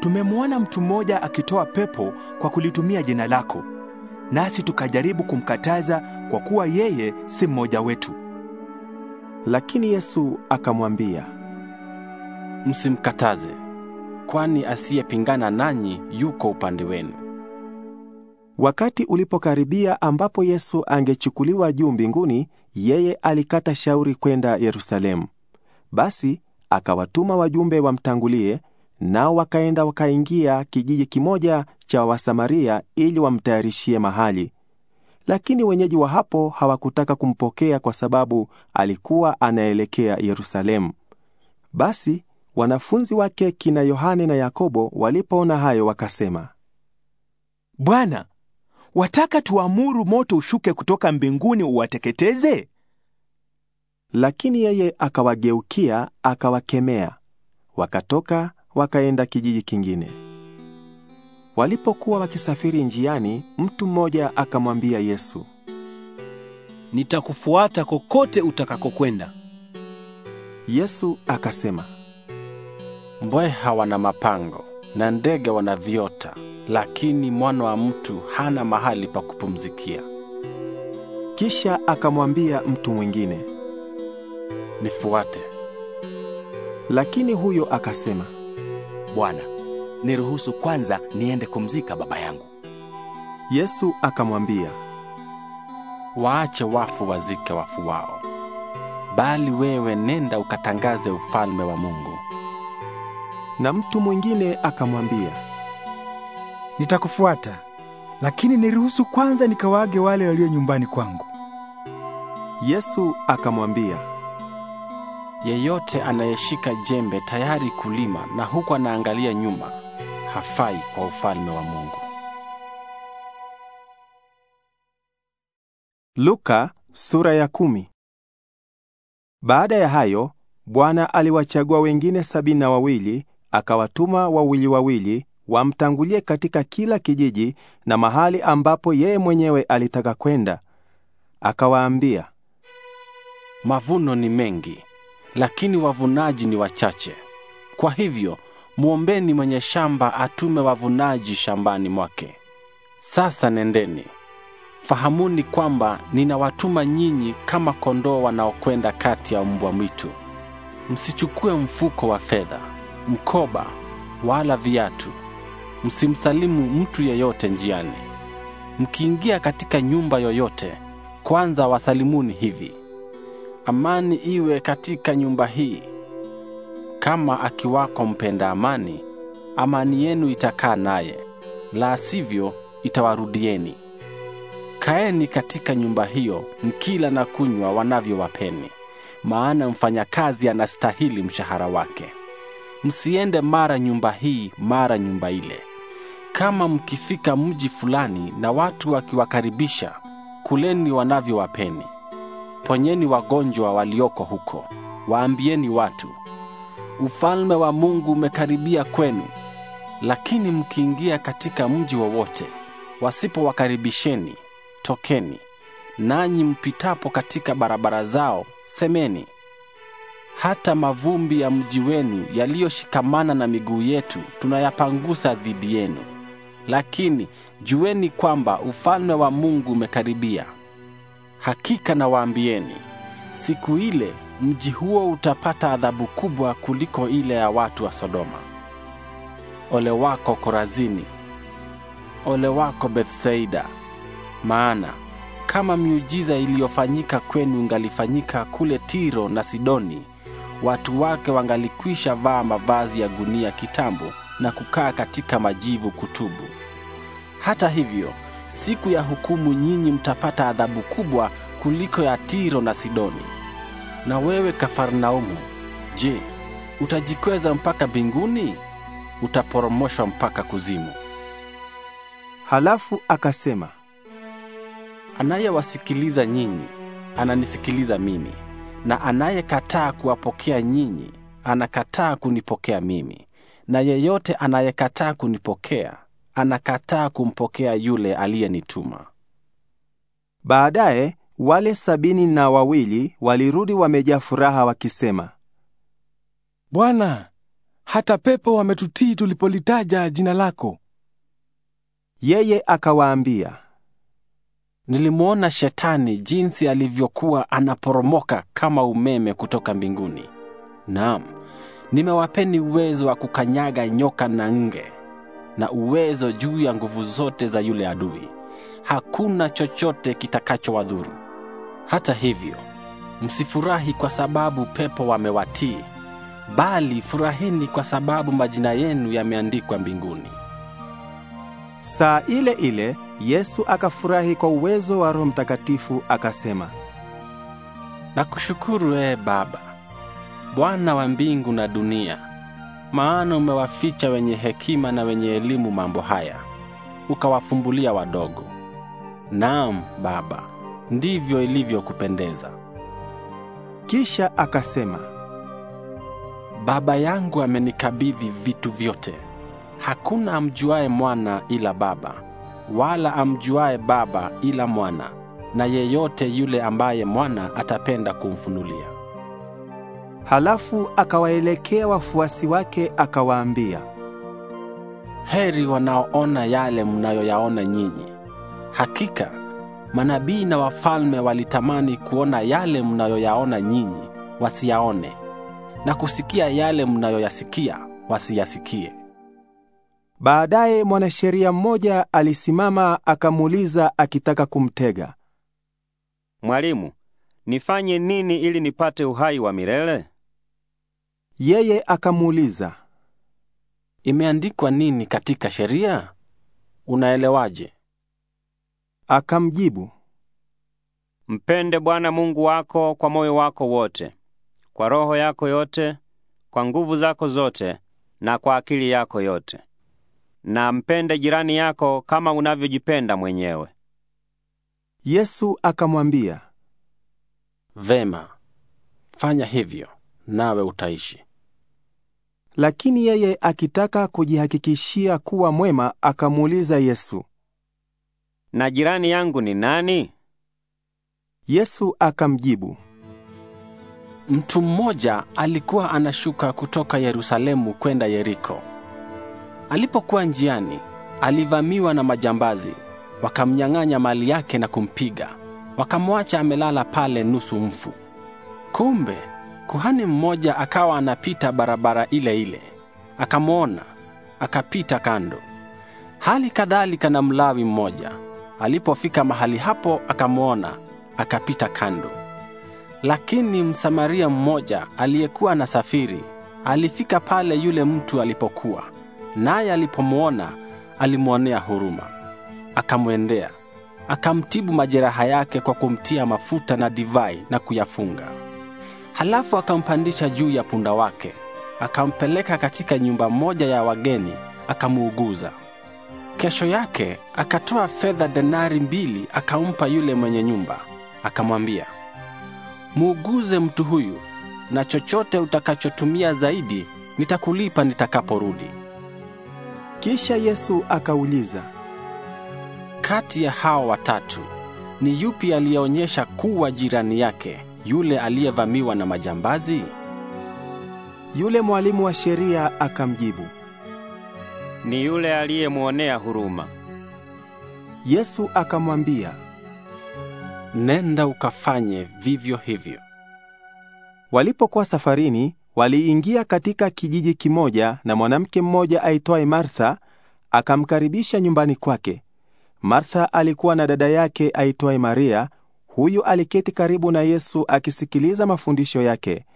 tumemwona mtu mmoja akitoa pepo kwa kulitumia jina lako, nasi tukajaribu kumkataza kwa kuwa yeye si mmoja wetu. Lakini Yesu akamwambia, msimkataze, kwani asiyepingana nanyi yuko upande wenu. Wakati ulipokaribia ambapo Yesu angechukuliwa juu mbinguni, yeye alikata shauri kwenda Yerusalemu. Basi akawatuma wajumbe wamtangulie nao wakaenda wakaingia kijiji kimoja cha Wasamaria ili wamtayarishie mahali. Lakini wenyeji wa hapo hawakutaka kumpokea kwa sababu alikuwa anaelekea Yerusalemu. Basi wanafunzi wake kina Yohane na Yakobo walipoona hayo wakasema, Bwana, wataka tuamuru moto ushuke kutoka mbinguni uwateketeze? Lakini yeye akawageukia akawakemea. Wakatoka wakaenda kijiji kingine. Walipokuwa wakisafiri njiani, mtu mmoja akamwambia Yesu, nitakufuata kokote utakakokwenda. Yesu akasema, mbweha wana mapango na ndege wana viota, lakini mwana wa mtu hana mahali pa kupumzikia. Kisha akamwambia mtu mwingine, nifuate. Lakini huyo akasema Bwana, niruhusu kwanza niende kumzika baba yangu. Yesu akamwambia, waache wafu wazike wafu wao, bali wewe nenda ukatangaze ufalme wa Mungu. Na mtu mwingine akamwambia, nitakufuata, lakini niruhusu kwanza nikawaage wale walio nyumbani kwangu. Yesu akamwambia Yeyote anayeshika jembe tayari kulima na huku anaangalia nyuma hafai kwa ufalme wa Mungu. Luka sura ya kumi. Baada ya hayo Bwana aliwachagua wengine sabini na wawili akawatuma wawili wawili wamtangulie katika kila kijiji na mahali ambapo yeye mwenyewe alitaka kwenda. Akawaambia, mavuno ni mengi lakini wavunaji ni wachache. Kwa hivyo mwombeni mwenye shamba atume wavunaji shambani mwake. Sasa nendeni, fahamuni kwamba ninawatuma nyinyi kama kondoo wanaokwenda kati ya mbwa mwitu. Msichukue mfuko wa fedha, mkoba wala viatu. Msimsalimu mtu yeyote njiani. Mkiingia katika nyumba yoyote, kwanza wasalimuni hivi: amani iwe katika nyumba hii. Kama akiwako mpenda amani, amani yenu itakaa naye, la sivyo itawarudieni. Kaeni katika nyumba hiyo mkila na kunywa wanavyowapeni, maana mfanyakazi anastahili mshahara wake. Msiende mara nyumba hii mara nyumba ile. Kama mkifika mji fulani na watu wakiwakaribisha, kuleni wanavyowapeni ponyeni wagonjwa walioko huko, waambieni watu, ufalme wa Mungu umekaribia kwenu. Lakini mkiingia katika mji wowote, wasipowakaribisheni, tokeni nanyi mpitapo katika barabara zao semeni, hata mavumbi ya mji wenu yaliyoshikamana na miguu yetu tunayapangusa dhidi yenu. Lakini jueni kwamba ufalme wa Mungu umekaribia. Hakika nawaambieni, siku ile mji huo utapata adhabu kubwa kuliko ile ya watu wa Sodoma. Ole wako Korazini! Ole wako Bethsaida! Maana kama miujiza iliyofanyika kwenu ingalifanyika kule Tiro na Sidoni, watu wake wangalikwisha vaa mavazi ya gunia kitambo na kukaa katika majivu kutubu. Hata hivyo siku ya hukumu nyinyi mtapata adhabu kubwa kuliko ya Tiro na Sidoni. Na wewe Kafarnaumu, je, utajikweza mpaka mbinguni? Utaporomoshwa mpaka kuzimu. Halafu akasema, anayewasikiliza nyinyi ananisikiliza mimi, na anayekataa kuwapokea nyinyi anakataa kunipokea mimi, na yeyote anayekataa kunipokea anakataa kumpokea yule aliyenituma. Baadaye wale sabini na wawili walirudi wamejaa furaha wakisema, Bwana, hata pepo wametutii tulipolitaja jina lako. Yeye akawaambia, nilimwona Shetani jinsi alivyokuwa anaporomoka kama umeme kutoka mbinguni. Naam, nimewapeni uwezo wa kukanyaga nyoka na nge na uwezo juu ya nguvu zote za yule adui. Hakuna chochote kitakachowadhuru. Hata hivyo, msifurahi kwa sababu pepo wamewatii, bali furahini kwa sababu majina yenu yameandikwa mbinguni. Saa ile ile Yesu akafurahi kwa uwezo wa Roho Mtakatifu akasema, Nakushukuru ee Baba, Bwana wa mbingu na dunia maana umewaficha wenye hekima na wenye elimu mambo haya, ukawafumbulia wadogo. Naam Baba, ndivyo ilivyokupendeza. Kisha akasema, Baba yangu amenikabidhi vitu vyote. Hakuna amjuaye mwana ila Baba, wala amjuaye Baba ila mwana, na yeyote yule ambaye mwana atapenda kumfunulia. Halafu akawaelekea wafuasi wake akawaambia, heri wanaoona yale mnayoyaona nyinyi. Hakika manabii na wafalme walitamani kuona yale mnayoyaona nyinyi wasiyaone, na kusikia yale mnayoyasikia wasiyasikie. Baadaye mwanasheria mmoja alisimama akamuuliza akitaka kumtega, Mwalimu, nifanye nini ili nipate uhai wa milele? Yeye akamuuliza, imeandikwa nini katika sheria? Unaelewaje? Akamjibu, mpende Bwana Mungu wako kwa moyo wako wote, kwa roho yako yote, kwa nguvu zako zote na kwa akili yako yote, na mpende jirani yako kama unavyojipenda mwenyewe. Yesu akamwambia, vema, fanya hivyo nawe utaishi. Lakini yeye akitaka kujihakikishia kuwa mwema, akamuuliza Yesu, na jirani yangu ni nani? Yesu akamjibu, mtu mmoja alikuwa anashuka kutoka Yerusalemu kwenda Yeriko. Alipokuwa njiani, alivamiwa na majambazi, wakamnyang'anya mali yake na kumpiga, wakamwacha amelala pale nusu mfu. Kumbe Kuhani mmoja akawa anapita barabara ile ile, akamwona, akapita kando. Hali kadhalika na Mlawi mmoja alipofika mahali hapo, akamwona, akapita kando. Lakini Msamaria mmoja aliyekuwa na safiri alifika pale yule mtu alipokuwa, naye alipomwona alimwonea huruma, akamwendea, akamtibu majeraha yake kwa kumtia mafuta na divai na kuyafunga. Halafu akampandisha juu ya punda wake, akampeleka katika nyumba moja ya wageni, akamuuguza. Kesho yake akatoa fedha denari mbili, akampa yule mwenye nyumba, akamwambia, muuguze mtu huyu, na chochote utakachotumia zaidi nitakulipa nitakaporudi. Kisha Yesu akauliza, kati ya hao watatu ni yupi aliyeonyesha kuwa jirani yake yule aliyevamiwa na majambazi? Yule mwalimu wa sheria akamjibu, ni yule aliyemwonea huruma. Yesu akamwambia, nenda ukafanye vivyo hivyo. Walipokuwa safarini, waliingia katika kijiji kimoja, na mwanamke mmoja aitwaye Martha akamkaribisha nyumbani kwake. Martha alikuwa na dada yake aitwaye Maria Huyu aliketi karibu na Yesu akisikiliza mafundisho yake.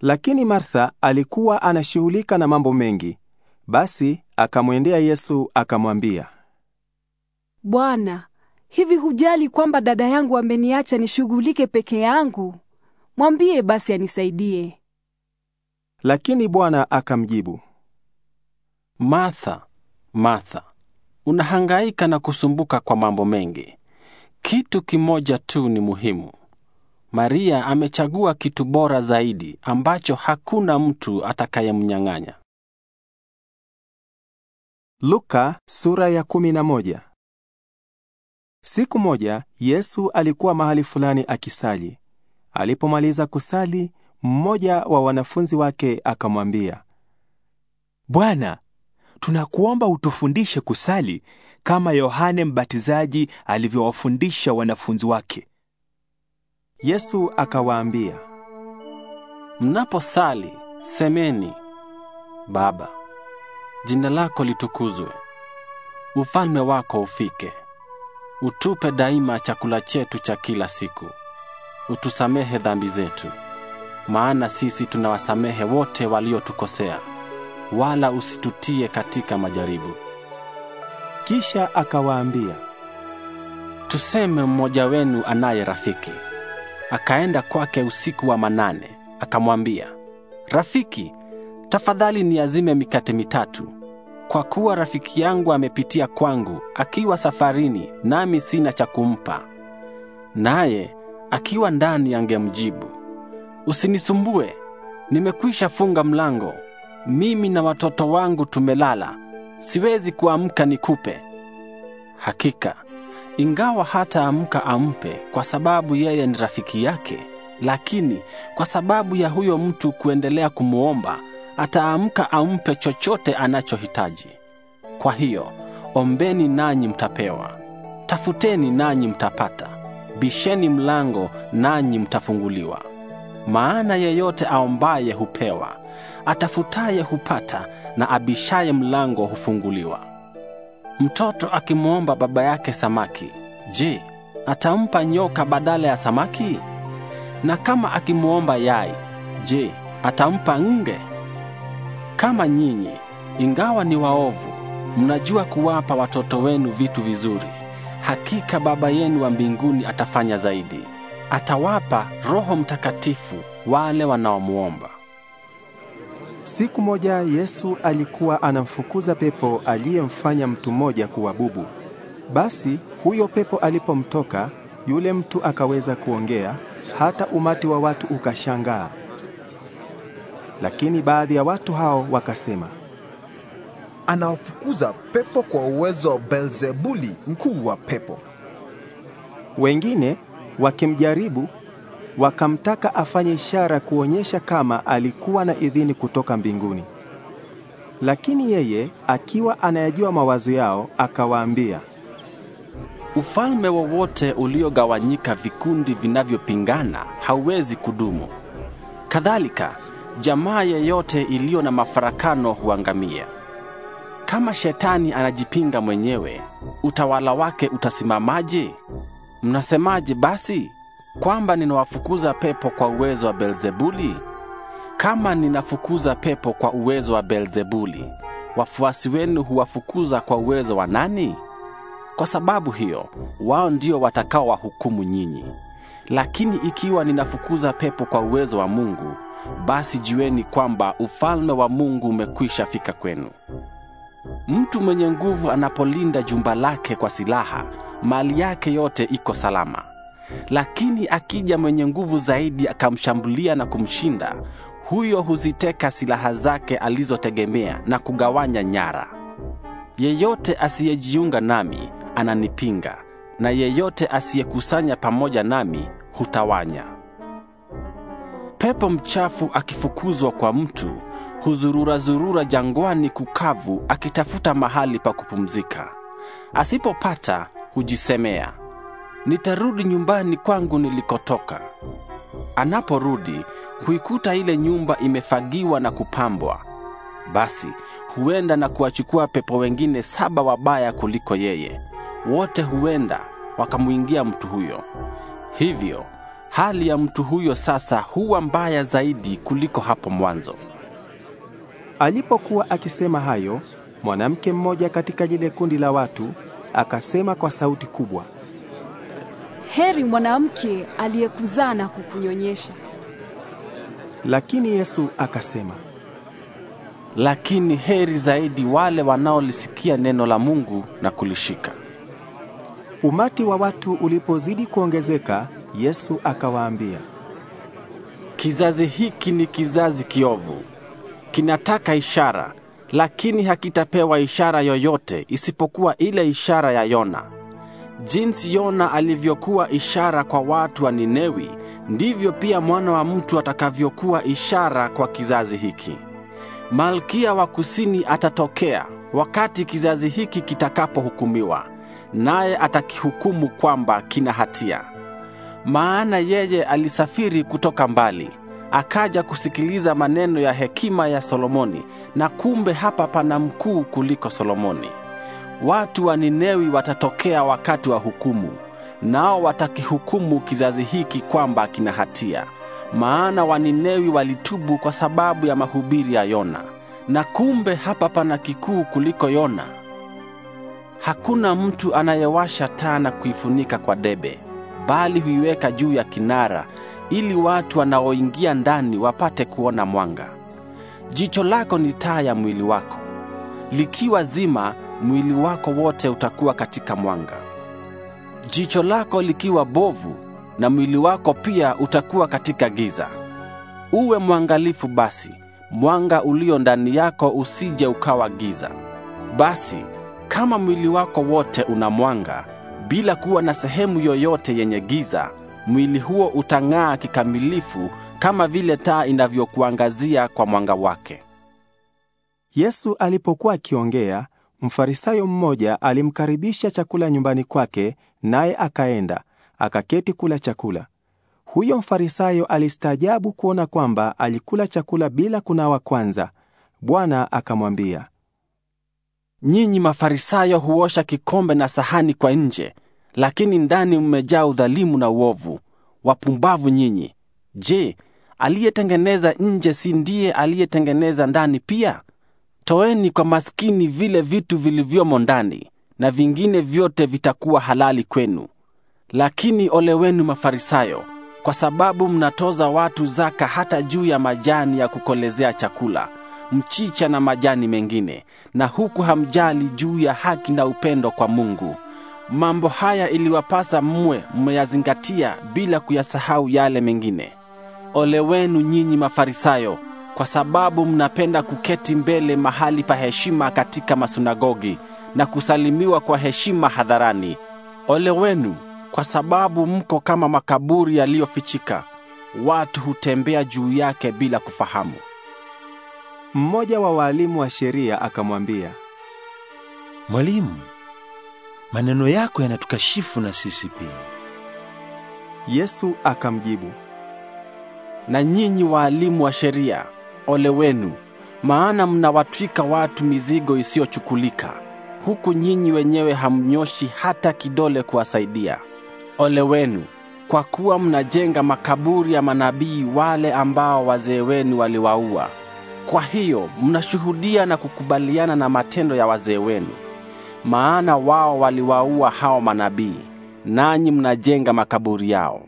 Lakini Martha alikuwa anashughulika na mambo mengi. Basi akamwendea Yesu akamwambia, Bwana, hivi hujali kwamba dada yangu ameniacha nishughulike peke yangu? Mwambie basi anisaidie. Lakini Bwana akamjibu, Martha, Martha, unahangaika na kusumbuka kwa mambo mengi, kitu kimoja tu ni muhimu. Maria amechagua kitu bora zaidi ambacho hakuna mtu atakayemnyang'anya. Luka sura ya Siku moja Yesu alikuwa mahali fulani akisali. Alipomaliza kusali, mmoja wa wanafunzi wake akamwambia, Bwana, tunakuomba utufundishe kusali kama Yohane Mbatizaji alivyowafundisha wanafunzi wake. Yesu akawaambia, mnaposali semeni: Baba, jina lako litukuzwe, ufalme wako ufike, utupe daima chakula chetu cha kila siku, utusamehe dhambi zetu, maana sisi tunawasamehe wote waliotukosea, wala usitutie katika majaribu kisha akawaambia, tuseme mmoja wenu anaye rafiki akaenda kwake usiku wa manane, akamwambia, rafiki, tafadhali niazime mikate mitatu, kwa kuwa rafiki yangu amepitia kwangu akiwa safarini, nami sina cha kumpa. Naye akiwa ndani angemjibu, usinisumbue, nimekwisha funga mlango, mimi na watoto wangu tumelala siwezi kuamka nikupe. Hakika ingawa hataamka ampe, kwa sababu yeye ni rafiki yake, lakini kwa sababu ya huyo mtu kuendelea kumwomba, ataamka ampe chochote anachohitaji. Kwa hiyo ombeni nanyi mtapewa, tafuteni nanyi mtapata, bisheni mlango nanyi mtafunguliwa. Maana yeyote aombaye hupewa, atafutaye hupata, na abishaye mlango hufunguliwa. Mtoto akimwomba baba yake samaki, je, atampa nyoka badala ya samaki? Na kama akimwomba yai, je, atampa nge? Kama nyinyi, ingawa ni waovu, mnajua kuwapa watoto wenu vitu vizuri, hakika Baba yenu wa mbinguni atafanya zaidi, atawapa Roho Mtakatifu wale wanaomwomba. Siku moja Yesu alikuwa anamfukuza pepo aliyemfanya mtu mmoja kuwa bubu. Basi huyo pepo alipomtoka, yule mtu akaweza kuongea, hata umati wa watu ukashangaa. Lakini baadhi ya watu hao wakasema, anawafukuza pepo kwa uwezo wa Belzebuli, mkuu wa pepo. Wengine wakimjaribu wakamtaka afanye ishara kuonyesha kama alikuwa na idhini kutoka mbinguni. Lakini yeye akiwa anayajua mawazo yao, akawaambia, ufalme wowote uliogawanyika vikundi vinavyopingana hauwezi kudumu. Kadhalika, jamaa yeyote iliyo na mafarakano huangamia. Kama shetani anajipinga mwenyewe, utawala wake utasimamaje? Mnasemaje basi? kwamba ninawafukuza pepo kwa uwezo wa Belzebuli? Kama ninafukuza pepo kwa uwezo wa Belzebuli, wafuasi wenu huwafukuza kwa uwezo wa nani? Kwa sababu hiyo, wao ndio watakao wahukumu nyinyi. Lakini ikiwa ninafukuza pepo kwa uwezo wa Mungu, basi jueni kwamba ufalme wa Mungu umekwisha fika kwenu. Mtu mwenye nguvu anapolinda jumba lake kwa silaha, mali yake yote iko salama. Lakini akija mwenye nguvu zaidi akamshambulia na kumshinda, huyo huziteka silaha zake alizotegemea na kugawanya nyara. Yeyote asiyejiunga nami ananipinga, na yeyote asiyekusanya pamoja nami hutawanya. Pepo mchafu akifukuzwa kwa mtu huzururazurura jangwani kukavu akitafuta mahali pa kupumzika. Asipopata hujisemea nitarudi nyumbani kwangu nilikotoka. Anaporudi huikuta ile nyumba imefagiwa na kupambwa. Basi huenda na kuwachukua pepo wengine saba wabaya kuliko yeye, wote huenda wakamwingia mtu huyo. Hivyo hali ya mtu huyo sasa huwa mbaya zaidi kuliko hapo mwanzo. Alipokuwa akisema hayo, mwanamke mmoja katika lile kundi la watu akasema kwa sauti kubwa, heri mwanamke aliyekuzaa na kukunyonyesha. Lakini Yesu akasema, lakini heri zaidi wale wanaolisikia neno la Mungu na kulishika. Umati wa watu ulipozidi kuongezeka, Yesu akawaambia, kizazi hiki ni kizazi kiovu, kinataka ishara, lakini hakitapewa ishara yoyote isipokuwa ile ishara ya Yona. Jinsi Yona alivyokuwa ishara kwa watu wa Ninewi, ndivyo pia mwana wa mtu atakavyokuwa ishara kwa kizazi hiki. Malkia wa kusini atatokea wakati kizazi hiki kitakapohukumiwa, naye atakihukumu kwamba kina hatia. Maana yeye alisafiri kutoka mbali, akaja kusikiliza maneno ya hekima ya Solomoni, na kumbe hapa pana mkuu kuliko Solomoni. Watu wa Ninewi watatokea wakati wa hukumu, nao watakihukumu kizazi hiki kwamba kina hatia, maana Waninewi walitubu kwa sababu ya mahubiri ya Yona, na kumbe hapa pana kikuu kuliko Yona. Hakuna mtu anayewasha taa na kuifunika kwa debe, bali huiweka juu ya kinara, ili watu wanaoingia ndani wapate kuona mwanga. Jicho lako ni taa ya mwili wako. Likiwa zima mwili wako wote utakuwa katika mwanga. Jicho lako likiwa bovu, na mwili wako pia utakuwa katika giza. Uwe mwangalifu basi, mwanga ulio ndani yako usije ukawa giza. Basi kama mwili wako wote una mwanga bila kuwa na sehemu yoyote yenye giza, mwili huo utang'aa kikamilifu kama vile taa inavyokuangazia kwa mwanga wake. Yesu alipokuwa akiongea, Mfarisayo mmoja alimkaribisha chakula nyumbani kwake, naye akaenda akaketi kula chakula. Huyo Mfarisayo alistaajabu kuona kwamba alikula chakula bila kunawa kwanza. Bwana akamwambia, nyinyi Mafarisayo huosha kikombe na sahani kwa nje, lakini ndani mmejaa udhalimu na uovu. Wapumbavu nyinyi! Je, aliyetengeneza nje si ndiye aliyetengeneza ndani pia? toeni kwa maskini vile vitu vilivyomo ndani, na vingine vyote vitakuwa halali kwenu. Lakini ole wenu Mafarisayo, kwa sababu mnatoza watu zaka hata juu ya majani ya kukolezea chakula, mchicha na majani mengine, na huku hamjali juu ya haki na upendo kwa Mungu. Mambo haya iliwapasa mwe mmeyazingatia bila kuyasahau yale mengine. Ole wenu nyinyi Mafarisayo, kwa sababu mnapenda kuketi mbele mahali pa heshima katika masunagogi na kusalimiwa kwa heshima hadharani. Ole wenu, kwa sababu mko kama makaburi yaliyofichika, watu hutembea juu yake bila kufahamu. Mmoja wa waalimu wa sheria akamwambia, Mwalimu, maneno yako yanatukashifu na sisi pia. Yesu akamjibu, na nyinyi waalimu wa sheria ole wenu, maana mnawatwika watu mizigo isiyochukulika, huku nyinyi wenyewe hamnyoshi hata kidole kuwasaidia. Ole wenu kwa kuwa mnajenga makaburi ya manabii wale ambao wazee wenu waliwaua. Kwa hiyo mnashuhudia na kukubaliana na matendo ya wazee wenu, maana wao waliwaua hao manabii, nanyi mnajenga makaburi yao.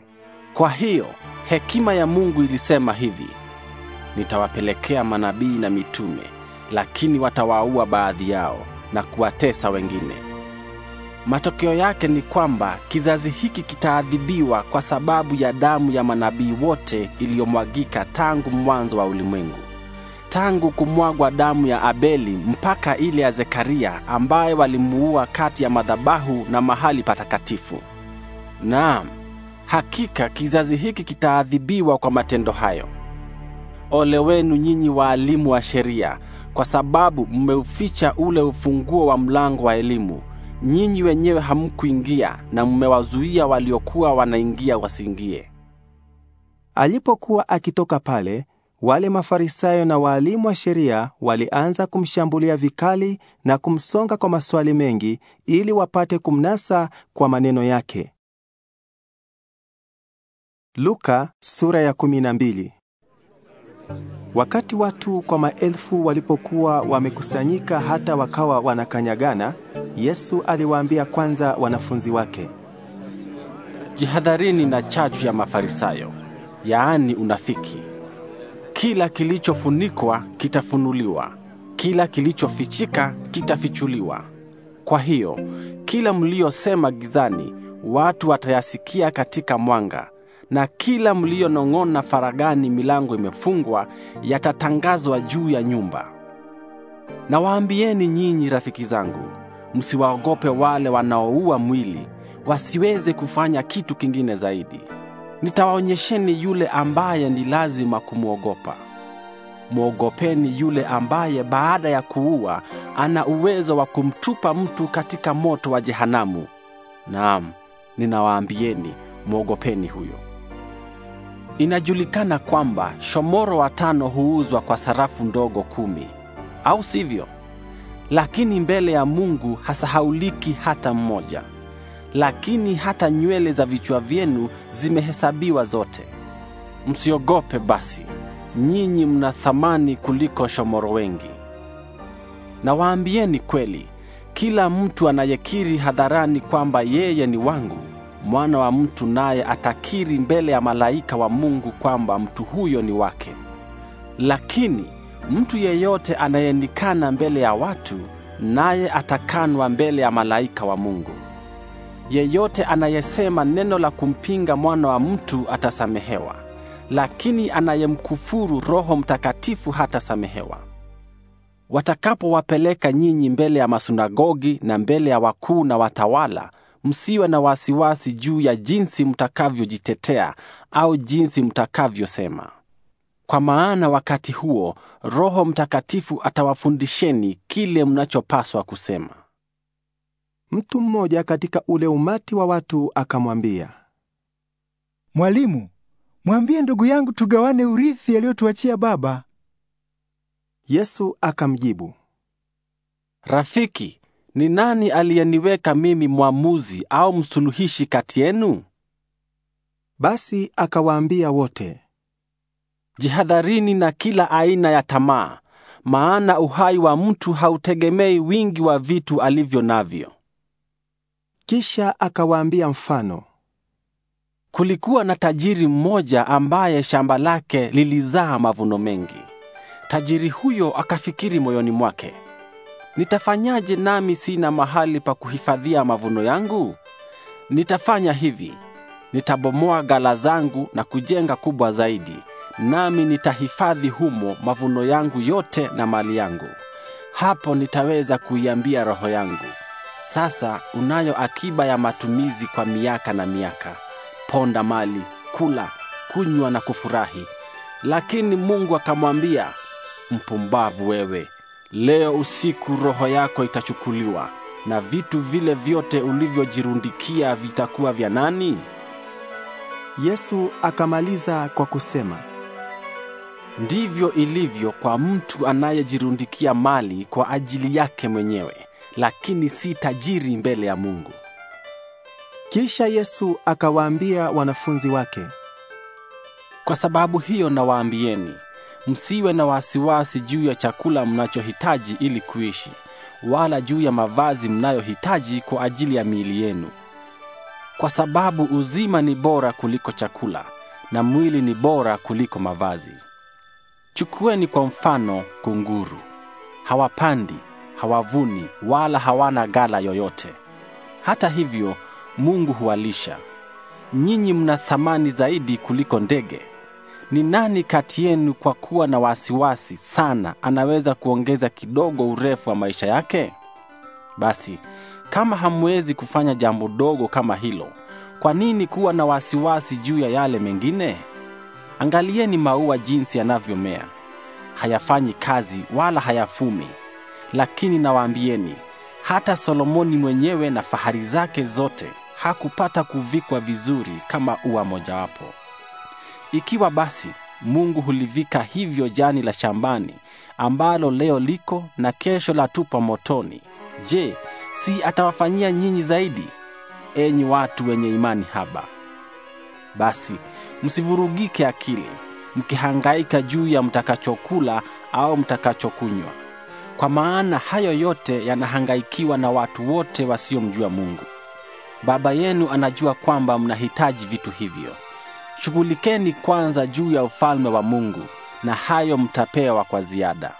Kwa hiyo hekima ya Mungu ilisema hivi: nitawapelekea manabii na mitume, lakini watawaua baadhi yao na kuwatesa wengine. Matokeo yake ni kwamba kizazi hiki kitaadhibiwa kwa sababu ya damu ya manabii wote iliyomwagika tangu mwanzo wa ulimwengu, tangu kumwagwa damu ya Abeli mpaka ile ya Zekaria ambaye walimuua kati ya madhabahu na mahali patakatifu. Naam, hakika kizazi hiki kitaadhibiwa kwa matendo hayo ole wenu nyinyi waalimu wa sheria, kwa sababu mmeuficha ule ufunguo wa mlango wa elimu. Nyinyi wenyewe hamkuingia, na mmewazuia waliokuwa wanaingia wasiingie. Alipokuwa akitoka pale, wale Mafarisayo na waalimu wa sheria walianza kumshambulia vikali na kumsonga kwa maswali mengi ili wapate kumnasa kwa maneno yake. Luka sura ya Wakati watu kwa maelfu walipokuwa wamekusanyika hata wakawa wanakanyagana, Yesu aliwaambia kwanza wanafunzi wake, jihadharini na chachu ya Mafarisayo, yaani unafiki. Kila kilichofunikwa kitafunuliwa, kila kilichofichika kitafichuliwa. Kwa hiyo kila mliyosema gizani, watu watayasikia katika mwanga, na kila mliyonong'ona faragani, milango imefungwa, yatatangazwa juu ya nyumba. Na waambieni nyinyi rafiki zangu, msiwaogope wale wanaoua mwili, wasiweze kufanya kitu kingine zaidi. Nitawaonyesheni yule ambaye ni lazima kumwogopa. Mwogopeni yule ambaye baada ya kuua ana uwezo wa kumtupa mtu katika moto wa jehanamu. Naam, ninawaambieni mwogopeni huyo. Inajulikana kwamba shomoro watano huuzwa kwa sarafu ndogo kumi, au sivyo? Lakini mbele ya Mungu hasahauliki hata mmoja. Lakini hata nywele za vichwa vyenu zimehesabiwa zote. Msiogope basi, nyinyi mna thamani kuliko shomoro wengi. nawaambieni kweli, kila mtu anayekiri hadharani kwamba yeye ni wangu mwana wa mtu naye atakiri mbele ya malaika wa Mungu kwamba mtu huyo ni wake. Lakini mtu yeyote anayenikana mbele ya watu, naye atakanwa mbele ya malaika wa Mungu. Yeyote anayesema neno la kumpinga mwana wa mtu atasamehewa, lakini anayemkufuru Roho Mtakatifu hatasamehewa. Watakapowapeleka nyinyi mbele ya masunagogi na mbele ya wakuu na watawala, msiwe na wasiwasi juu ya jinsi mtakavyojitetea au jinsi mtakavyosema, kwa maana wakati huo Roho Mtakatifu atawafundisheni kile mnachopaswa kusema. Mtu mmoja katika ule umati wa watu akamwambia, Mwalimu, mwambie ndugu yangu tugawane urithi aliyotuachia baba. Yesu akamjibu, Rafiki, ni nani aliyeniweka mimi mwamuzi au msuluhishi kati yenu? Basi akawaambia wote, jihadharini na kila aina ya tamaa, maana uhai wa mtu hautegemei wingi wa vitu alivyo navyo. Kisha akawaambia mfano, kulikuwa na tajiri mmoja ambaye shamba lake lilizaa mavuno mengi. Tajiri huyo akafikiri moyoni mwake nitafanyaje nami sina mahali pa kuhifadhia mavuno yangu? Nitafanya hivi, nitabomoa gala zangu na kujenga kubwa zaidi, nami nitahifadhi humo mavuno yangu yote na mali yangu. Hapo nitaweza kuiambia roho yangu, sasa unayo akiba ya matumizi kwa miaka na miaka. Ponda mali, kula, kunywa na kufurahi. Lakini Mungu akamwambia, mpumbavu wewe! Leo usiku roho yako itachukuliwa, na vitu vile vyote ulivyojirundikia vitakuwa vya nani? Yesu akamaliza kwa kusema, ndivyo ilivyo kwa mtu anayejirundikia mali kwa ajili yake mwenyewe, lakini si tajiri mbele ya Mungu. Kisha Yesu akawaambia wanafunzi wake, kwa sababu hiyo nawaambieni Msiwe na wasiwasi juu ya chakula mnachohitaji ili kuishi, wala juu ya mavazi mnayohitaji kwa ajili ya miili yenu, kwa sababu uzima ni bora kuliko chakula na mwili ni bora kuliko mavazi. Chukueni kwa mfano kunguru. Hawapandi, hawavuni, wala hawana gala yoyote. Hata hivyo, Mungu huwalisha. Nyinyi mna thamani zaidi kuliko ndege. Ni nani kati yenu kwa kuwa na wasiwasi sana anaweza kuongeza kidogo urefu wa maisha yake? Basi kama hamwezi kufanya jambo dogo kama hilo, kwa nini kuwa na wasiwasi juu ya yale mengine? Angalieni maua jinsi yanavyomea, hayafanyi kazi wala hayafumi. Lakini nawaambieni, hata Solomoni mwenyewe na fahari zake zote hakupata kuvikwa vizuri kama ua mojawapo. Ikiwa basi Mungu hulivika hivyo jani la shambani ambalo leo liko na kesho la tupa motoni, je, si atawafanyia nyinyi zaidi, enyi watu wenye imani haba? Basi msivurugike akili mkihangaika juu ya mtakachokula au mtakachokunywa, kwa maana hayo yote yanahangaikiwa na watu wote wasiomjua Mungu. Baba yenu anajua kwamba mnahitaji vitu hivyo. Shughulikeni kwanza juu ya ufalme wa Mungu, na hayo mtapewa kwa ziada.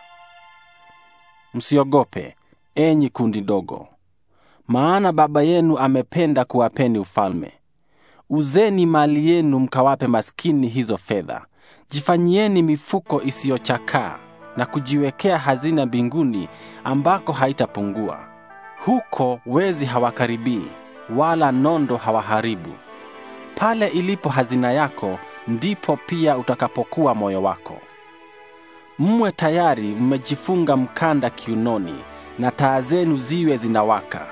Msiogope, enyi kundi dogo, maana Baba yenu amependa kuwapeni ufalme. Uzeni mali yenu mkawape maskini hizo fedha. Jifanyieni mifuko isiyochakaa na kujiwekea hazina mbinguni ambako haitapungua. Huko wezi hawakaribii wala nondo hawaharibu. Pale ilipo hazina yako, ndipo pia utakapokuwa moyo wako. Mwe tayari mmejifunga mkanda kiunoni na taa zenu ziwe zinawaka.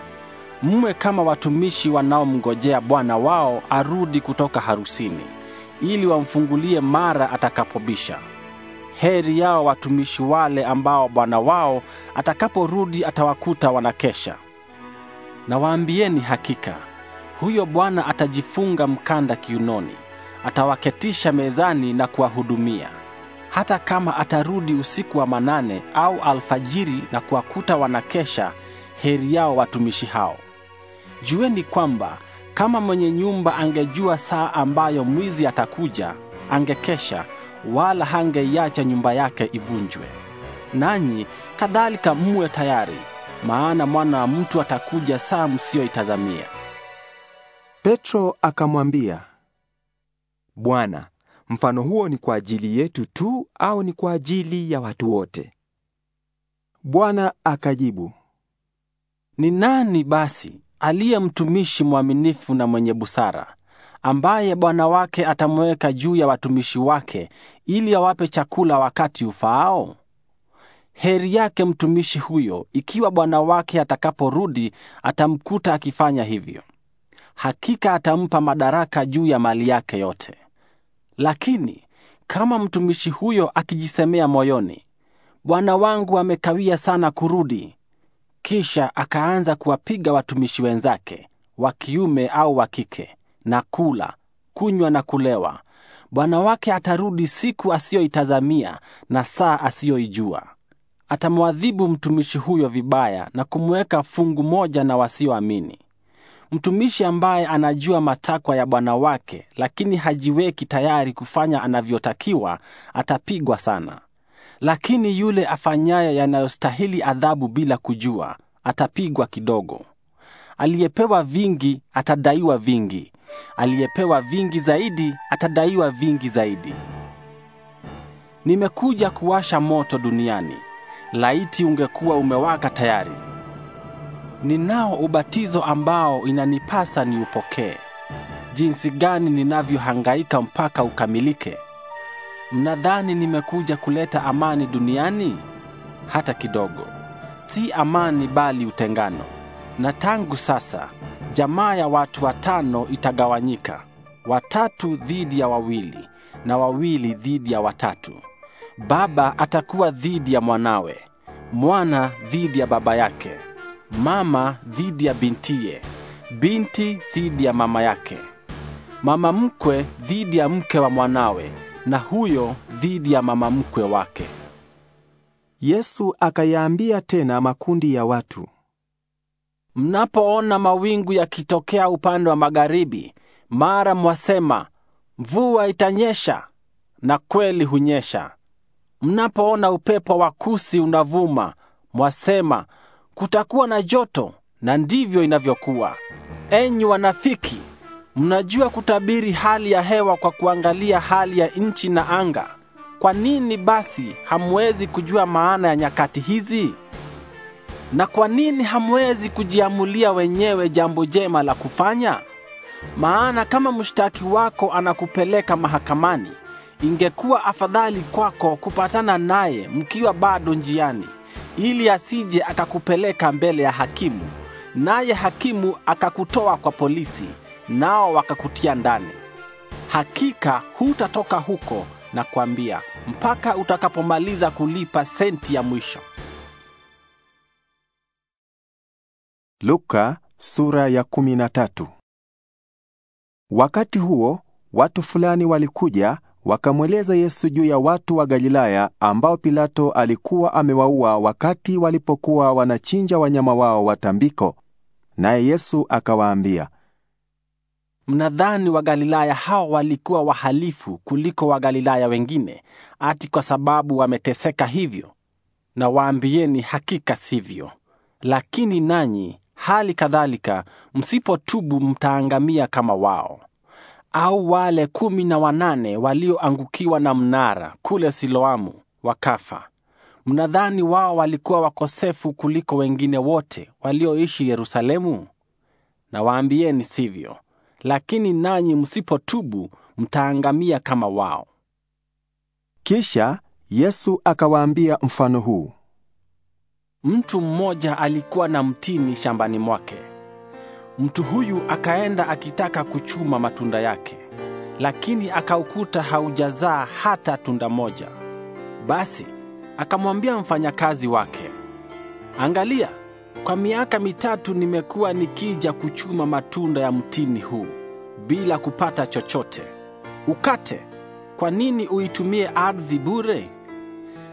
Mwe kama watumishi wanaomngojea bwana wao arudi kutoka harusini, ili wamfungulie mara atakapobisha. Heri yao watumishi wale ambao bwana wao atakaporudi atawakuta wanakesha. Nawaambieni hakika huyo bwana atajifunga mkanda kiunoni, atawaketisha mezani na kuwahudumia. Hata kama atarudi usiku wa manane au alfajiri na kuwakuta wanakesha, heri yao watumishi hao. Jueni kwamba kama mwenye nyumba angejua saa ambayo mwizi atakuja, angekesha wala hangeiacha nyumba yake ivunjwe. Nanyi kadhalika mwe tayari, maana mwana wa mtu atakuja saa msiyoitazamia. Petro akamwambia, Bwana, mfano huo ni kwa ajili yetu tu au ni kwa ajili ya watu wote? Bwana akajibu, ni nani basi aliye mtumishi mwaminifu na mwenye busara ambaye bwana wake atamweka juu ya watumishi wake ili awape chakula wakati ufaao? Heri yake mtumishi huyo ikiwa bwana wake atakaporudi atamkuta akifanya hivyo hakika atampa madaraka juu ya mali yake yote. Lakini kama mtumishi huyo akijisemea moyoni, bwana wangu amekawia sana kurudi, kisha akaanza kuwapiga watumishi wenzake wa kiume au wa kike, na kula, kunywa na kulewa, bwana wake atarudi siku asiyoitazamia na saa asiyoijua. Atamwadhibu mtumishi huyo vibaya na kumweka fungu moja na wasioamini. Mtumishi ambaye anajua matakwa ya bwana wake, lakini hajiweki tayari kufanya anavyotakiwa, atapigwa sana. Lakini yule afanyaye yanayostahili adhabu bila kujua, atapigwa kidogo. Aliyepewa vingi atadaiwa vingi, aliyepewa vingi zaidi atadaiwa vingi zaidi. Nimekuja kuwasha moto duniani, laiti ungekuwa umewaka tayari! ninao ubatizo ambao inanipasa niupokee. Jinsi gani ninavyohangaika mpaka ukamilike! Mnadhani nimekuja kuleta amani duniani? Hata kidogo! Si amani, bali utengano. Na tangu sasa jamaa ya watu watano itagawanyika, watatu dhidi ya wawili na wawili dhidi ya watatu. Baba atakuwa dhidi ya mwanawe, mwana dhidi ya baba yake, mama dhidi ya bintiye, binti dhidi ya mama yake, mama mkwe dhidi ya mke wa mwanawe, na huyo dhidi ya mama mkwe wake. Yesu akayaambia tena makundi ya watu, mnapoona mawingu yakitokea upande wa magharibi, mara mwasema mvua itanyesha, na kweli hunyesha. Mnapoona upepo wa kusi unavuma, mwasema kutakuwa na joto, na ndivyo inavyokuwa. Enyi wanafiki, mnajua kutabiri hali ya hewa kwa kuangalia hali ya nchi na anga. Kwa nini basi hamwezi kujua maana ya nyakati hizi? Na kwa nini hamwezi kujiamulia wenyewe jambo jema la kufanya? Maana kama mshtaki wako anakupeleka mahakamani, ingekuwa afadhali kwako kupatana naye mkiwa bado njiani ili asije akakupeleka mbele ya hakimu, naye hakimu akakutoa kwa polisi, nao wakakutia ndani. Hakika hutatoka huko, na kuambia mpaka utakapomaliza kulipa senti ya mwisho. Luka sura ya kumi na tatu. Wakati huo watu fulani walikuja Wakamweleza Yesu juu ya watu wa Galilaya ambao Pilato alikuwa amewaua wakati walipokuwa wanachinja wanyama wao watambiko. Naye Yesu akawaambia, Mnadhani Wagalilaya hao walikuwa wahalifu kuliko Wagalilaya wengine, ati kwa sababu wameteseka hivyo? Na waambieni hakika sivyo. Lakini nanyi hali kadhalika msipotubu mtaangamia kama wao au wale kumi na wanane walioangukiwa na mnara kule Siloamu wakafa. Mnadhani wao walikuwa wakosefu kuliko wengine wote walioishi Yerusalemu? Nawaambieni sivyo, lakini nanyi msipotubu mtaangamia kama wao. Kisha Yesu akawaambia mfano huu: Mtu mmoja alikuwa na mtini shambani mwake. Mtu huyu akaenda akitaka kuchuma matunda yake, lakini akaukuta haujazaa hata tunda moja. Basi akamwambia mfanyakazi wake, angalia, kwa miaka mitatu nimekuwa nikija kuchuma matunda ya mtini huu bila kupata chochote. Ukate, kwa nini uitumie ardhi bure?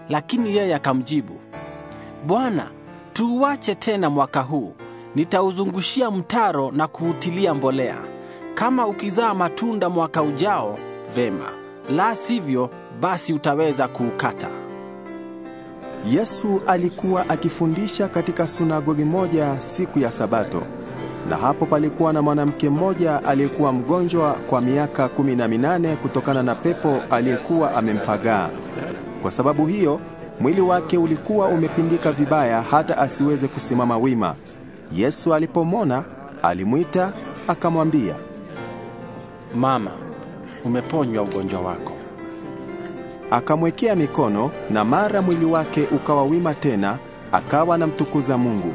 Lakini yeye akamjibu, Bwana, tuuache tena mwaka huu nitauzungushia mtaro na kuutilia mbolea. Kama ukizaa matunda mwaka ujao, vema; la sivyo, basi utaweza kuukata. Yesu alikuwa akifundisha katika sunagogi moja siku ya Sabato, na hapo palikuwa na mwanamke mmoja aliyekuwa mgonjwa kwa miaka kumi na minane kutokana na pepo aliyekuwa amempagaa. Kwa sababu hiyo mwili wake ulikuwa umepindika vibaya hata asiweze kusimama wima. Yesu alipomwona alimwita akamwambia, Mama, umeponywa ugonjwa wako. Akamwekea mikono na mara mwili wake ukawa wima tena, akawa anamtukuza Mungu.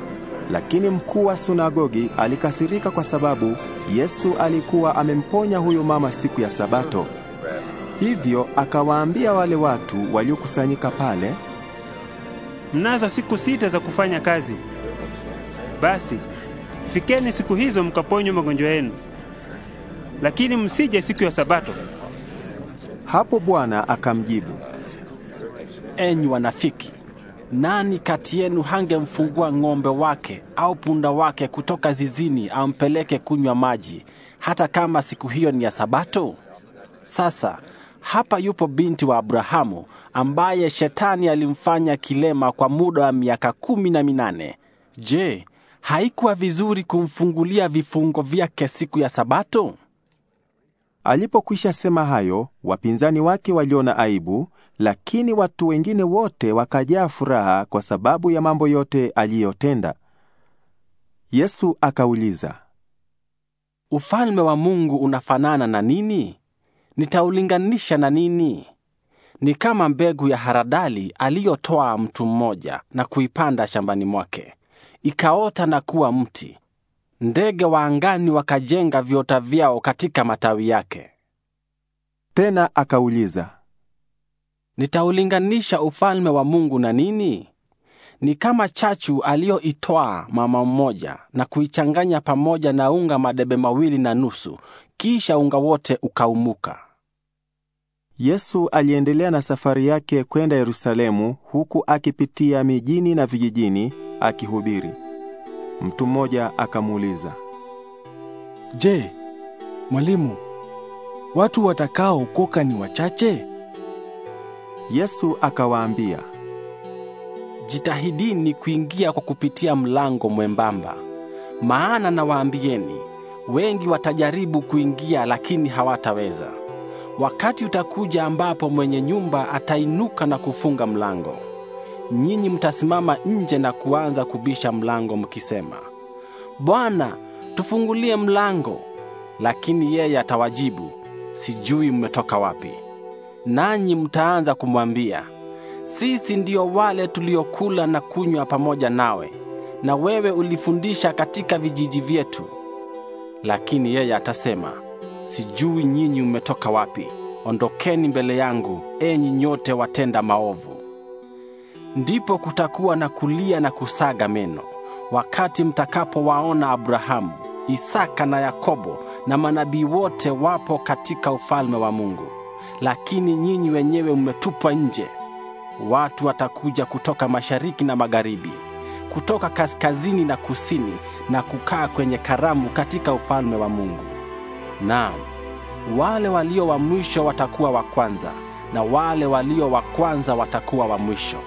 Lakini mkuu wa sunagogi alikasirika kwa sababu Yesu alikuwa amemponya huyo mama siku ya Sabato. Hivyo akawaambia wale watu waliokusanyika pale, mnazo siku sita za kufanya kazi basi fikeni siku hizo mkaponywe magonjwa yenu, lakini msije siku ya Sabato. Hapo Bwana akamjibu, enyi wanafiki, nani kati yenu hangemfungua ng'ombe wake au punda wake kutoka zizini ampeleke kunywa maji, hata kama siku hiyo ni ya Sabato? Sasa hapa yupo binti wa Abrahamu ambaye shetani alimfanya kilema kwa muda wa miaka kumi na minane. Je, haikuwa vizuri kumfungulia vifungo vyake siku ya Sabato? Alipokwisha sema hayo, wapinzani wake waliona aibu, lakini watu wengine wote wakajaa furaha kwa sababu ya mambo yote aliyotenda. Yesu akauliza, Ufalme wa Mungu unafanana na nini? Nitaulinganisha na nini? Ni kama mbegu ya haradali aliyotoa mtu mmoja na kuipanda shambani mwake ikaota na kuwa mti. Ndege wa angani wakajenga viota vyao katika matawi yake. Tena akauliza, nitaulinganisha ufalme wa Mungu na nini? Ni kama chachu aliyoitwaa mama mmoja na kuichanganya pamoja na unga madebe mawili na nusu, kisha unga wote ukaumuka. Yesu aliendelea na safari yake kwenda Yerusalemu huku akipitia mijini na vijijini akihubiri. Mtu mmoja akamuuliza, "Je, mwalimu, watu watakaookoka ni wachache?" Yesu akawaambia, "Jitahidini kuingia kwa kupitia mlango mwembamba, maana nawaambieni, wengi watajaribu kuingia lakini hawataweza." Wakati utakuja ambapo mwenye nyumba atainuka na kufunga mlango. Nyinyi mtasimama nje na kuanza kubisha mlango mkisema, Bwana, tufungulie mlango. Lakini yeye atawajibu, sijui mmetoka wapi. Nanyi mtaanza kumwambia, sisi ndio wale tuliokula na kunywa pamoja nawe, na wewe ulifundisha katika vijiji vyetu. Lakini yeye atasema sijui nyinyi mmetoka wapi. Ondokeni mbele yangu, enyi nyote watenda maovu. Ndipo kutakuwa na kulia na kusaga meno, wakati mtakapowaona Abrahamu, Isaka na Yakobo na manabii wote wapo katika ufalme wa Mungu, lakini nyinyi wenyewe mmetupwa nje. Watu watakuja kutoka mashariki na magharibi, kutoka kaskazini na kusini, na kukaa kwenye karamu katika ufalme wa Mungu. Naam, wale walio wa mwisho watakuwa wa kwanza, na wale walio wa kwanza watakuwa wa mwisho.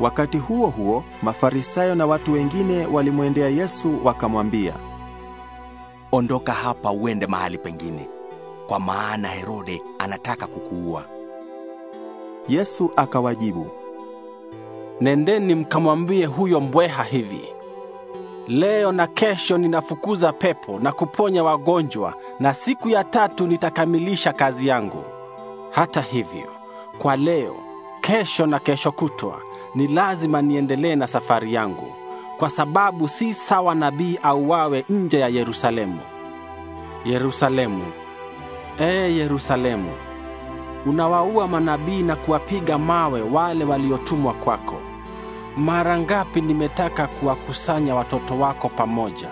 Wakati huo huo, Mafarisayo na watu wengine walimwendea Yesu wakamwambia, Ondoka hapa uende mahali pengine, kwa maana Herode anataka kukuua. Yesu akawajibu, Nendeni mkamwambie huyo mbweha hivi Leo na kesho ninafukuza pepo na kuponya wagonjwa, na siku ya tatu nitakamilisha kazi yangu. Hata hivyo, kwa leo, kesho na kesho kutwa, ni lazima niendelee na safari yangu, kwa sababu si sawa nabii auawe nje ya Yerusalemu. Yerusalemu, ee Yerusalemu, unawaua manabii na kuwapiga mawe wale waliotumwa kwako. Mara ngapi nimetaka kuwakusanya watoto wako pamoja,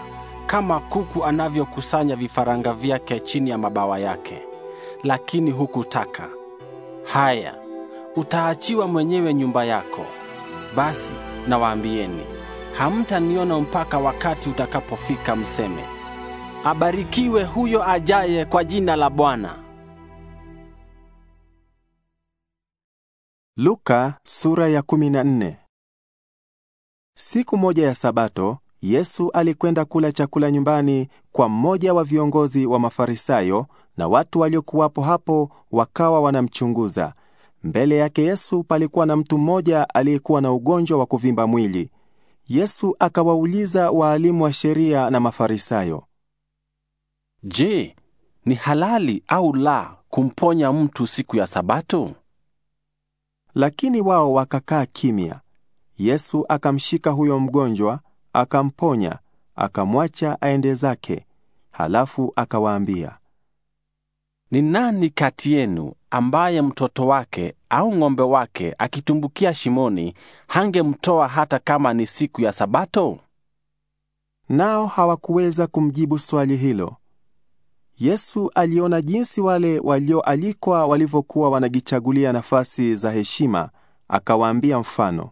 kama kuku anavyokusanya vifaranga vyake chini ya mabawa yake, lakini hukutaka. Haya, utaachiwa mwenyewe nyumba yako. Basi nawaambieni, hamtaniona mpaka wakati utakapofika mseme, abarikiwe huyo ajaye kwa jina la Bwana. Luka sura ya Siku moja ya Sabato, Yesu alikwenda kula chakula nyumbani kwa mmoja wa viongozi wa Mafarisayo, na watu waliokuwapo hapo wakawa wanamchunguza. Mbele yake Yesu palikuwa na mtu mmoja aliyekuwa na ugonjwa wa kuvimba mwili. Yesu akawauliza waalimu wa sheria na Mafarisayo, Je, ni halali au la kumponya mtu siku ya Sabato? Lakini wao wakakaa kimya. Yesu akamshika huyo mgonjwa, akamponya, akamwacha aende zake. Halafu akawaambia, ni nani kati yenu ambaye mtoto wake au ng'ombe wake akitumbukia shimoni hangemtoa hata kama ni siku ya Sabato? Nao hawakuweza kumjibu swali hilo. Yesu aliona jinsi wale walioalikwa walivyokuwa wanajichagulia nafasi za heshima, akawaambia mfano,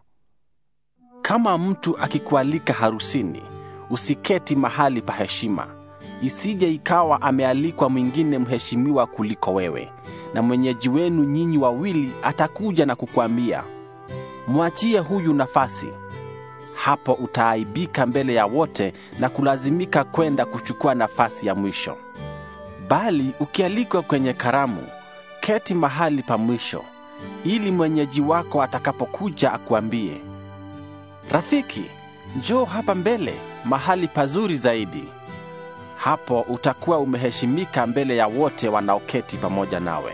kama mtu akikualika harusini, usiketi mahali pa heshima, isije ikawa amealikwa mwingine mheshimiwa kuliko wewe, na mwenyeji wenu nyinyi wawili atakuja na kukwambia, mwachie huyu nafasi. Hapo utaaibika mbele ya wote na kulazimika kwenda kuchukua nafasi ya mwisho. Bali ukialikwa kwenye karamu, keti mahali pa mwisho, ili mwenyeji wako atakapokuja akuambie Rafiki, njoo hapa mbele, mahali pazuri zaidi. Hapo utakuwa umeheshimika mbele ya wote wanaoketi pamoja nawe.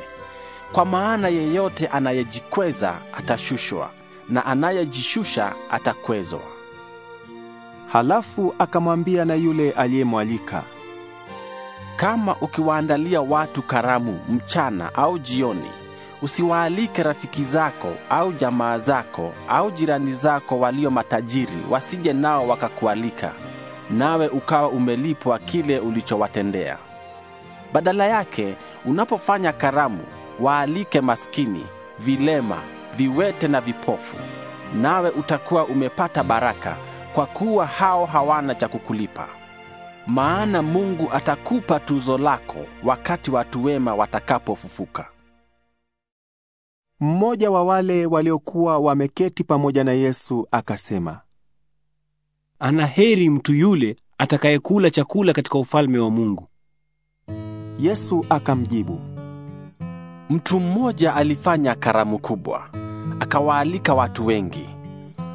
Kwa maana yeyote anayejikweza atashushwa, na anayejishusha atakwezwa. Halafu akamwambia na yule aliyemwalika, kama ukiwaandalia watu karamu mchana au jioni Usiwaalike rafiki zako au jamaa zako au jirani zako walio matajiri, wasije nao wakakualika, nawe ukawa umelipwa kile ulichowatendea. Badala yake, unapofanya karamu, waalike maskini, vilema, viwete na vipofu, nawe utakuwa umepata baraka, kwa kuwa hao hawana cha kukulipa. Maana Mungu atakupa tuzo lako wakati watu wema watakapofufuka. Mmoja wa wale waliokuwa wameketi pamoja na Yesu akasema, Anaheri mtu yule atakayekula chakula katika ufalme wa Mungu. Yesu akamjibu, Mtu mmoja alifanya karamu kubwa, akawaalika watu wengi.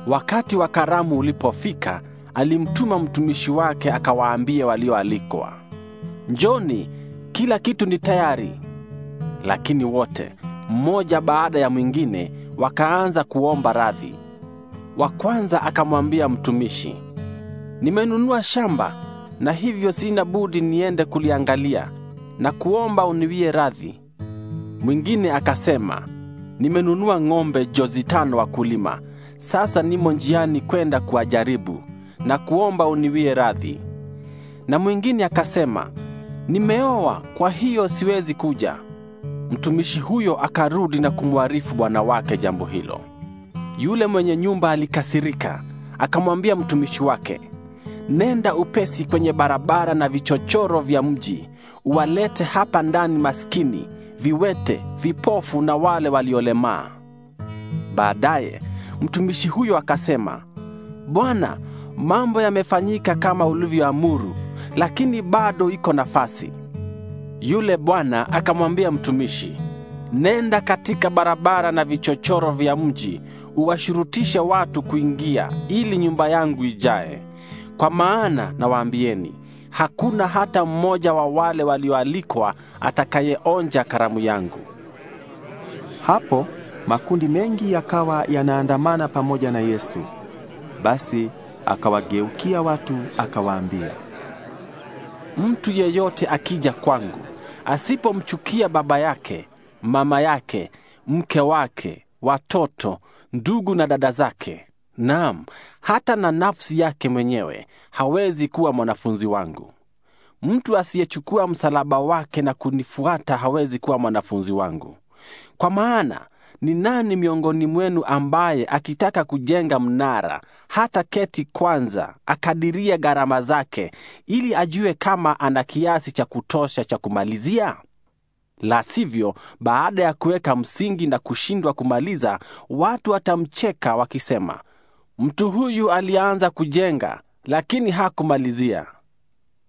Wakati wa karamu ulipofika, alimtuma mtumishi wake akawaambie walioalikwa, Njoni, kila kitu ni tayari. Lakini wote mmoja baada ya mwingine wakaanza kuomba radhi. Wa kwanza akamwambia mtumishi, nimenunua shamba na hivyo sina budi niende kuliangalia na kuomba uniwie radhi. Mwingine akasema, nimenunua ng'ombe jozi tano wa kulima, sasa nimo njiani kwenda kuwajaribu na kuomba uniwie radhi. Na mwingine akasema, nimeoa kwa hiyo siwezi kuja. Mtumishi huyo akarudi na kumwarifu bwana wake jambo hilo. Yule mwenye nyumba alikasirika, akamwambia mtumishi wake, nenda upesi kwenye barabara na vichochoro vya mji, uwalete hapa ndani maskini, viwete, vipofu na wale waliolemaa. Baadaye mtumishi huyo akasema, Bwana, mambo yamefanyika kama ulivyoamuru, lakini bado iko nafasi. Yule bwana akamwambia mtumishi, nenda katika barabara na vichochoro vya mji, uwashurutishe watu kuingia, ili nyumba yangu ijae. Kwa maana nawaambieni, hakuna hata mmoja wa wale walioalikwa atakayeonja karamu yangu. Hapo makundi mengi yakawa yanaandamana pamoja na Yesu. Basi akawageukia watu akawaambia, mtu yeyote akija kwangu asipomchukia baba yake, mama yake, mke wake, watoto, ndugu na dada zake, naam, hata na nafsi yake mwenyewe, hawezi kuwa mwanafunzi wangu. Mtu asiyechukua msalaba wake na kunifuata hawezi kuwa mwanafunzi wangu. Kwa maana ni nani miongoni mwenu ambaye akitaka kujenga mnara hata keti kwanza akadiria gharama zake ili ajue kama ana kiasi cha kutosha cha kumalizia? La sivyo, baada ya kuweka msingi na kushindwa kumaliza, watu watamcheka wakisema, mtu huyu alianza kujenga lakini hakumalizia.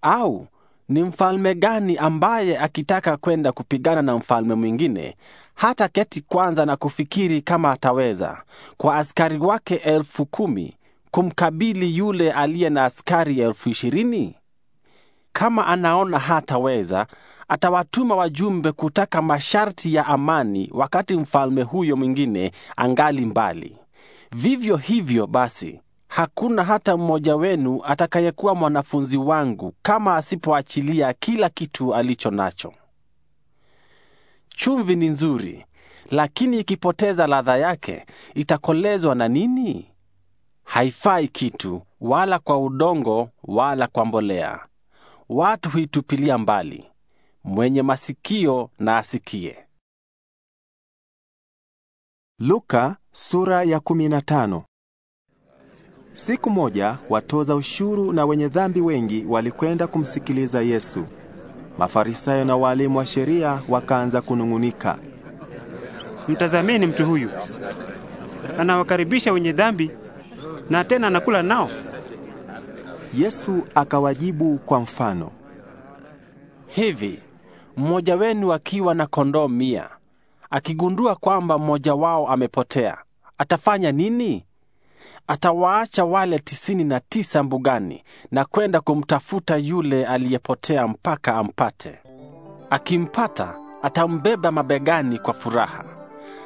Au ni mfalme gani ambaye akitaka kwenda kupigana na mfalme mwingine hata keti kwanza na kufikiri kama ataweza kwa askari wake elfu kumi kumkabili yule aliye na askari elfu ishirini? Kama anaona hataweza, atawatuma wajumbe kutaka masharti ya amani, wakati mfalme huyo mwingine angali mbali. Vivyo hivyo basi, hakuna hata mmoja wenu atakayekuwa mwanafunzi wangu kama asipoachilia kila kitu alicho nacho. Chumvi ni nzuri, lakini ikipoteza ladha yake, itakolezwa na nini? Haifai kitu, wala kwa udongo, wala kwa mbolea. Watu huitupilia mbali. Mwenye masikio na asikie. Luka sura ya 15. Siku moja watoza ushuru na wenye dhambi wengi walikwenda kumsikiliza Yesu. Mafarisayo na walimu wa sheria wakaanza kunung'unika, mtazameni mtu huyu anawakaribisha wenye dhambi na tena anakula nao. Yesu akawajibu kwa mfano hivi: mmoja wenu akiwa na kondoo mia, akigundua kwamba mmoja wao amepotea, atafanya nini? atawaacha wale tisini na tisa mbugani na kwenda kumtafuta yule aliyepotea mpaka ampate. Akimpata atambeba mabegani kwa furaha.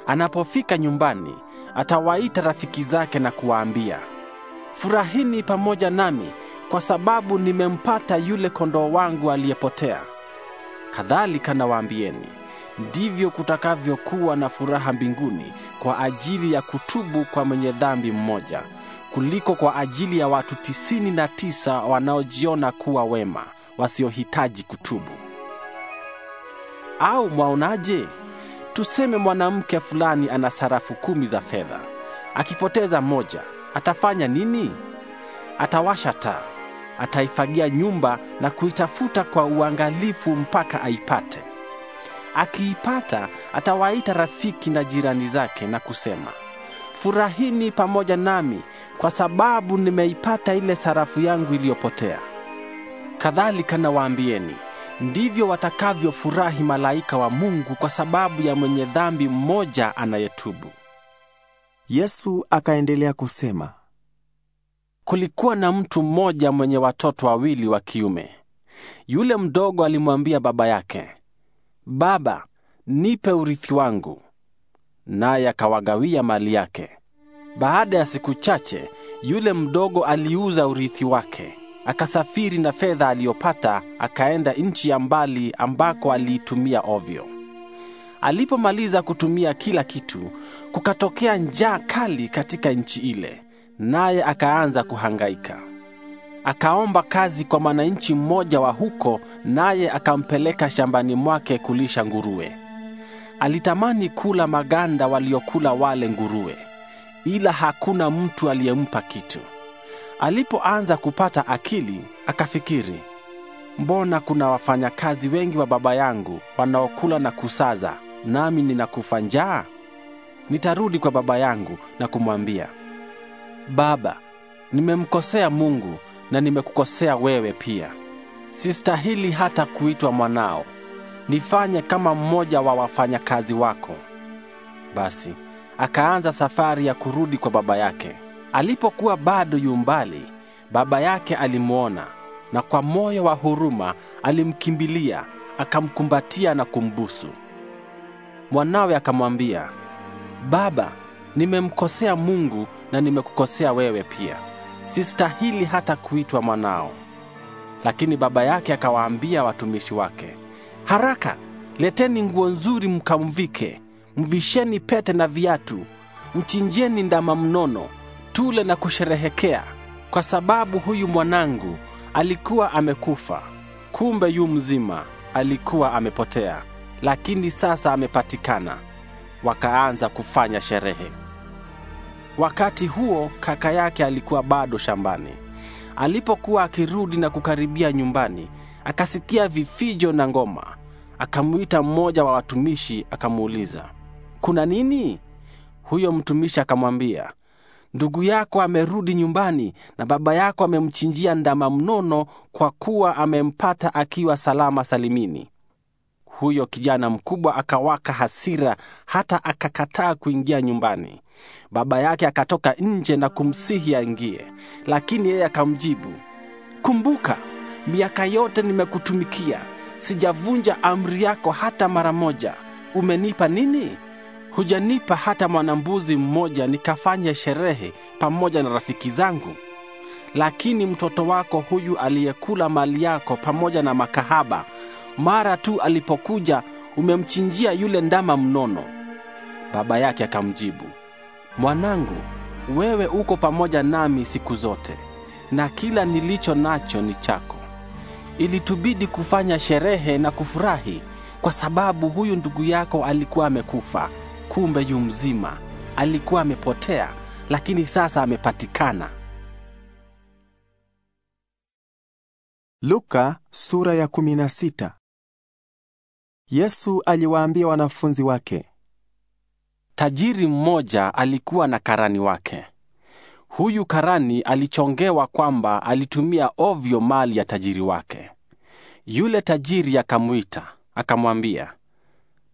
Anapofika nyumbani, atawaita rafiki zake na kuwaambia, furahini pamoja nami kwa sababu nimempata yule kondoo wangu aliyepotea. Kadhalika nawaambieni, ndivyo kutakavyokuwa na furaha mbinguni kwa ajili ya kutubu kwa mwenye dhambi mmoja kuliko kwa ajili ya watu tisini na tisa wanaojiona kuwa wema wasiohitaji kutubu. Au mwaonaje? Tuseme mwanamke fulani ana sarafu kumi za fedha, akipoteza moja, atafanya nini? Atawasha taa, ataifagia nyumba na kuitafuta kwa uangalifu mpaka aipate. Akiipata, atawaita rafiki na jirani zake na kusema furahini pamoja nami, kwa sababu nimeipata ile sarafu yangu iliyopotea. Kadhalika nawaambieni, ndivyo watakavyofurahi malaika wa Mungu kwa sababu ya mwenye dhambi mmoja anayetubu. Yesu akaendelea kusema, kulikuwa na mtu mmoja mwenye watoto wawili wa kiume. Yule mdogo alimwambia baba yake, Baba, nipe urithi wangu naye akawagawia mali yake. Baada ya siku chache, yule mdogo aliuza urithi wake, akasafiri na fedha aliyopata, akaenda nchi ya mbali ambako aliitumia ovyo. Alipomaliza kutumia kila kitu, kukatokea njaa kali katika nchi ile, naye akaanza kuhangaika. Akaomba kazi kwa mwananchi mmoja wa huko, naye akampeleka shambani mwake kulisha nguruwe. Alitamani kula maganda waliokula wale nguruwe, ila hakuna mtu aliyempa kitu. Alipoanza kupata akili, akafikiri, mbona kuna wafanyakazi wengi wa baba yangu wanaokula na kusaza, nami ninakufa njaa? Nitarudi kwa baba yangu na kumwambia, Baba, nimemkosea Mungu na nimekukosea wewe pia. Sistahili hata kuitwa mwanao nifanye kama mmoja wa wafanyakazi wako. Basi akaanza safari ya kurudi kwa baba yake. Alipokuwa bado yumbali, baba yake alimwona na kwa moyo wa huruma alimkimbilia, akamkumbatia na kumbusu. Mwanawe akamwambia, Baba, nimemkosea Mungu na nimekukosea wewe pia. Sistahili hata kuitwa mwanao. Lakini baba yake akawaambia watumishi wake, Haraka leteni nguo nzuri mkamvike, mvisheni pete na viatu, mchinjeni ndama mnono, tule na kusherehekea, kwa sababu huyu mwanangu alikuwa amekufa, kumbe yu mzima, alikuwa amepotea, lakini sasa amepatikana. Wakaanza kufanya sherehe. Wakati huo kaka yake alikuwa bado shambani. Alipokuwa akirudi na kukaribia nyumbani, akasikia vifijo na ngoma. Akamwita mmoja wa watumishi akamuuliza, kuna nini? Huyo mtumishi akamwambia, ndugu yako amerudi nyumbani na baba yako amemchinjia ndama mnono, kwa kuwa amempata akiwa salama salimini. Huyo kijana mkubwa akawaka hasira, hata akakataa kuingia nyumbani. Baba yake akatoka nje na kumsihi aingie, lakini yeye akamjibu, kumbuka Miaka yote nimekutumikia, sijavunja amri yako hata mara moja. Umenipa nini? Hujanipa hata mwanambuzi mmoja nikafanya sherehe pamoja na rafiki zangu. Lakini mtoto wako huyu aliyekula mali yako pamoja na makahaba, mara tu alipokuja, umemchinjia yule ndama mnono. Baba yake akamjibu, mwanangu, wewe uko pamoja nami siku zote, na kila nilicho nacho ni chako ilitubidi kufanya sherehe na kufurahi kwa sababu huyu ndugu yako alikuwa amekufa, kumbe yu mzima. Alikuwa amepotea, lakini sasa amepatikana. Luka sura ya Yesu aliwaambia wanafunzi wake, tajiri mmoja alikuwa na karani wake Huyu karani alichongewa kwamba alitumia ovyo mali ya tajiri wake. Yule tajiri akamwita akamwambia,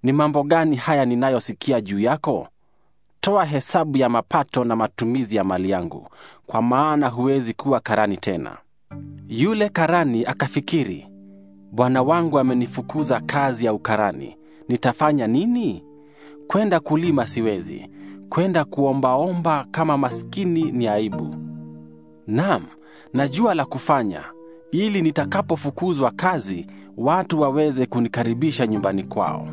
ni mambo gani haya ninayosikia juu yako? Toa hesabu ya mapato na matumizi ya mali yangu, kwa maana huwezi kuwa karani tena. Yule karani akafikiri, bwana wangu amenifukuza kazi ya ukarani, nitafanya nini? Kwenda kulima siwezi, Kwenda kuombaomba kama maskini ni aibu. Naam, najua la kufanya ili nitakapofukuzwa kazi watu waweze kunikaribisha nyumbani kwao.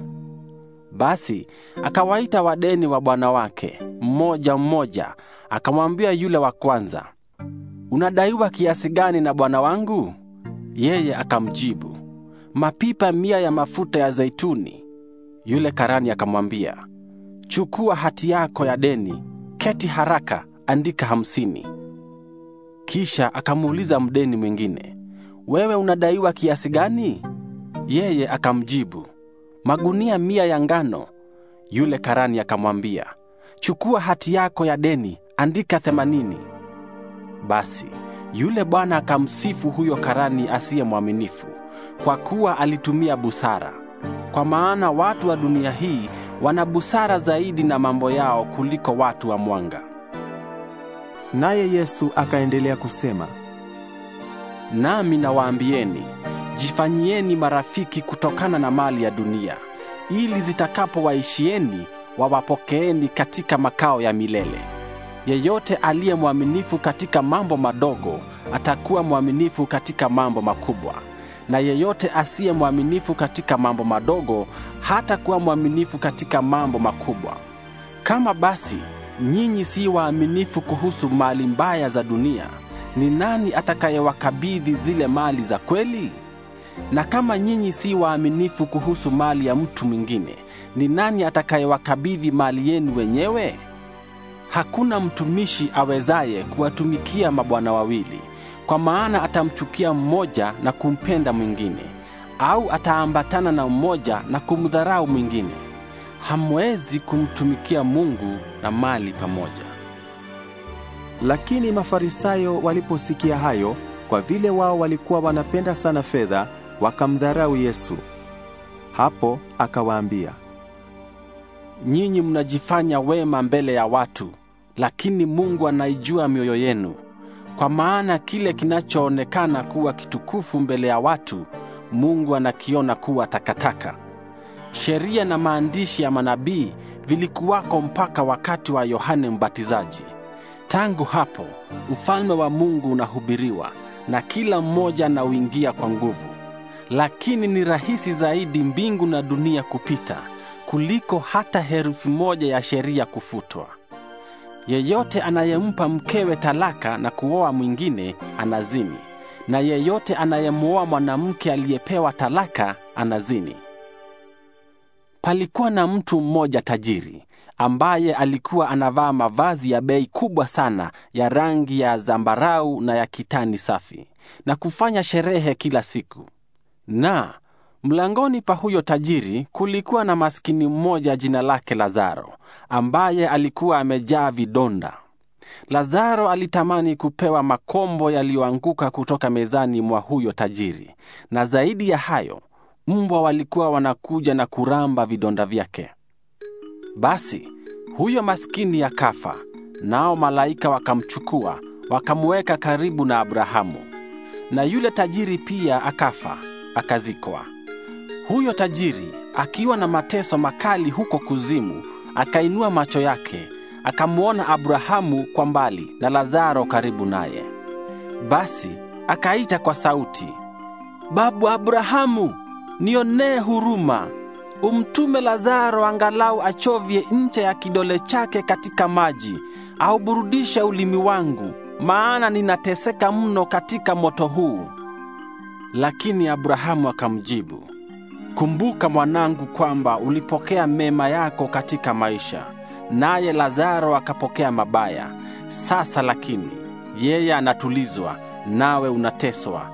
Basi akawaita wadeni wa bwana wake mmoja mmoja, akamwambia yule wa kwanza, unadaiwa kiasi gani na bwana wangu? Yeye akamjibu, mapipa mia ya mafuta ya zeituni. Yule karani akamwambia chukua hati yako ya deni, keti haraka, andika hamsini. Kisha akamuuliza mdeni mwingine, wewe unadaiwa kiasi gani? Yeye akamjibu, magunia mia ya ngano. Yule karani akamwambia, chukua hati yako ya deni, andika themanini. Basi yule bwana akamsifu huyo karani asiye mwaminifu, kwa kuwa alitumia busara, kwa maana watu wa dunia hii wana busara zaidi na mambo yao kuliko watu wa mwanga. Naye Yesu akaendelea kusema, nami nawaambieni, jifanyieni marafiki kutokana na mali ya dunia, ili zitakapowaishieni wawapokeeni katika makao ya milele. Yeyote aliye mwaminifu katika mambo madogo atakuwa mwaminifu katika mambo makubwa na yeyote asiye mwaminifu katika mambo madogo hata kuwa mwaminifu katika mambo makubwa. Kama basi nyinyi si waaminifu kuhusu mali mbaya za dunia, ni nani atakayewakabidhi zile mali za kweli? Na kama nyinyi si waaminifu kuhusu mali ya mtu mwingine, ni nani atakayewakabidhi mali yenu wenyewe? Hakuna mtumishi awezaye kuwatumikia mabwana wawili kwa maana atamchukia mmoja na kumpenda mwingine, au ataambatana na mmoja na kumdharau mwingine. Hamwezi kumtumikia Mungu na mali pamoja. Lakini Mafarisayo waliposikia hayo, kwa vile wao walikuwa wanapenda sana fedha, wakamdharau Yesu. Hapo akawaambia, nyinyi mnajifanya wema mbele ya watu, lakini Mungu anaijua mioyo yenu. Kwa maana kile kinachoonekana kuwa kitukufu mbele ya watu, Mungu anakiona kuwa takataka. Sheria na maandishi ya manabii vilikuwako mpaka wakati wa Yohane Mbatizaji. Tangu hapo ufalme wa Mungu unahubiriwa na kila mmoja anauingia kwa nguvu. Lakini ni rahisi zaidi mbingu na dunia kupita kuliko hata herufi moja ya sheria kufutwa. Yeyote anayempa mkewe talaka na kuoa mwingine anazini, na yeyote anayemwoa mwanamke aliyepewa talaka anazini. Palikuwa na mtu mmoja tajiri ambaye alikuwa anavaa mavazi ya bei kubwa sana ya rangi ya zambarau na ya kitani safi na kufanya sherehe kila siku. Na mlangoni pa huyo tajiri kulikuwa na maskini mmoja jina lake Lazaro ambaye alikuwa amejaa vidonda. Lazaro alitamani kupewa makombo yaliyoanguka kutoka mezani mwa huyo tajiri, na zaidi ya hayo, mbwa walikuwa wanakuja na kuramba vidonda vyake. Basi huyo maskini akafa, nao malaika wakamchukua wakamweka karibu na Abrahamu. Na yule tajiri pia akafa, akazikwa. Huyo tajiri akiwa na mateso makali huko kuzimu akainua macho yake akamwona Abrahamu kwa mbali na Lazaro karibu naye. Basi akaita kwa sauti, Babu Abrahamu, nionee huruma, umtume Lazaro angalau achovye ncha ya kidole chake katika maji, auburudishe ulimi wangu, maana ninateseka mno katika moto huu. Lakini Abrahamu akamjibu, Kumbuka mwanangu, kwamba ulipokea mema yako katika maisha, naye Lazaro akapokea mabaya. Sasa lakini yeye anatulizwa, nawe unateswa.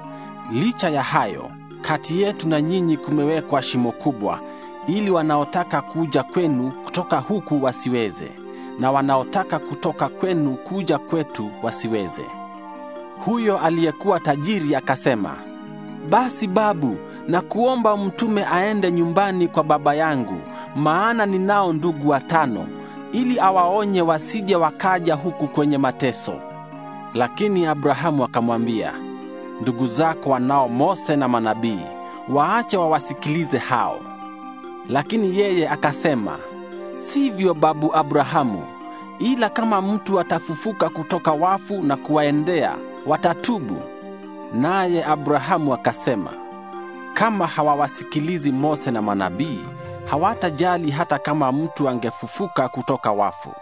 Licha ya hayo, kati yetu na nyinyi kumewekwa shimo kubwa, ili wanaotaka kuja kwenu kutoka huku wasiweze, na wanaotaka kutoka kwenu kuja kwetu wasiweze. Huyo aliyekuwa tajiri akasema basi babu, nakuomba mtume aende nyumbani kwa baba yangu, maana ninao ndugu watano, ili awaonye wasije wakaja huku kwenye mateso. Lakini Abrahamu akamwambia, ndugu zako wanao Mose na manabii, waache wawasikilize hao. Lakini yeye akasema, sivyo babu Abrahamu, ila kama mtu atafufuka kutoka wafu na kuwaendea, watatubu. Naye Abrahamu akasema, kama hawawasikilizi Mose na manabii, hawatajali hata kama mtu angefufuka kutoka wafu.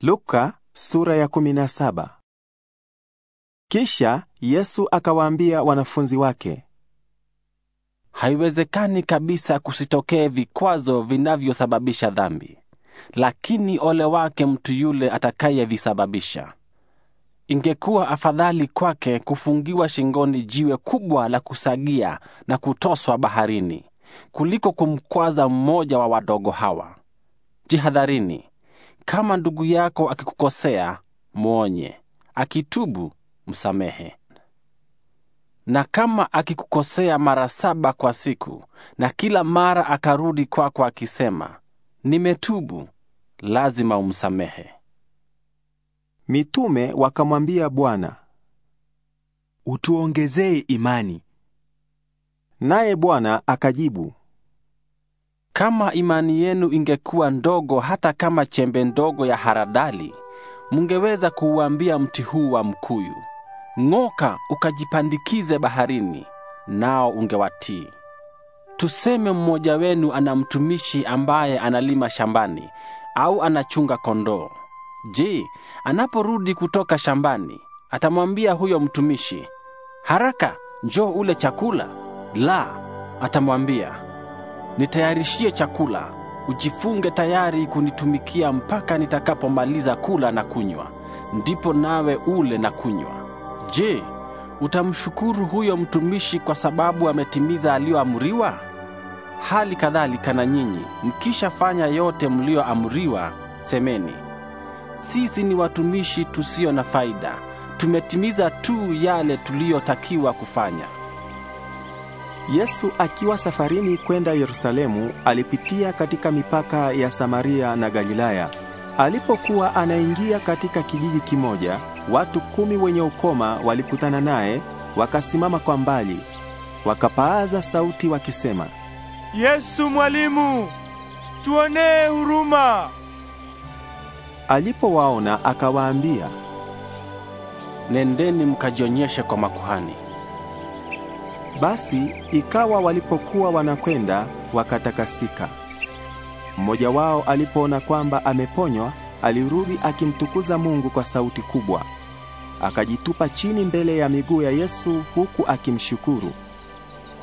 Luka sura ya 17. Kisha Yesu akawaambia wanafunzi wake, haiwezekani kabisa kusitokee vikwazo vinavyosababisha dhambi, lakini ole wake mtu yule atakayevisababisha ingekuwa afadhali kwake kufungiwa shingoni jiwe kubwa la kusagia na kutoswa baharini kuliko kumkwaza mmoja wa wadogo hawa. Jihadharini, kama ndugu yako akikukosea, mwonye; akitubu, msamehe. Na kama akikukosea mara saba kwa siku, na kila mara akarudi kwako akisema, nimetubu, lazima umsamehe. Mitume wakamwambia Bwana, utuongezee imani. Naye Bwana akajibu, kama imani yenu ingekuwa ndogo hata kama chembe ndogo ya haradali, mungeweza kuuambia mti huu wa mkuyu, ng'oka ukajipandikize baharini, nao ungewatii. Tuseme mmoja wenu ana mtumishi ambaye analima shambani au anachunga kondoo. Je, Anaporudi kutoka shambani, atamwambia huyo mtumishi, haraka njoo ule chakula. La, atamwambia, nitayarishie chakula, ujifunge tayari kunitumikia mpaka nitakapomaliza kula na kunywa, ndipo nawe ule na kunywa. Je, utamshukuru huyo mtumishi kwa sababu ametimiza aliyoamriwa? Hali kadhalika na nyinyi mkishafanya yote mliyoamriwa, semeni sisi ni watumishi tusio na faida, tumetimiza tu yale tuliyotakiwa kufanya. Yesu akiwa safarini kwenda Yerusalemu, alipitia katika mipaka ya Samaria na Galilaya. Alipokuwa anaingia katika kijiji kimoja, watu kumi wenye ukoma walikutana naye, wakasimama kwa mbali, wakapaaza sauti wakisema, Yesu mwalimu, tuonee huruma. Alipowaona akawaambia, nendeni mkajionyeshe kwa makuhani. Basi ikawa walipokuwa wanakwenda wakatakasika. Mmoja wao alipoona kwamba ameponywa, alirudi akimtukuza Mungu kwa sauti kubwa. Akajitupa chini mbele ya miguu ya Yesu huku akimshukuru.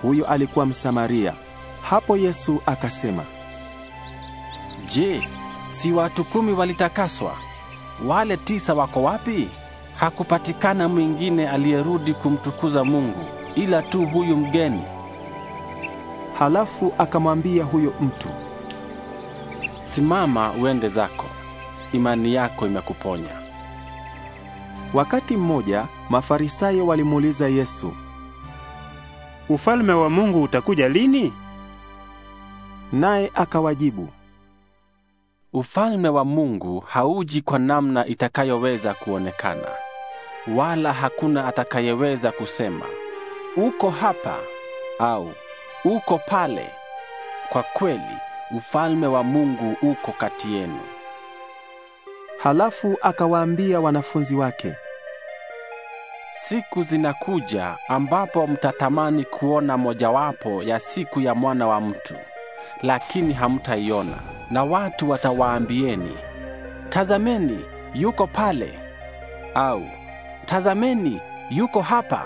Huyo alikuwa Msamaria. Hapo Yesu akasema, "Je, si watu kumi walitakaswa? Wale tisa wako wapi? Hakupatikana mwingine aliyerudi kumtukuza Mungu ila tu huyu mgeni. Halafu akamwambia huyo mtu, simama uende zako, imani yako imekuponya. Wakati mmoja Mafarisayo walimuuliza Yesu, ufalme wa Mungu utakuja lini? Naye akawajibu, Ufalme wa Mungu hauji kwa namna itakayoweza kuonekana, wala hakuna atakayeweza kusema uko hapa au uko pale. Kwa kweli ufalme wa Mungu uko kati yenu. Halafu akawaambia wanafunzi wake, siku zinakuja ambapo mtatamani kuona mojawapo ya siku ya mwana wa mtu lakini hamtaiona, na watu watawaambieni, tazameni yuko pale, au tazameni yuko hapa.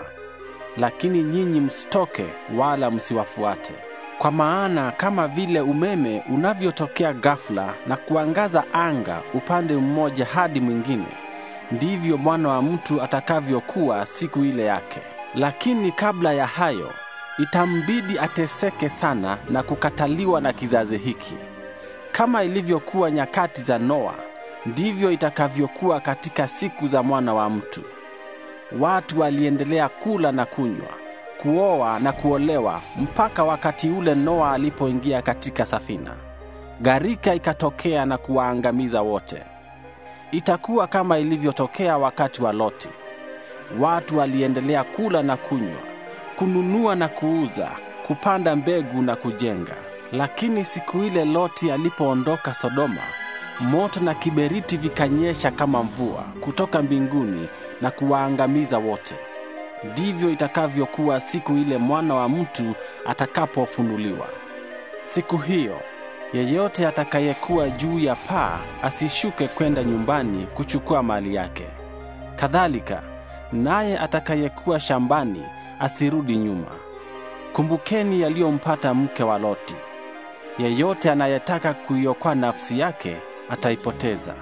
Lakini nyinyi msitoke wala msiwafuate, kwa maana kama vile umeme unavyotokea ghafla na kuangaza anga upande mmoja hadi mwingine, ndivyo mwana wa mtu atakavyokuwa siku ile yake. Lakini kabla ya hayo itambidi ateseke sana na kukataliwa na kizazi hiki. Kama ilivyokuwa nyakati za Noa, ndivyo itakavyokuwa katika siku za Mwana wa Mtu. Watu waliendelea kula na kunywa, kuoa na kuolewa mpaka wakati ule Noa alipoingia katika safina. Gharika ikatokea na kuwaangamiza wote. Itakuwa kama ilivyotokea wakati wa Loti. Watu waliendelea kula na kunywa kununua na kuuza, kupanda mbegu na kujenga. Lakini siku ile Loti alipoondoka Sodoma, moto na kiberiti vikanyesha kama mvua kutoka mbinguni na kuwaangamiza wote. Ndivyo itakavyokuwa siku ile mwana wa mtu atakapofunuliwa. Siku hiyo yeyote atakayekuwa juu ya paa asishuke kwenda nyumbani kuchukua mali yake. Kadhalika naye atakayekuwa shambani asirudi nyuma. Kumbukeni yaliyompata mke wa Loti. Yeyote anayetaka kuiokoa nafsi yake ataipoteza,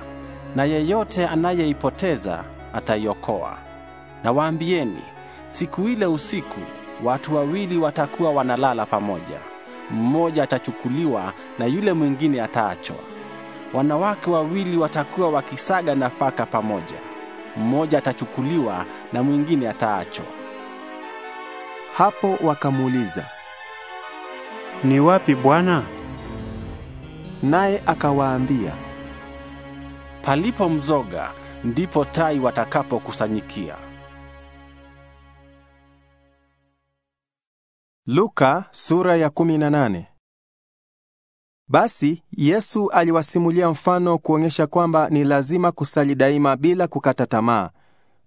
na yeyote anayeipoteza ataiokoa. nawaambieni siku ile usiku watu wawili watakuwa wanalala pamoja, mmoja atachukuliwa na yule mwingine ataachwa. Wanawake wawili watakuwa wakisaga nafaka pamoja, mmoja atachukuliwa na mwingine ataachwa. Hapo wakamuuliza, ni wapi Bwana? Naye akawaambia, palipo mzoga ndipo tai watakapokusanyikia. Luka sura ya 18. Basi Yesu aliwasimulia mfano kuonyesha kwamba ni lazima kusali daima bila kukata tamaa.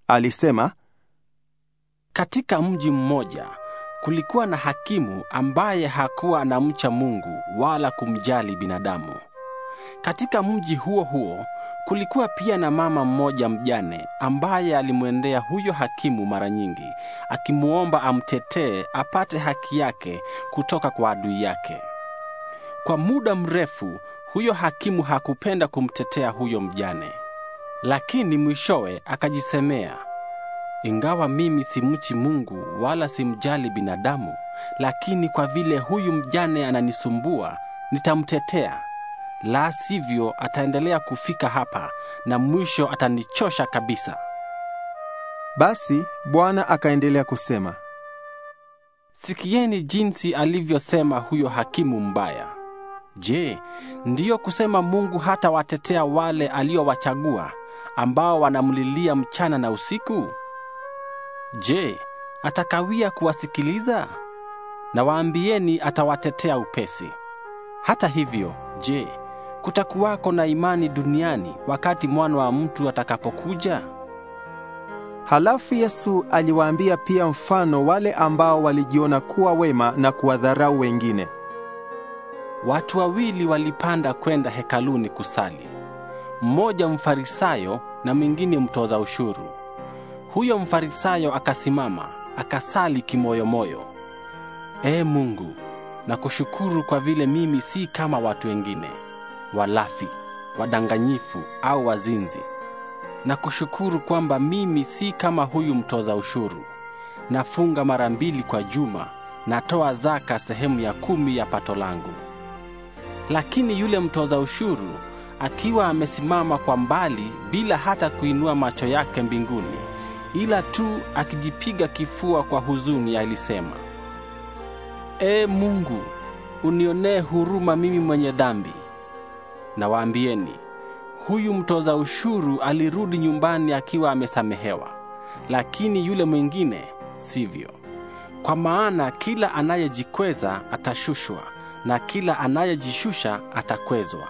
Alisema, katika mji mmoja Kulikuwa na hakimu ambaye hakuwa anamcha Mungu wala kumjali binadamu. Katika mji huo huo kulikuwa pia na mama mmoja mjane ambaye alimwendea huyo hakimu mara nyingi, akimwomba amtetee apate haki yake kutoka kwa adui yake. Kwa muda mrefu huyo hakimu hakupenda kumtetea huyo mjane, lakini mwishowe akajisemea ingawa mimi simchi Mungu wala simjali binadamu, lakini kwa vile huyu mjane ananisumbua, nitamtetea. La sivyo ataendelea kufika hapa na mwisho atanichosha kabisa. Basi Bwana akaendelea kusema, sikieni jinsi alivyosema huyo hakimu mbaya. Je, ndiyo kusema Mungu hatawatetea wale aliowachagua ambao wanamlilia mchana na usiku? Je, atakawia kuwasikiliza? Na waambieni atawatetea upesi. Hata hivyo, je, kutakuwako na imani duniani wakati mwana wa mtu atakapokuja? Halafu Yesu aliwaambia pia mfano wale ambao walijiona kuwa wema na kuwadharau wengine. Watu wawili walipanda kwenda hekaluni kusali. Mmoja mfarisayo na mwingine mtoza ushuru. Huyo mfarisayo akasimama, akasali kimoyomoyo, Ee Mungu, nakushukuru kwa vile mimi si kama watu wengine, walafi, wadanganyifu au wazinzi. Nakushukuru kwamba mimi si kama huyu mtoza ushuru. Nafunga mara mbili kwa juma, natoa zaka sehemu ya kumi ya pato langu. Lakini yule mtoza ushuru akiwa amesimama kwa mbali bila hata kuinua macho yake mbinguni ila tu akijipiga kifua kwa huzuni alisema, Ee Mungu, unionee huruma mimi mwenye dhambi. Na waambieni, huyu mtoza ushuru alirudi nyumbani akiwa amesamehewa, lakini yule mwingine sivyo. Kwa maana kila anayejikweza atashushwa, na kila anayejishusha atakwezwa.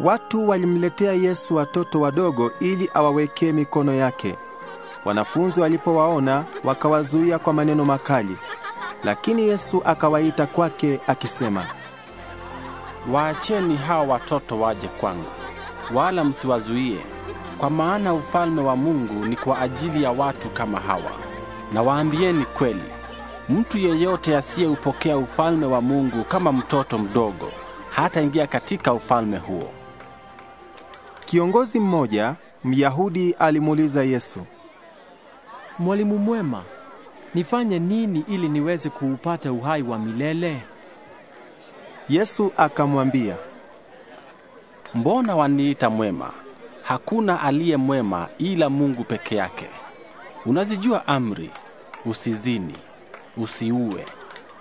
Watu walimletea Yesu watoto wadogo ili awawekee mikono yake. Wanafunzi walipowaona wakawazuia kwa maneno makali, lakini Yesu akawaita kwake akisema, waacheni hawa watoto waje kwangu, wala msiwazuie, kwa maana ufalme wa Mungu ni kwa ajili ya watu kama hawa. Na waambieni kweli, mtu yeyote asiyeupokea ufalme wa Mungu kama mtoto mdogo hataingia katika ufalme huo. Kiongozi mmoja Myahudi alimuuliza Yesu, Mwalimu mwema, nifanye nini ili niweze kuupata uhai wa milele? Yesu akamwambia, Mbona waniita mwema? Hakuna aliye mwema ila Mungu peke yake. Unazijua amri: usizini, usiue,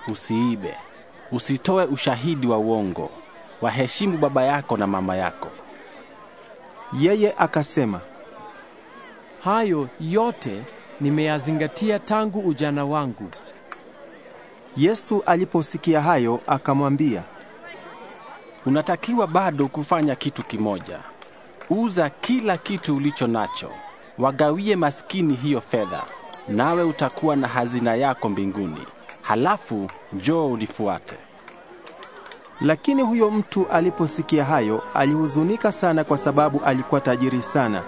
usiibe, usitoe ushahidi wa uongo, waheshimu baba yako na mama yako. Yeye akasema, hayo yote nimeyazingatia tangu ujana wangu. Yesu aliposikia hayo akamwambia, unatakiwa bado kufanya kitu kimoja. Uza kila kitu ulicho nacho, wagawie maskini hiyo fedha, nawe utakuwa na hazina yako mbinguni. Halafu njoo unifuate. Lakini huyo mtu aliposikia hayo alihuzunika sana, kwa sababu alikuwa tajiri sana,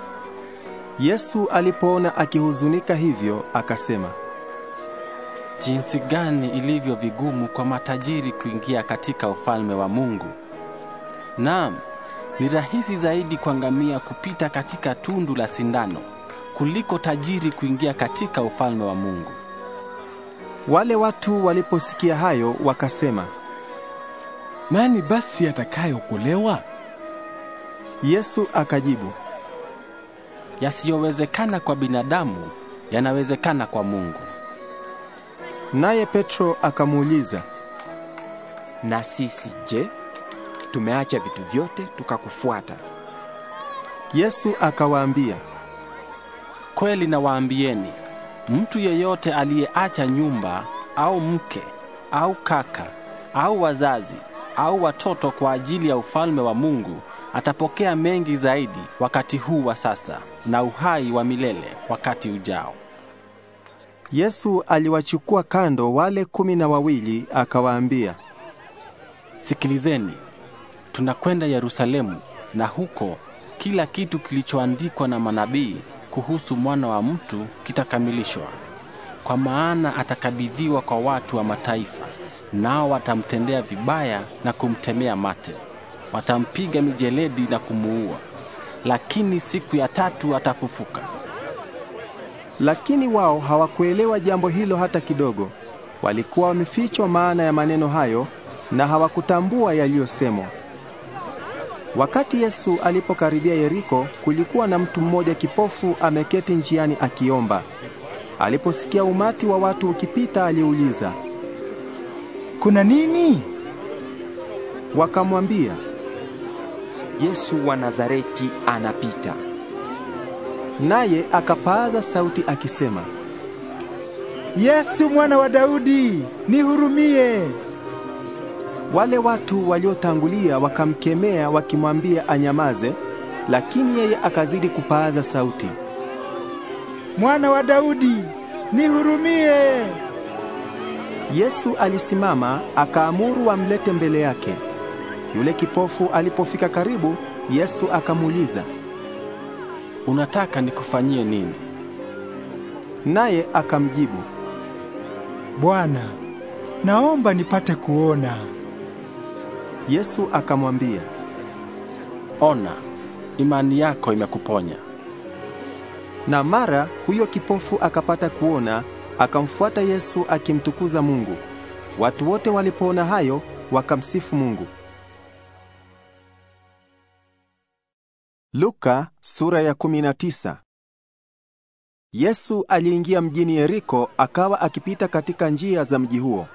Yesu alipoona akihuzunika hivyo, akasema, jinsi gani ilivyo vigumu kwa matajiri kuingia katika ufalme wa Mungu! Naam, ni rahisi zaidi kwa ngamia kupita katika tundu la sindano kuliko tajiri kuingia katika ufalme wa Mungu. Wale watu waliposikia hayo wakasema, nani basi atakayeokolewa? Yesu akajibu, yasiyowezekana kwa binadamu yanawezekana kwa Mungu. Naye Petro akamuuliza, na sisi je, tumeacha vitu vyote tukakufuata? Yesu akawaambia, kweli nawaambieni, mtu yeyote aliyeacha nyumba au mke au kaka au wazazi au watoto kwa ajili ya ufalme wa Mungu atapokea mengi zaidi wakati huu wa sasa na uhai wa milele wakati ujao. Yesu aliwachukua kando wale kumi na wawili akawaambia, Sikilizeni, tunakwenda Yerusalemu na huko kila kitu kilichoandikwa na manabii kuhusu mwana wa mtu kitakamilishwa. Kwa maana atakabidhiwa kwa watu wa mataifa, nao watamtendea vibaya na kumtemea mate watampiga mijeledi na kumuua, lakini siku ya tatu atafufuka. Lakini wao hawakuelewa jambo hilo hata kidogo. Walikuwa wamefichwa maana ya maneno hayo na hawakutambua yaliyosemwa. Wakati Yesu alipokaribia Yeriko, kulikuwa na mtu mmoja kipofu ameketi njiani akiomba. Aliposikia umati wa watu ukipita, aliuliza, kuna nini? Wakamwambia, Yesu wa Nazareti anapita. Naye akapaza sauti akisema, Yesu mwana wa Daudi, nihurumie. Wale watu waliotangulia wakamkemea wakimwambia anyamaze, lakini yeye akazidi kupaza sauti, Mwana wa Daudi, nihurumie. Yesu alisimama akaamuru wamlete mbele yake. Yule kipofu alipofika karibu, Yesu akamuuliza, unataka nikufanyie nini? Naye akamjibu, Bwana, naomba nipate kuona. Yesu akamwambia, Ona, imani yako imekuponya. Na mara huyo kipofu akapata kuona, akamfuata Yesu akimtukuza Mungu. Watu wote walipoona hayo, wakamsifu Mungu. Luka sura ya 19. Yesu aliingia mjini Yeriko akawa akipita katika njia za mji huo.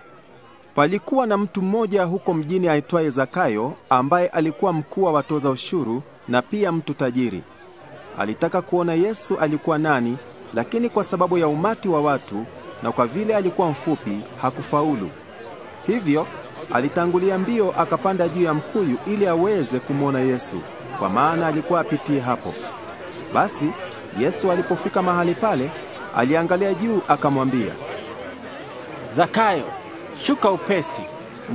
Palikuwa na mtu mmoja huko mjini aitwaye Zakayo ambaye alikuwa mkuu wa watoza ushuru na pia mtu tajiri. Alitaka kuona Yesu alikuwa nani, lakini kwa sababu ya umati wa watu na kwa vile alikuwa mfupi hakufaulu. Hivyo alitangulia mbio akapanda juu ya mkuyu ili aweze kumwona Yesu kwa maana alikuwa apitie hapo. Basi Yesu alipofika mahali pale, aliangalia juu akamwambia, Zakayo, shuka upesi,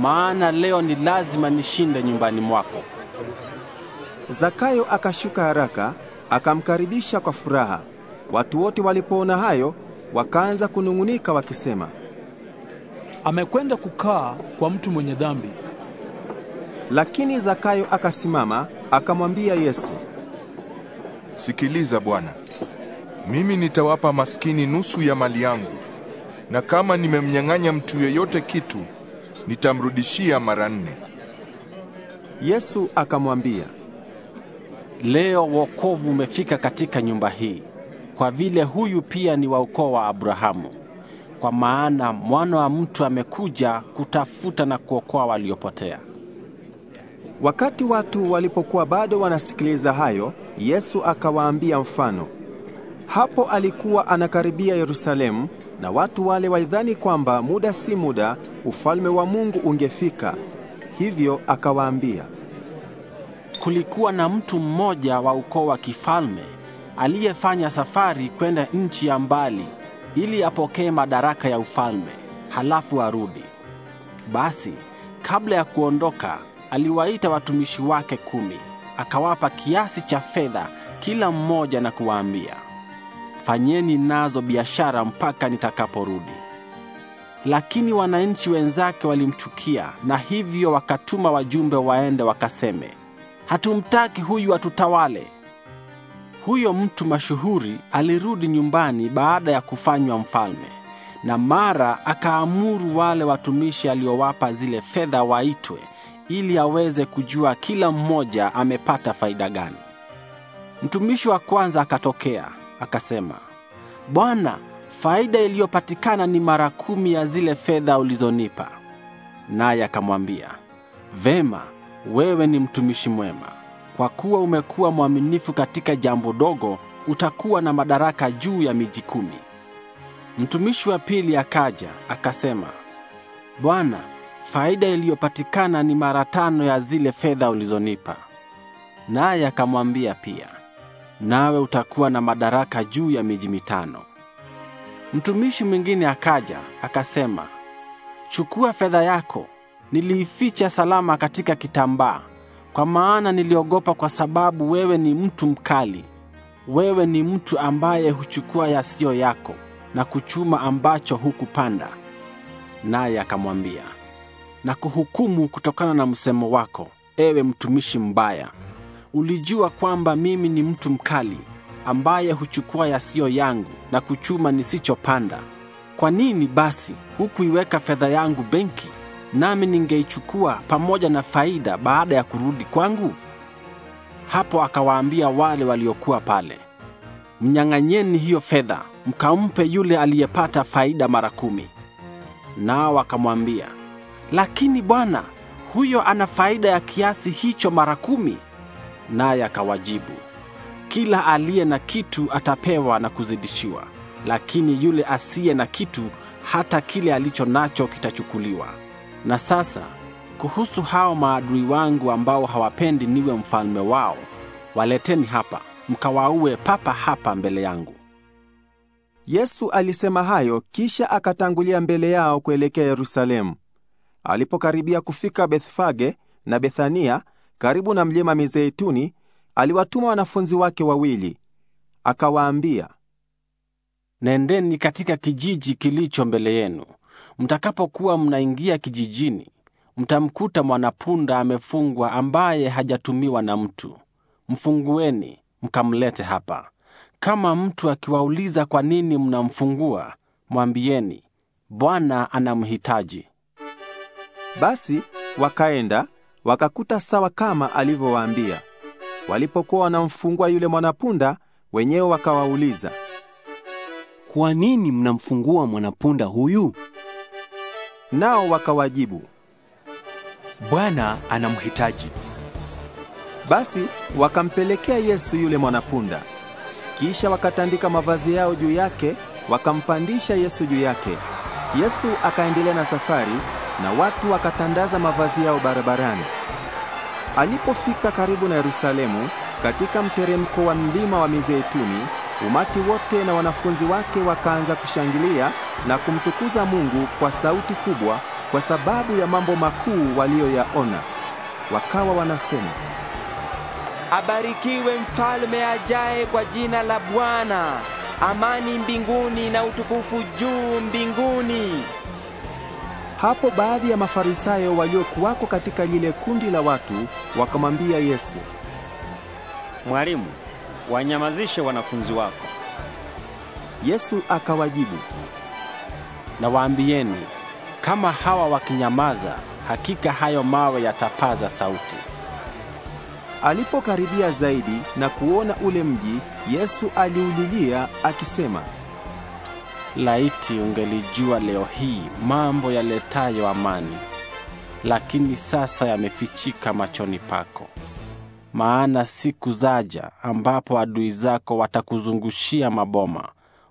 maana leo ni lazima nishinde nyumbani mwako. Zakayo akashuka haraka, akamkaribisha kwa furaha. Watu wote walipoona hayo, wakaanza kunung'unika wakisema, amekwenda kukaa kwa mtu mwenye dhambi. Lakini Zakayo akasimama Akamwambia Yesu, Sikiliza Bwana, mimi nitawapa maskini nusu ya mali yangu, na kama nimemnyang'anya mtu yeyote kitu, nitamrudishia mara nne. Yesu akamwambia, Leo wokovu umefika katika nyumba hii, kwa vile huyu pia ni wa ukoo wa Abrahamu. Kwa maana mwana wa mtu amekuja kutafuta na kuokoa waliopotea. Wakati watu walipokuwa bado wanasikiliza hayo, Yesu akawaambia mfano. Hapo alikuwa anakaribia Yerusalemu na watu wale walidhani kwamba muda si muda ufalme wa Mungu ungefika. Hivyo akawaambia, kulikuwa na mtu mmoja wa ukoo wa kifalme aliyefanya safari kwenda nchi ya mbali ili apokee madaraka ya ufalme, halafu arudi. Basi kabla ya kuondoka aliwaita watumishi wake kumi, akawapa kiasi cha fedha kila mmoja na kuwaambia, fanyeni nazo biashara mpaka nitakaporudi. Lakini wananchi wenzake walimchukia, na hivyo wakatuma wajumbe waende wakaseme, hatumtaki huyu atutawale. Huyo mtu mashuhuri alirudi nyumbani baada ya kufanywa mfalme, na mara akaamuru wale watumishi aliowapa zile fedha waitwe ili aweze kujua kila mmoja amepata faida gani. Mtumishi wa kwanza akatokea akasema, Bwana, faida iliyopatikana ni mara kumi ya zile fedha ulizonipa. Naye akamwambia, vema, wewe ni mtumishi mwema, kwa kuwa umekuwa mwaminifu katika jambo dogo, utakuwa na madaraka juu ya miji kumi. Mtumishi wa pili akaja akasema, Bwana faida iliyopatikana ni mara tano ya zile fedha ulizonipa. Naye akamwambia pia, nawe utakuwa na madaraka juu ya miji mitano. Mtumishi mwingine akaja akasema, chukua fedha yako, niliificha salama katika kitambaa, kwa maana niliogopa, kwa sababu wewe ni mtu mkali. Wewe ni mtu ambaye huchukua yasiyo yako na kuchuma ambacho hukupanda. Naye akamwambia na kuhukumu kutokana na msemo wako, ewe mtumishi mbaya. Ulijua kwamba mimi ni mtu mkali ambaye huchukua yasiyo yangu na kuchuma nisichopanda. Kwa nini basi hukuiweka fedha yangu benki, nami ningeichukua pamoja na faida baada ya kurudi kwangu? Hapo akawaambia wale waliokuwa pale, mnyang'anyeni hiyo fedha mkampe yule aliyepata faida mara kumi. Nao wakamwambia lakini bwana, huyo ana faida ya kiasi hicho mara kumi. Naye akawajibu, kila aliye na kitu atapewa na kuzidishiwa, lakini yule asiye na kitu, hata kile alicho nacho kitachukuliwa. Na sasa kuhusu hao maadui wangu ambao hawapendi niwe mfalme wao, waleteni hapa mkawaue papa hapa mbele yangu. Yesu alisema hayo, kisha akatangulia mbele yao kuelekea Yerusalemu. Alipokaribia kufika Bethfage na Bethania karibu na mlima Mizeituni, aliwatuma wanafunzi wake wawili, akawaambia, nendeni katika kijiji kilicho mbele yenu. Mtakapokuwa mnaingia kijijini, mtamkuta mwanapunda amefungwa ambaye hajatumiwa na mtu. Mfungueni mkamlete hapa. Kama mtu akiwauliza kwa nini mnamfungua, mwambieni Bwana anamhitaji. Basi wakaenda wakakuta sawa kama alivyowaambia. Walipokuwa wanamfungua yule mwanapunda, wenyewe wakawauliza, kwa nini mnamfungua mwanapunda huyu? Nao wakawajibu, Bwana anamhitaji. Basi wakampelekea Yesu yule mwanapunda. Kisha wakatandika mavazi yao juu yake, wakampandisha Yesu juu yake. Yesu akaendelea na safari na watu wakatandaza mavazi yao barabarani. Alipofika karibu na Yerusalemu, katika mteremko wa mlima wa Mizeituni, umati wote na wanafunzi wake wakaanza kushangilia na kumtukuza Mungu kwa sauti kubwa kwa sababu ya mambo makuu waliyoyaona. Wakawa wanasema, Abarikiwe mfalme ajaye kwa jina la Bwana. Amani mbinguni na utukufu juu mbinguni. Hapo baadhi ya Mafarisayo waliokuwako katika lile kundi la watu wakamwambia Yesu, Mwalimu, wanyamazishe wanafunzi wako. Yesu akawajibu, nawaambieni, kama hawa wakinyamaza, hakika hayo mawe yatapaza sauti. Alipokaribia zaidi na kuona ule mji, Yesu aliulilia akisema laiti ungelijua leo hii mambo yaletayo amani, lakini sasa yamefichika machoni pako. Maana siku zaja ambapo adui zako watakuzungushia maboma,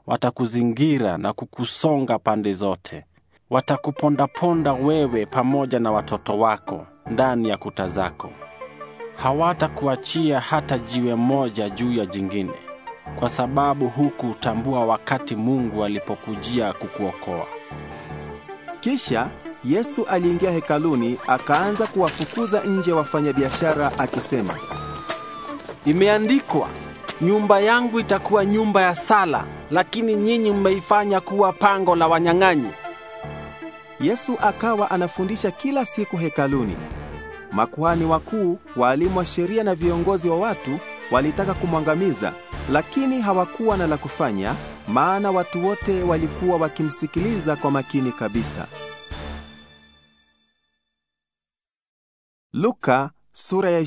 watakuzingira na kukusonga pande zote, watakupondaponda wewe pamoja na watoto wako ndani ya kuta zako. Hawatakuachia hata jiwe moja juu ya jingine kwa sababu hukutambua wakati Mungu alipokujia kukuokoa. Kisha Yesu aliingia hekaluni akaanza kuwafukuza nje wafanyabiashara akisema, Imeandikwa, nyumba yangu itakuwa nyumba ya sala, lakini nyinyi mmeifanya kuwa pango la wanyang'anyi. Yesu akawa anafundisha kila siku hekaluni. Makuhani wakuu, waalimu wa sheria na viongozi wa watu walitaka kumwangamiza, lakini hawakuwa na la kufanya, maana watu wote walikuwa wakimsikiliza kwa makini kabisa. Luka sura ya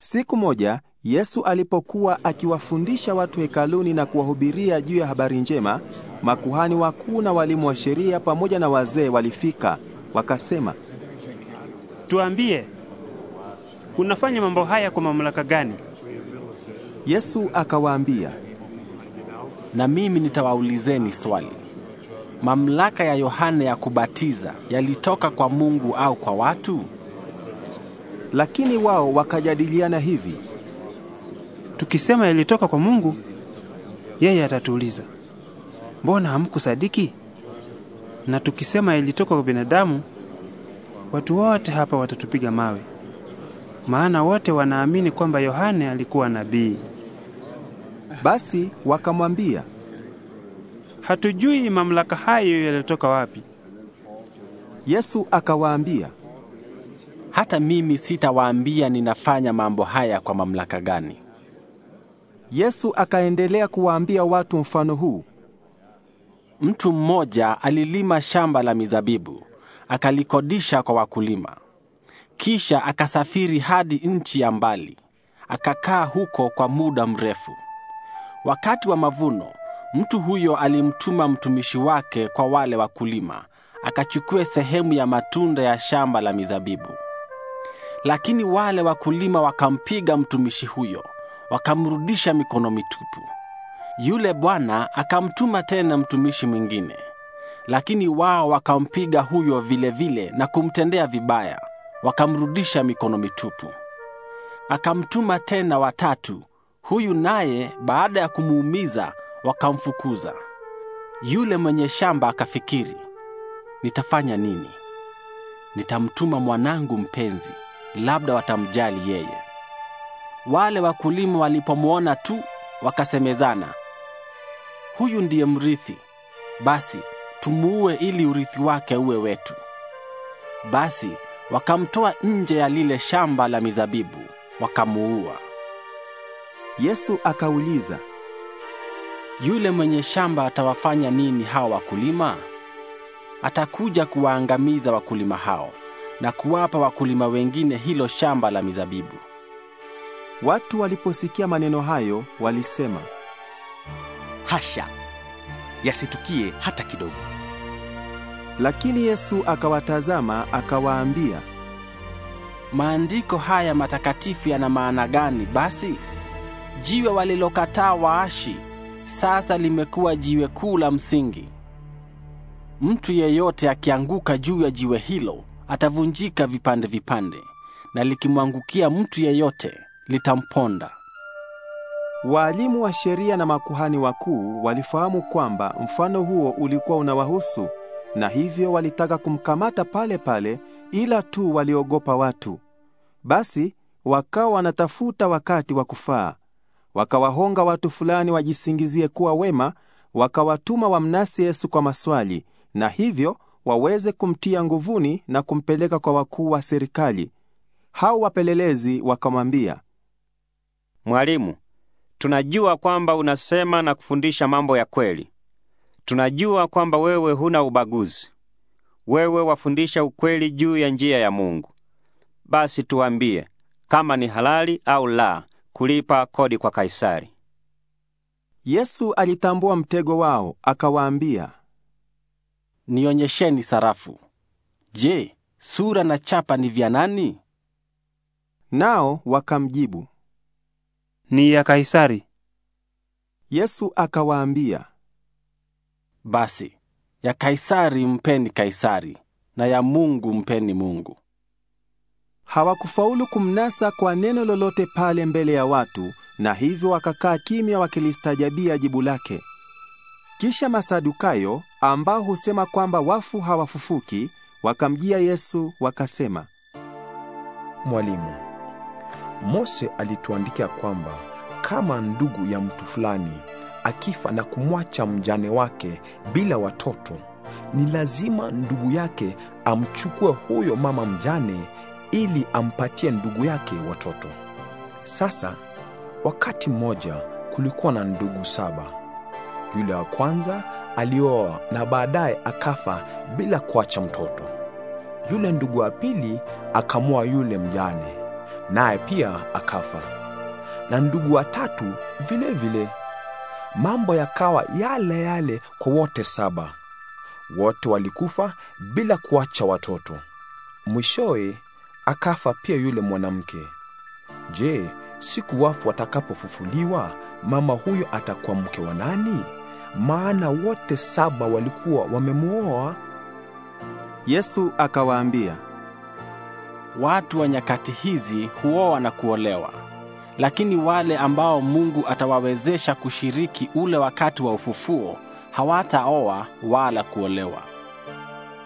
Siku moja Yesu alipokuwa akiwafundisha watu hekaluni na kuwahubiria juu ya habari njema, makuhani wakuu na walimu wa sheria pamoja na wazee walifika, wakasema, Tuambie, unafanya mambo haya kwa mamlaka gani? Yesu akawaambia, na mimi nitawaulizeni swali. Mamlaka ya Yohane ya kubatiza yalitoka kwa Mungu au kwa watu? Lakini wao wakajadiliana hivi, tukisema yalitoka kwa Mungu, yeye atatuuliza, mbona hamkusadiki? Na tukisema yalitoka kwa binadamu, watu wote hapa watatupiga mawe maana wote wanaamini kwamba Yohane alikuwa nabii. Basi wakamwambia, hatujui mamlaka hayo yalitoka wapi. Yesu akawaambia, hata mimi sitawaambia ninafanya mambo haya kwa mamlaka gani. Yesu akaendelea kuwaambia watu mfano huu: mtu mmoja alilima shamba la mizabibu akalikodisha kwa wakulima kisha akasafiri hadi nchi ya mbali, akakaa huko kwa muda mrefu. Wakati wa mavuno, mtu huyo alimtuma mtumishi wake kwa wale wakulima, akachukue sehemu ya matunda ya shamba la mizabibu. Lakini wale wakulima wakampiga mtumishi huyo, wakamrudisha mikono mitupu. Yule bwana akamtuma tena mtumishi mwingine, lakini wao wakampiga huyo vilevile vile na kumtendea vibaya wakamrudisha mikono mitupu. Akamtuma tena watatu, huyu naye baada ya kumuumiza wakamfukuza. Yule mwenye shamba akafikiri, nitafanya nini? Nitamtuma mwanangu mpenzi, labda watamjali yeye. Wale wakulima walipomwona tu wakasemezana, huyu ndiye mrithi, basi tumuue ili urithi wake uwe wetu. Basi Wakamtoa nje ya lile shamba la mizabibu, wakamuua. Yesu akauliza, yule mwenye shamba atawafanya nini hao wakulima? Atakuja kuwaangamiza wakulima hao na kuwapa wakulima wengine hilo shamba la mizabibu. Watu waliposikia maneno hayo walisema, Hasha, yasitukie hata kidogo. Lakini Yesu akawatazama akawaambia, maandiko haya matakatifu yana maana gani basi? Jiwe walilokataa waashi sasa limekuwa jiwe kuu la msingi. Mtu yeyote akianguka juu ya jiwe hilo atavunjika vipande vipande, na likimwangukia mtu yeyote litamponda. Waalimu wa sheria na makuhani wakuu walifahamu kwamba mfano huo ulikuwa unawahusu na hivyo walitaka kumkamata pale pale, ila tu waliogopa watu. Basi wakawa wanatafuta wakati wa kufaa, wakawahonga watu fulani wajisingizie kuwa wema, wakawatuma wamnasi Yesu kwa maswali, na hivyo waweze kumtia nguvuni na kumpeleka kwa wakuu wa serikali. Hao wapelelezi wakamwambia, Mwalimu, tunajua kwamba unasema na kufundisha mambo ya kweli Tunajua kwamba wewe huna ubaguzi. Wewe wafundisha ukweli juu ya njia ya Mungu. Basi tuambie kama ni halali au la kulipa kodi kwa Kaisari. Yesu alitambua mtego wao, akawaambia, nionyesheni sarafu. Je, sura na chapa ni vya nani? Nao wakamjibu, ni ya Kaisari. Yesu akawaambia, basi, ya Kaisari mpeni Kaisari na ya Mungu mpeni Mungu. Hawakufaulu kumnasa kwa neno lolote pale mbele ya watu, na hivyo wakakaa kimya wakilistajabia jibu lake. Kisha Masadukayo ambao husema kwamba wafu hawafufuki wakamjia Yesu wakasema, Mwalimu, Mose alituandikia kwamba kama ndugu ya mtu fulani akifa na kumwacha mjane wake bila watoto, ni lazima ndugu yake amchukue huyo mama mjane ili ampatie ndugu yake watoto. Sasa wakati mmoja kulikuwa na ndugu saba. Yule wa kwanza alioa na baadaye akafa bila kuacha mtoto. Yule ndugu wa pili akamua yule mjane, naye pia akafa, na ndugu wa tatu vilevile vile mambo yakawa yale yale kwa wote saba. Wote walikufa bila kuacha watoto. Mwishowe akafa pia yule mwanamke. Je, siku wafu watakapofufuliwa, mama huyo atakuwa mke wa nani? Maana wote saba walikuwa wamemwoa. Yesu akawaambia, watu wa nyakati hizi huoa na kuolewa lakini wale ambao Mungu atawawezesha kushiriki ule wakati wa ufufuo hawataoa wala kuolewa.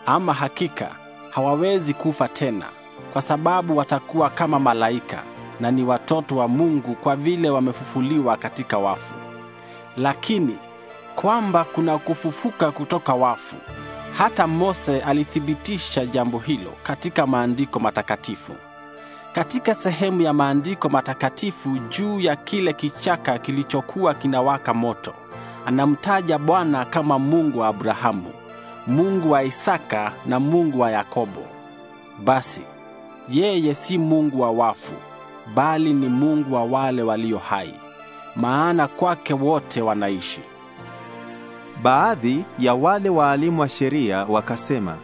Ama hakika hawawezi kufa tena, kwa sababu watakuwa kama malaika na ni watoto wa Mungu kwa vile wamefufuliwa katika wafu. Lakini kwamba kuna kufufuka kutoka wafu, hata Mose alithibitisha jambo hilo katika maandiko matakatifu katika sehemu ya maandiko matakatifu juu ya kile kichaka kilichokuwa kinawaka moto. Anamtaja Bwana kama Mungu wa Abrahamu, Mungu wa Isaka na Mungu wa Yakobo. Basi yeye si Mungu wa wafu, bali ni Mungu wa wale walio hai, maana kwake wote wanaishi. Baadhi ya wale waalimu wa sheria wakasema,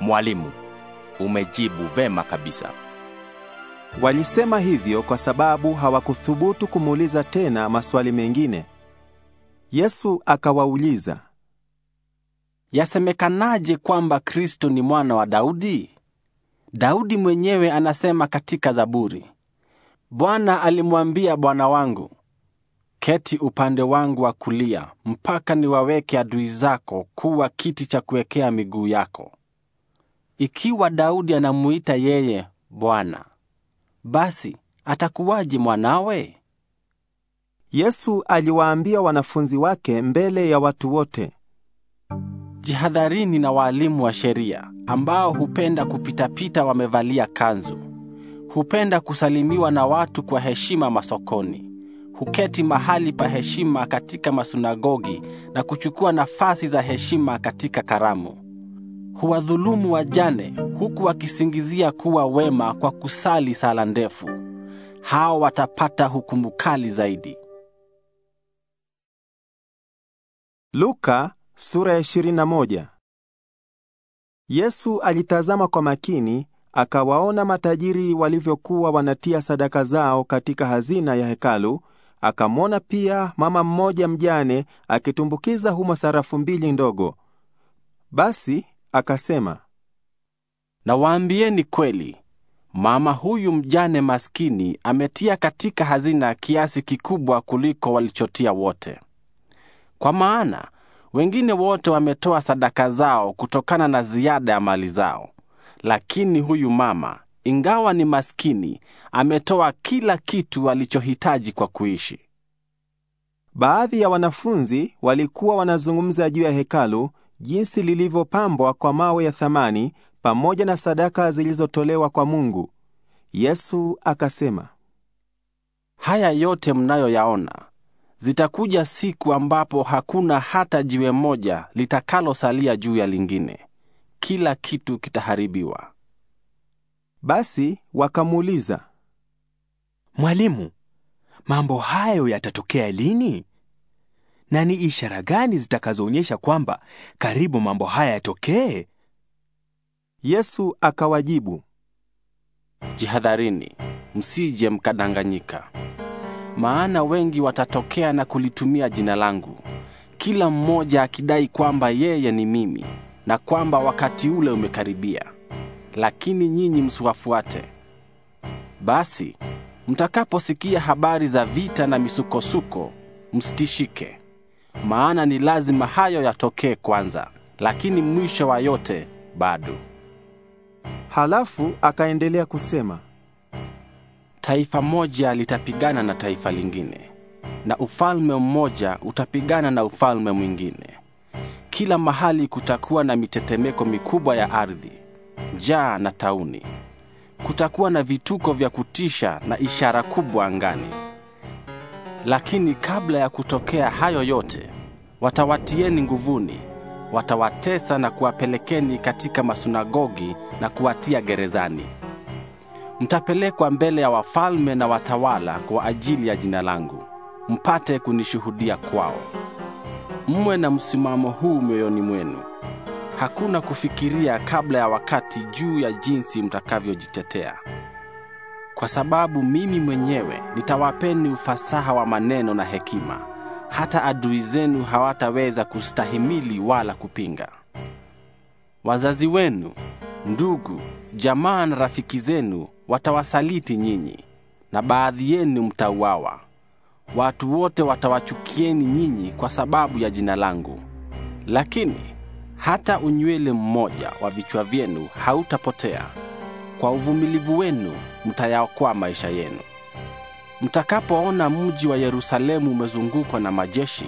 Mwalimu, umejibu vema kabisa. Walisema hivyo kwa sababu hawakuthubutu kumuuliza tena maswali mengine. Yesu akawauliza, Yasemekanaje kwamba Kristo ni mwana wa Daudi? Daudi mwenyewe anasema katika Zaburi, Bwana alimwambia Bwana wangu, keti upande wangu wa kulia mpaka niwaweke adui zako kuwa kiti cha kuwekea miguu yako. Ikiwa Daudi anamuita yeye Bwana, basi atakuwaje mwanawe? Yesu aliwaambia wanafunzi wake mbele ya watu wote, jihadharini na waalimu wa sheria ambao hupenda kupitapita wamevalia kanzu, hupenda kusalimiwa na watu kwa heshima masokoni, huketi mahali pa heshima katika masunagogi na kuchukua nafasi za heshima katika karamu huwadhulumu wajane, huku wakisingizia kuwa wema kwa kusali sala ndefu. Hao watapata hukumu kali zaidi. Luka sura ya 21. Yesu alitazama kwa makini akawaona matajiri walivyokuwa wanatia sadaka zao katika hazina ya hekalu. Akamwona pia mama mmoja mjane akitumbukiza humo sarafu mbili ndogo. Basi akasema, nawaambieni kweli, mama huyu mjane maskini ametia katika hazina kiasi kikubwa kuliko walichotia wote, kwa maana wengine wote wametoa sadaka zao kutokana na ziada ya mali zao, lakini huyu mama, ingawa ni maskini, ametoa kila kitu alichohitaji kwa kuishi. Baadhi ya wanafunzi walikuwa wanazungumza juu ya hekalu jinsi lilivyopambwa kwa mawe ya thamani pamoja na sadaka zilizotolewa kwa Mungu. Yesu akasema, haya yote mnayoyaona zitakuja siku ambapo hakuna hata jiwe moja litakalosalia juu ya lingine. Kila kitu kitaharibiwa. Basi wakamuuliza, Mwalimu, mambo hayo yatatokea lini? na ni ishara gani zitakazoonyesha kwamba karibu mambo haya yatokee? Yesu akawajibu, jihadharini, msije mkadanganyika, maana wengi watatokea na kulitumia jina langu, kila mmoja akidai kwamba yeye ni mimi na kwamba wakati ule umekaribia. Lakini nyinyi msiwafuate. Basi mtakaposikia habari za vita na misukosuko, msitishike maana ni lazima hayo yatokee kwanza, lakini mwisho wa yote bado. Halafu akaendelea kusema, taifa moja litapigana na taifa lingine, na ufalme mmoja utapigana na ufalme mwingine. Kila mahali kutakuwa na mitetemeko mikubwa ya ardhi, njaa na tauni. Kutakuwa na vituko vya kutisha na ishara kubwa angani. Lakini kabla ya kutokea hayo yote, watawatieni nguvuni, watawatesa na kuwapelekeni katika masunagogi na kuwatia gerezani. Mtapelekwa mbele ya wafalme na watawala kwa ajili ya jina langu, mpate kunishuhudia kwao. Mwe na msimamo huu mioyoni mwenu. Hakuna kufikiria kabla ya wakati juu ya jinsi mtakavyojitetea kwa sababu mimi mwenyewe nitawapeni ufasaha wa maneno na hekima, hata adui zenu hawataweza kustahimili wala kupinga. Wazazi wenu, ndugu, jamaa na rafiki zenu watawasaliti nyinyi, na baadhi yenu mtauawa. Watu wote watawachukieni nyinyi kwa sababu ya jina langu, lakini hata unywele mmoja wa vichwa vyenu hautapotea kwa uvumilivu wenu mtayaokoa maisha yenu. Mtakapoona mji wa Yerusalemu umezungukwa na majeshi,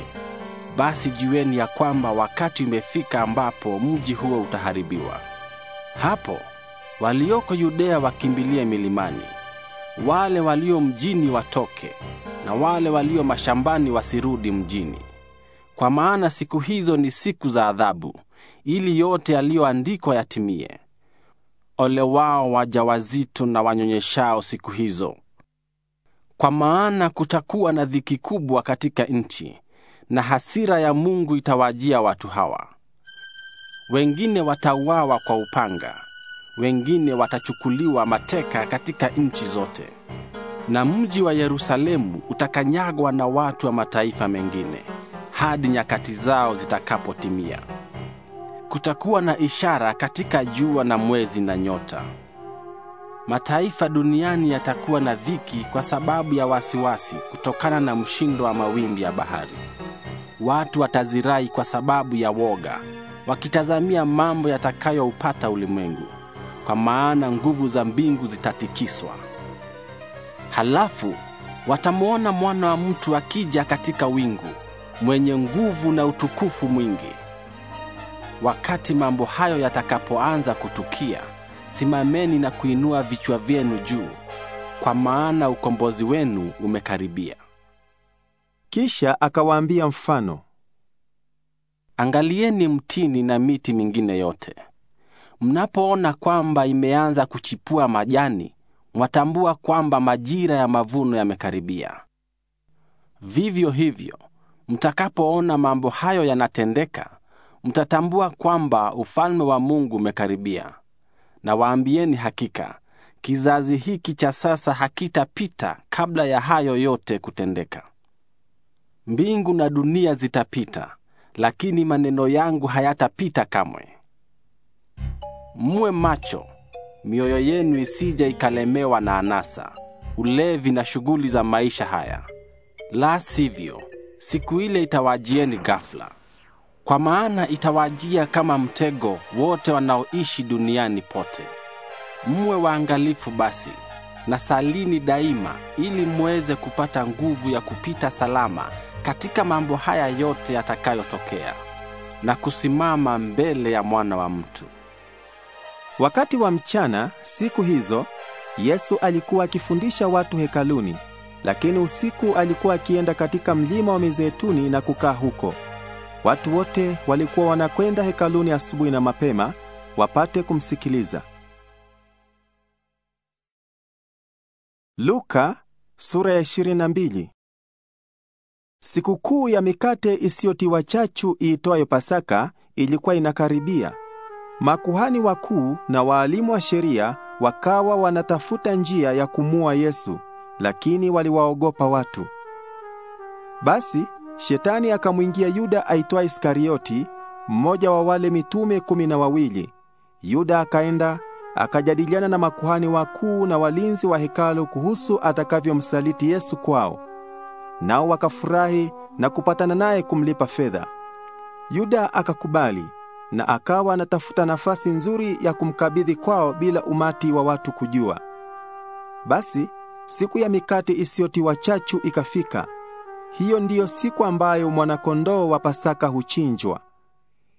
basi jueni ya kwamba wakati umefika ambapo mji huo utaharibiwa. Hapo walioko Yudea wakimbilie milimani, wale walio mjini watoke, na wale walio mashambani wasirudi mjini. Kwa maana siku hizo ni siku za adhabu, ili yote yaliyoandikwa yatimie. Ole wao wajawazito na wanyonyeshao siku hizo, kwa maana kutakuwa na dhiki kubwa katika nchi, na hasira ya Mungu itawajia watu hawa. Wengine watauawa kwa upanga, wengine watachukuliwa mateka katika nchi zote, na mji wa Yerusalemu utakanyagwa na watu wa mataifa mengine hadi nyakati zao zitakapotimia. Kutakuwa na ishara katika jua na mwezi na nyota. Mataifa duniani yatakuwa na dhiki kwa sababu ya wasiwasi kutokana na mshindo wa mawimbi ya bahari. Watu watazirai kwa sababu ya woga, wakitazamia mambo yatakayoupata ulimwengu, kwa maana nguvu za mbingu zitatikiswa. Halafu watamwona mwana wa mtu akija katika wingu, mwenye nguvu na utukufu mwingi. Wakati mambo hayo yatakapoanza kutukia, simameni na kuinua vichwa vyenu juu, kwa maana ukombozi wenu umekaribia. Kisha akawaambia mfano, angalieni mtini na miti mingine yote. Mnapoona kwamba imeanza kuchipua majani, mwatambua kwamba majira ya mavuno yamekaribia. Vivyo hivyo, mtakapoona mambo hayo yanatendeka, mtatambua kwamba ufalme wa Mungu umekaribia. Na waambieni hakika, kizazi hiki cha sasa hakitapita kabla ya hayo yote kutendeka. Mbingu na dunia zitapita, lakini maneno yangu hayatapita kamwe. Mwe macho, mioyo yenu isije ikalemewa na anasa, ulevi na shughuli za maisha haya, la sivyo siku ile itawajieni ghafla kwa maana itawajia kama mtego wote wanaoishi duniani pote. Mwe waangalifu basi na salini daima, ili mweze kupata nguvu ya kupita salama katika mambo haya yote yatakayotokea na kusimama mbele ya mwana wa mtu. Wakati wa mchana siku hizo Yesu alikuwa akifundisha watu hekaluni, lakini usiku alikuwa akienda katika mlima wa Mizeituni na kukaa huko. Watu wote walikuwa wanakwenda hekaluni asubuhi na mapema wapate kumsikiliza. Luka sura ya 22. Sikukuu ya mikate isiyotiwa chachu iitwayo Pasaka ilikuwa inakaribia. Makuhani wakuu na waalimu wa sheria wakawa wanatafuta njia ya kumua Yesu, lakini waliwaogopa watu. Basi Shetani akamwingia Yuda aitwa Iskarioti, mmoja wa wale mitume kumi na wawili. Yuda akaenda akajadiliana na makuhani wakuu na walinzi wa hekalu kuhusu atakavyomsaliti Yesu kwao. Nao wakafurahi na kupatana naye kumlipa fedha. Yuda akakubali na akawa anatafuta nafasi nzuri ya kumkabidhi kwao bila umati wa watu kujua. Basi siku ya mikate isiyotiwa chachu ikafika. Hiyo ndiyo siku ambayo mwanakondoo wa Pasaka huchinjwa.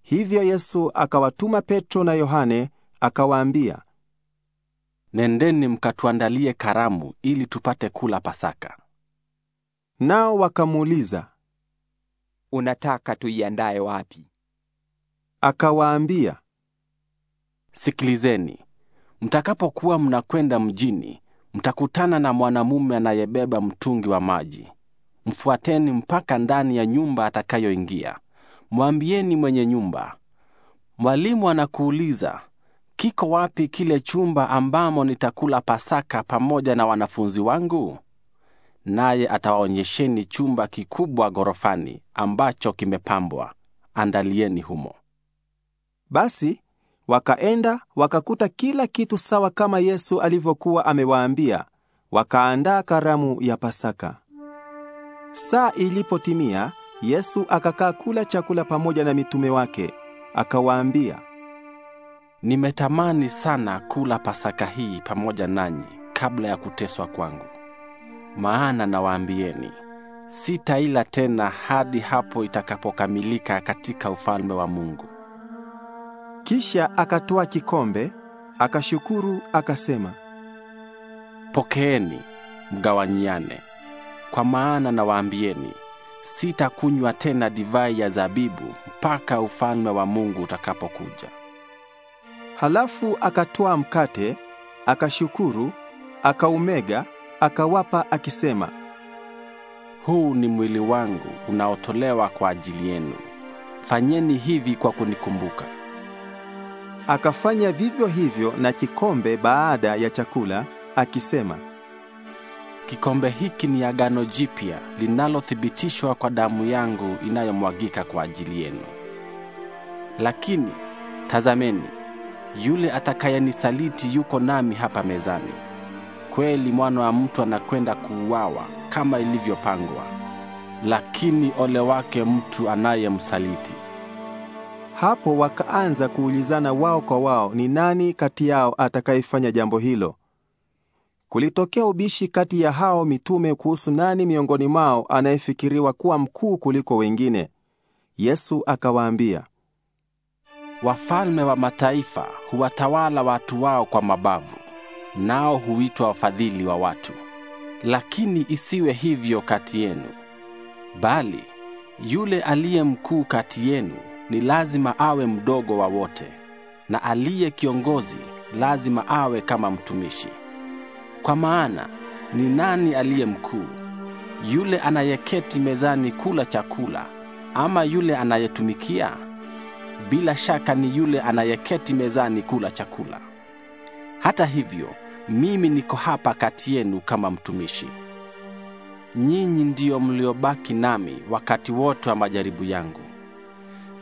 Hivyo Yesu akawatuma Petro na Yohane akawaambia, Nendeni mkatuandalie karamu ili tupate kula Pasaka. Nao wakamuuliza, Unataka tuiandae wapi? Akawaambia, Sikilizeni, mtakapokuwa mnakwenda mjini, mtakutana na mwanamume anayebeba mtungi wa maji. Mfuateni mpaka ndani ya nyumba atakayoingia. Mwambieni mwenye nyumba, mwalimu anakuuliza, kiko wapi kile chumba ambamo nitakula Pasaka pamoja na wanafunzi wangu? Naye atawaonyesheni chumba kikubwa ghorofani ambacho kimepambwa. Andalieni humo. Basi wakaenda wakakuta kila kitu sawa kama Yesu alivyokuwa amewaambia, wakaandaa karamu ya Pasaka. Saa ilipotimia, Yesu akakaa kula chakula pamoja na mitume wake. Akawaambia, nimetamani sana kula Pasaka hii pamoja nanyi kabla ya kuteswa kwangu. Maana nawaambieni, sitaila tena hadi hapo itakapokamilika katika ufalme wa Mungu. Kisha akatoa kikombe, akashukuru, akasema, pokeeni mgawanyiane. Kwa maana nawaambieni, sitakunywa tena divai ya zabibu mpaka ufalme wa Mungu utakapokuja. Halafu akatwaa mkate, akashukuru, akaumega, akawapa akisema, huu ni mwili wangu unaotolewa kwa ajili yenu. Fanyeni hivi kwa kunikumbuka. Akafanya vivyo hivyo na kikombe baada ya chakula, akisema Kikombe hiki ni agano jipya linalothibitishwa kwa damu yangu inayomwagika kwa ajili yenu. Lakini tazameni, yule atakayenisaliti yuko nami hapa mezani. Kweli mwana wa mtu anakwenda kuuawa kama ilivyopangwa, lakini ole wake mtu anayemsaliti. Hapo wakaanza kuulizana wao kwa wao, ni nani kati yao atakayefanya jambo hilo kulitokea ubishi kati ya hao mitume kuhusu nani miongoni mwao anayefikiriwa kuwa mkuu kuliko wengine. Yesu akawaambia, wafalme wa mataifa huwatawala watu wao kwa mabavu, nao huitwa wafadhili wa watu. Lakini isiwe hivyo kati yenu, bali yule aliye mkuu kati yenu ni lazima awe mdogo wa wote, na aliye kiongozi lazima awe kama mtumishi. Kwa maana ni nani aliye mkuu, yule anayeketi mezani kula chakula ama yule anayetumikia? Bila shaka ni yule anayeketi mezani kula chakula. Hata hivyo, mimi niko hapa kati yenu kama mtumishi. Nyinyi ndiyo mliobaki nami wakati wote wa majaribu yangu,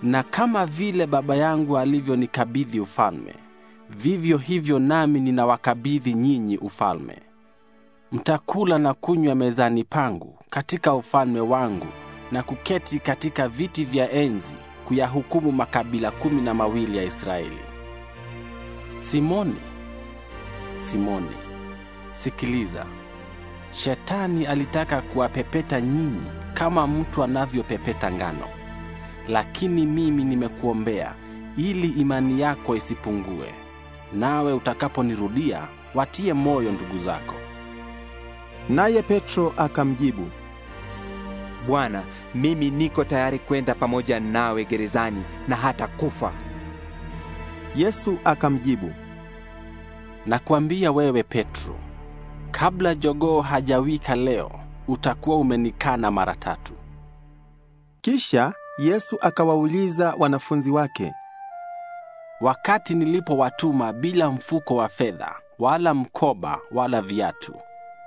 na kama vile Baba yangu alivyonikabidhi ufalme vivyo hivyo nami ninawakabidhi nyinyi ufalme. Mtakula na kunywa mezani pangu katika ufalme wangu na kuketi katika viti vya enzi kuyahukumu makabila kumi na mawili ya Israeli. Simoni, Simoni, sikiliza, Shetani alitaka kuwapepeta nyinyi kama mtu anavyopepeta ngano, lakini mimi nimekuombea ili imani yako isipungue nawe utakaponirudia watie moyo ndugu zako. Naye Petro akamjibu, Bwana, mimi niko tayari kwenda pamoja nawe gerezani na hata kufa. Yesu akamjibu, nakuambia wewe Petro, kabla jogoo hajawika leo utakuwa umenikana mara tatu. Kisha Yesu akawauliza wanafunzi wake, wakati nilipowatuma bila mfuko wa fedha wala mkoba wala viatu,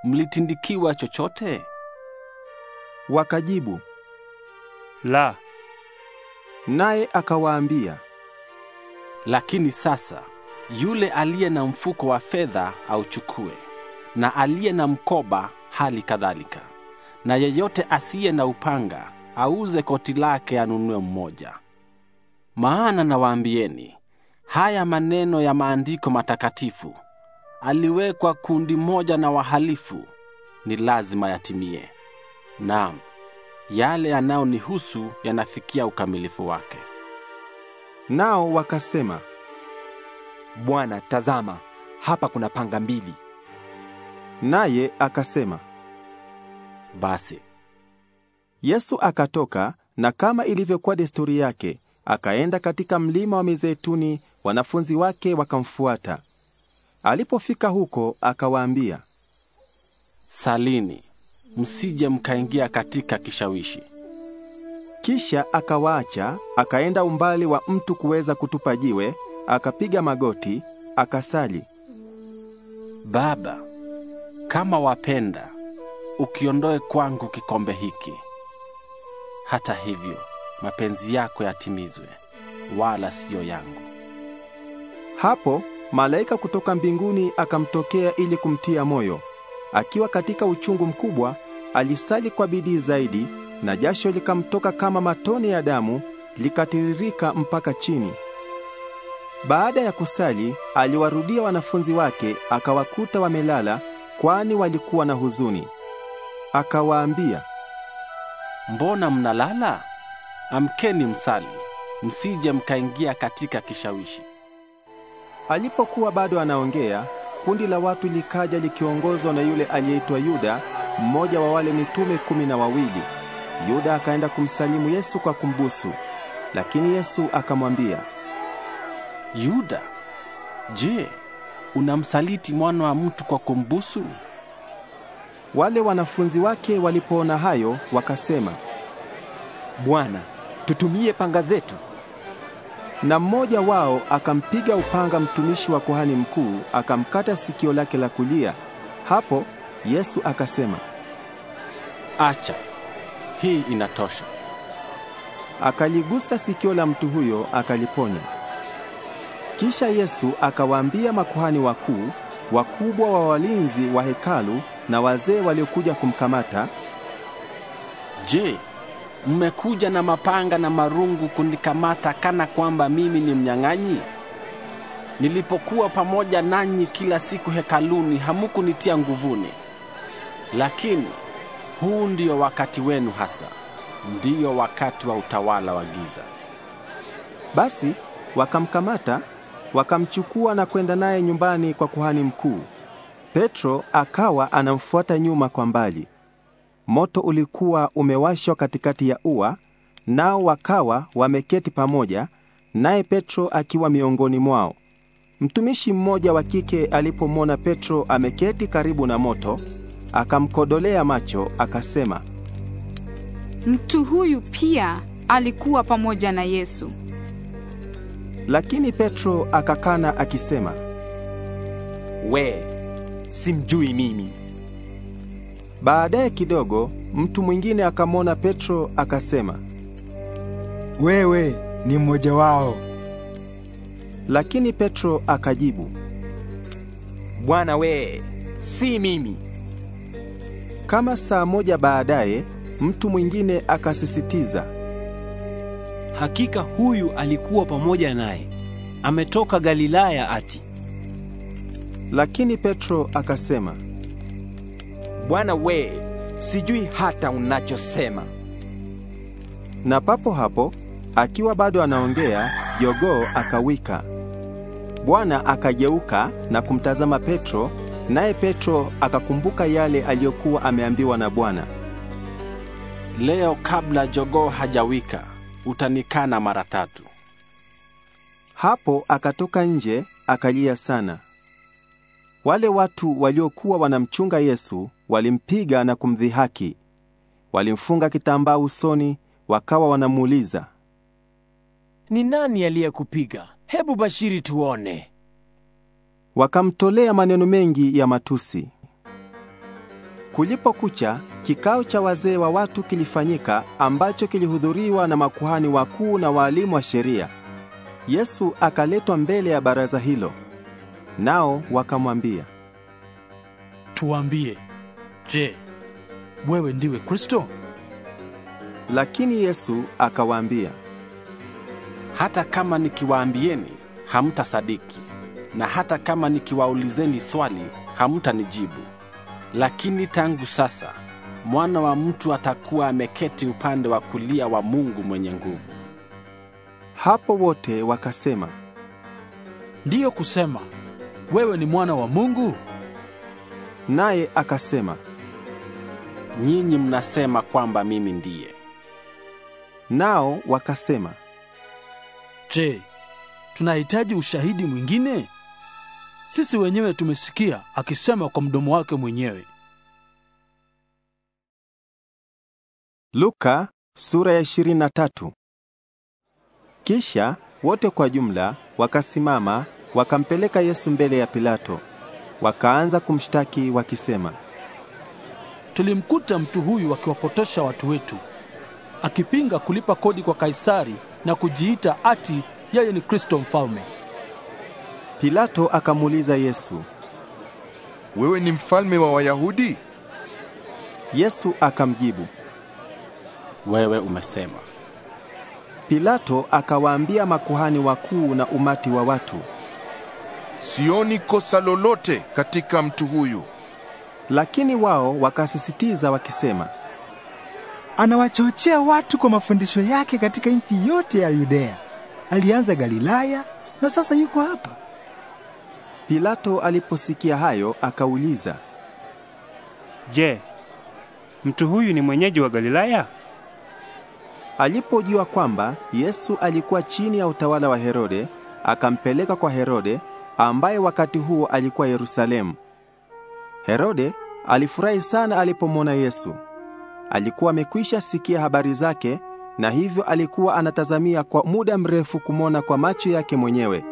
mlitindikiwa chochote? Wakajibu, la. Naye akawaambia, lakini sasa yule aliye na mfuko wa fedha auchukue, na aliye na mkoba hali kadhalika, na yeyote asiye na upanga auze koti lake anunue mmoja. Maana nawaambieni Haya maneno ya maandiko matakatifu, aliwekwa kundi moja na wahalifu, ni lazima yatimie. Naam, yale yanayonihusu yanafikia ukamilifu wake. Nao wakasema, Bwana, tazama, hapa kuna panga mbili. Naye akasema, basi. Yesu akatoka na kama ilivyokuwa desturi yake Akaenda katika mlima wa Mizeituni, wanafunzi wake wakamfuata. Alipofika huko, akawaambia, salini, msije mkaingia katika kishawishi. Kisha akawaacha, akaenda umbali wa mtu kuweza kutupa jiwe, akapiga magoti, akasali, Baba, kama wapenda, ukiondoe kwangu kikombe hiki. Hata hivyo mapenzi yako yatimizwe, wala siyo yangu. Hapo malaika kutoka mbinguni akamtokea ili kumtia moyo. Akiwa katika uchungu mkubwa, alisali kwa bidii zaidi, na jasho likamtoka kama matone ya damu likatiririka mpaka chini. Baada ya kusali, aliwarudia wanafunzi wake, akawakuta wamelala, kwani walikuwa na huzuni. Akawaambia, mbona mnalala? amkeni msali, msije mkaingia katika kishawishi. Alipokuwa bado anaongea, kundi la watu likaja likiongozwa na yule aliyeitwa Yuda, mmoja wa wale mitume kumi na wawili. Yuda akaenda kumsalimu Yesu kwa kumbusu, lakini Yesu akamwambia, Yuda, je, unamsaliti mwana wa mtu kwa kumbusu? Wale wanafunzi wake walipoona hayo wakasema, Bwana, tutumie panga zetu. Na mmoja wao akampiga upanga mtumishi wa kuhani mkuu, akamkata sikio lake la kulia. Hapo Yesu akasema, acha, hii inatosha. Akaligusa sikio la mtu huyo, akaliponya. Kisha Yesu akawaambia makuhani wakuu, wakubwa wa walinzi wa hekalu na wazee waliokuja kumkamata, Je, mmekuja na mapanga na marungu kunikamata kana kwamba mimi ni mnyang'anyi? Nilipokuwa pamoja nanyi kila siku hekaluni, hamukunitia nguvuni. Lakini huu ndiyo wakati wenu hasa, ndiyo wakati wa utawala wa giza. Basi wakamkamata, wakamchukua na kwenda naye nyumbani kwa kuhani mkuu. Petro akawa anamfuata nyuma kwa mbali moto ulikuwa umewashwa katikati ya ua, nao wakawa wameketi pamoja, naye Petro akiwa miongoni mwao. Mtumishi mmoja wa kike alipomwona Petro ameketi karibu na moto, akamkodolea macho akasema, mtu huyu pia alikuwa pamoja na Yesu. Lakini Petro akakana akisema, we, simjui mimi. Baadaye kidogo mtu mwingine akamwona Petro akasema, wewe ni mmoja wao. Lakini Petro akajibu, Bwana we, si mimi. Kama saa moja baadaye mtu mwingine akasisitiza, hakika huyu alikuwa pamoja naye, ametoka Galilaya ati. Lakini Petro akasema Bwana we, sijui hata unachosema. Na papo hapo akiwa bado anaongea, jogoo akawika. Bwana akageuka na kumtazama Petro, naye Petro akakumbuka yale aliyokuwa ameambiwa na Bwana, leo kabla jogoo hajawika utanikana mara tatu. Hapo akatoka nje akalia sana. Wale watu waliokuwa wanamchunga Yesu walimpiga na kumdhihaki. Walimfunga kitambaa usoni, wakawa wanamuuliza, ni nani aliyekupiga? Hebu bashiri tuone. Wakamtolea maneno mengi ya matusi. Kulipokucha, kikao cha wazee wa watu kilifanyika ambacho kilihudhuriwa na makuhani wakuu na waalimu wa sheria. Yesu akaletwa mbele ya baraza hilo. Nao wakamwambia, "Tuambie, Je, wewe ndiwe Kristo? Lakini Yesu akawaambia, hata kama nikiwaambieni hamtasadiki, na hata kama nikiwaulizeni swali hamtanijibu. Lakini tangu sasa mwana wa mtu atakuwa ameketi upande wa kulia wa Mungu mwenye nguvu. Hapo wote wakasema, ndiyo kusema wewe ni mwana wa Mungu? Naye akasema nyinyi mnasema kwamba mimi ndiye. Nao wakasema, Je, tunahitaji ushahidi mwingine? Sisi wenyewe tumesikia akisema kwa mdomo wake mwenyewe. Luka sura ya 23. Kisha wote kwa jumla wakasimama wakampeleka Yesu mbele ya Pilato. Wakaanza kumshtaki wakisema, tulimkuta mtu huyu akiwapotosha watu wetu, akipinga kulipa kodi kwa Kaisari na kujiita ati yeye ni Kristo mfalme. Pilato akamuuliza Yesu, wewe ni mfalme wa Wayahudi? Yesu akamjibu, wewe umesema. Pilato akawaambia makuhani wakuu na umati wa watu, sioni kosa lolote katika mtu huyu. Lakini wao wakasisitiza wakisema, anawachochea watu kwa mafundisho yake katika nchi yote ya Yudea. Alianza Galilaya na sasa yuko hapa. Pilato aliposikia hayo akauliza, Je, mtu huyu ni mwenyeji wa Galilaya? Alipojua kwamba Yesu alikuwa chini ya utawala wa Herode, akampeleka kwa Herode ambaye wakati huo alikuwa Yerusalemu. Herode alifurahi sana alipomwona Yesu. Alikuwa amekwisha sikia habari zake na hivyo alikuwa anatazamia kwa muda mrefu kumwona kwa macho yake mwenyewe.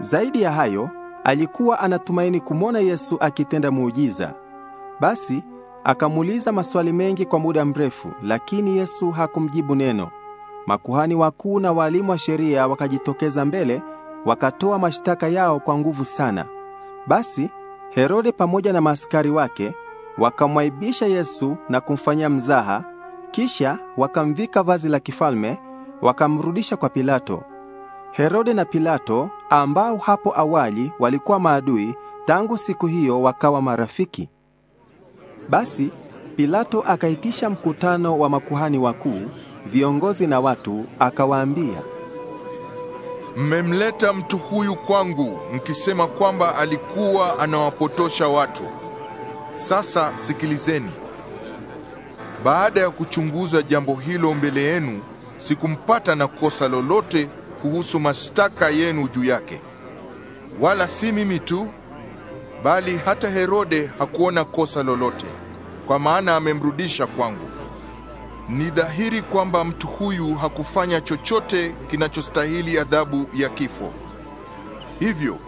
Zaidi ya hayo, alikuwa anatumaini kumwona Yesu akitenda muujiza. Basi akamuuliza maswali mengi kwa muda mrefu, lakini Yesu hakumjibu neno. Makuhani wakuu na walimu wa sheria wakajitokeza mbele, wakatoa mashtaka yao kwa nguvu sana. Basi Herode pamoja na maaskari wake wakamwaibisha Yesu na kumfanyia mzaha, kisha wakamvika vazi la kifalme, wakamrudisha kwa Pilato. Herode na Pilato ambao hapo awali walikuwa maadui, tangu siku hiyo wakawa marafiki. Basi Pilato akaitisha mkutano wa makuhani wakuu, viongozi na watu, akawaambia mmemleta mtu huyu kwangu mkisema kwamba alikuwa anawapotosha watu. Sasa sikilizeni. Baada ya kuchunguza jambo hilo mbele yenu, sikumpata na kosa lolote kuhusu mashtaka yenu juu yake. Wala si mimi tu, bali hata Herode hakuona kosa lolote, kwa maana amemrudisha kwangu. Ni dhahiri kwamba mtu huyu hakufanya chochote kinachostahili adhabu ya kifo. Hivyo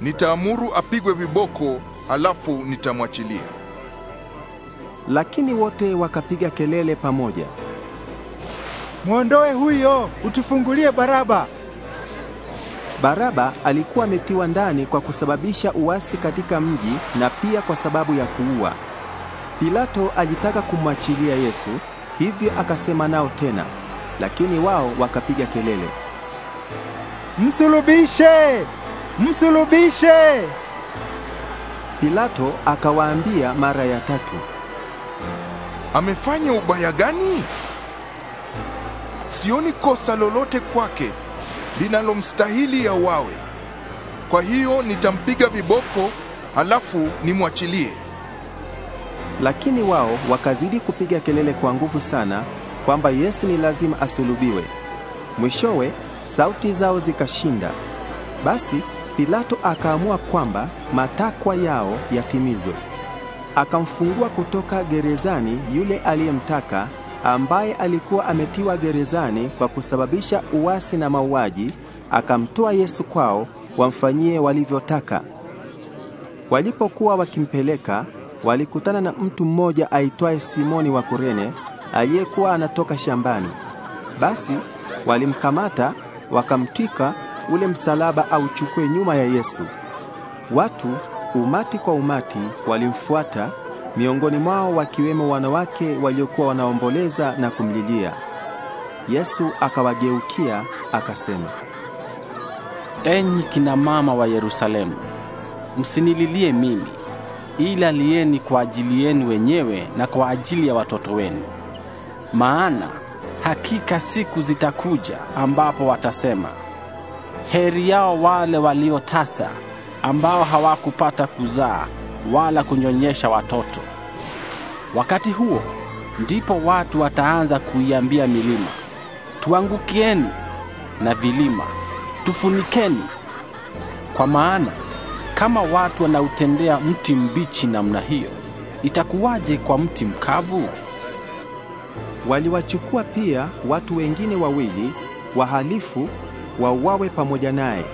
nitaamuru apigwe viboko, alafu nitamwachilia. Lakini wote wakapiga kelele pamoja, mwondoe huyo, utufungulie Baraba! Baraba alikuwa ametiwa ndani kwa kusababisha uasi katika mji na pia kwa sababu ya kuua. Pilato alitaka kumwachilia Yesu, hivyo akasema nao tena, lakini wao wakapiga kelele, msulubishe! Msulubishe! Pilato akawaambia mara ya tatu, amefanya ubaya gani? Sioni kosa lolote kwake linalomstahili ya wawe. Kwa hiyo nitampiga viboko, halafu nimwachilie. Lakini wao wakazidi kupiga kelele kwa nguvu sana kwamba Yesu ni lazima asulubiwe. Mwishowe sauti zao zikashinda. Basi Pilato akaamua kwamba matakwa yao yatimizwe. Akamfungua kutoka gerezani yule aliyemtaka ambaye alikuwa ametiwa gerezani kwa kusababisha uasi na mauaji, akamtoa Yesu kwao wamfanyie walivyotaka. Walipokuwa wakimpeleka walikutana na mtu mmoja aitwaye Simoni wa Kurene aliyekuwa anatoka shambani. Basi walimkamata wakamtwika ule msalaba auchukue nyuma ya Yesu. Watu umati kwa umati walimfuata, miongoni mwao wakiwemo wanawake waliokuwa wanaomboleza na kumlilia. Yesu akawageukia akasema, Enyi kina mama wa Yerusalemu, msinililie mimi ila lieni kwa ajili yenu wenyewe na kwa ajili ya watoto wenu. Maana hakika siku zitakuja ambapo watasema, heri yao wale waliotasa, ambao hawakupata kuzaa wala kunyonyesha watoto. Wakati huo ndipo watu wataanza kuiambia milima, tuangukieni, na vilima, tufunikeni, kwa maana kama watu wanautendea mti mbichi namna hiyo, itakuwaje kwa mti mkavu? Waliwachukua pia watu wengine wawili wahalifu wauawe pamoja naye.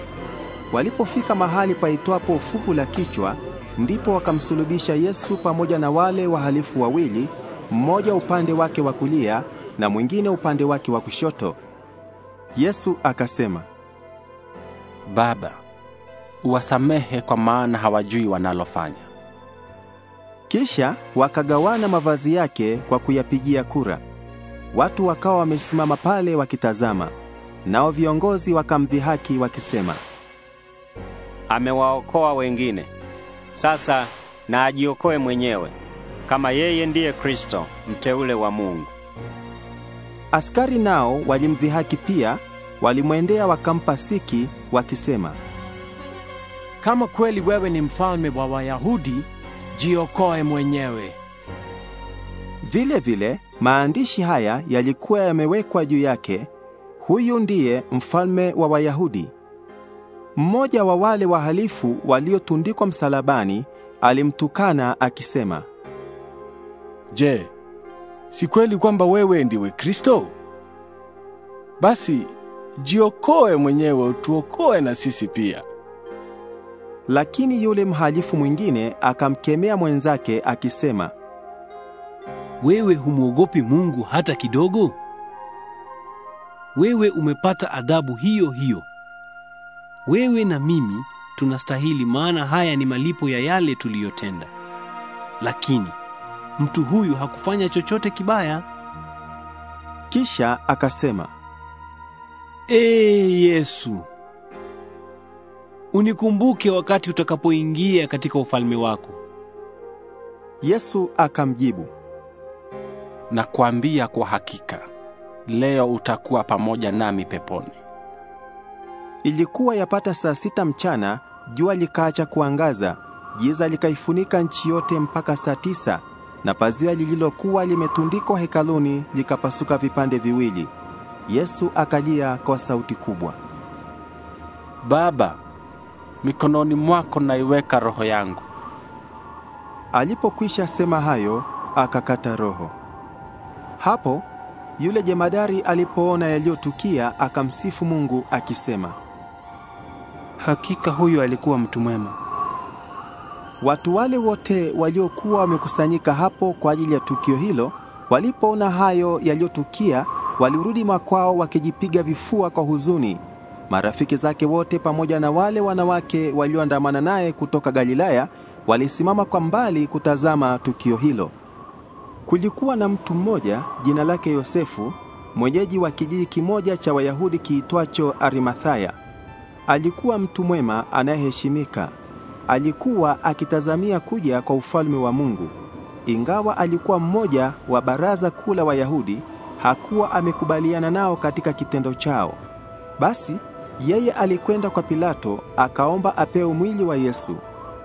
Walipofika mahali paitwapo Fuvu la Kichwa, ndipo wakamsulubisha Yesu pamoja na wale wahalifu wawili, mmoja upande wake wa kulia na mwingine upande wake wa kushoto. Yesu akasema, Baba, uwasamehe kwa maana hawajui wanalofanya. Kisha wakagawana mavazi yake kwa kuyapigia kura. Watu wakawa wamesimama pale wakitazama, nao viongozi wakamdhihaki wakisema, amewaokoa wengine, sasa na ajiokoe mwenyewe kama yeye ndiye Kristo mteule wa Mungu. Askari nao walimdhihaki pia, walimwendea wakampa siki wakisema kama kweli wewe ni mfalme wa Wayahudi, jiokoe mwenyewe. Vile vile maandishi haya yalikuwa yamewekwa juu yake, huyu ndiye mfalme wa Wayahudi. Mmoja wa wale wahalifu waliotundikwa msalabani alimtukana akisema, Je, si kweli kwamba wewe ndiwe Kristo? Basi jiokoe mwenyewe, utuokoe na sisi pia. Lakini yule mhalifu mwingine akamkemea mwenzake akisema, wewe humwogopi Mungu hata kidogo? Wewe umepata adhabu hiyo hiyo. Wewe na mimi tunastahili, maana haya ni malipo ya yale tuliyotenda. Lakini mtu huyu hakufanya chochote kibaya. Kisha akasema, Ee Yesu unikumbuke wakati utakapoingia katika ufalme wako. Yesu akamjibu, nakwambia kwa hakika, leo utakuwa pamoja nami peponi. Ilikuwa yapata saa sita mchana, jua likaacha kuangaza, giza likaifunika nchi yote mpaka saa tisa, na pazia lililokuwa limetundikwa hekaluni likapasuka vipande viwili. Yesu akalia kwa sauti kubwa, Baba, mikononi mwako naiweka roho yangu. Alipokwisha sema hayo, akakata roho. Hapo yule jemadari alipoona yaliyotukia, akamsifu Mungu akisema, hakika huyu alikuwa mtu mwema. Watu wale wote waliokuwa wamekusanyika hapo kwa ajili ya tukio hilo, walipoona hayo yaliyotukia, walirudi makwao wakijipiga vifua kwa huzuni. Marafiki zake wote pamoja na wale wanawake walioandamana naye kutoka Galilaya walisimama kwa mbali kutazama tukio hilo. Kulikuwa na mtu mmoja jina lake Yosefu, mwenyeji wa kijiji kimoja cha Wayahudi kiitwacho Arimathaya. Alikuwa mtu mwema anayeheshimika. Alikuwa akitazamia kuja kwa ufalme wa Mungu. Ingawa alikuwa mmoja wa baraza kuu la Wayahudi, hakuwa amekubaliana nao katika kitendo chao. Basi yeye alikwenda kwa Pilato akaomba apewe mwili wa Yesu.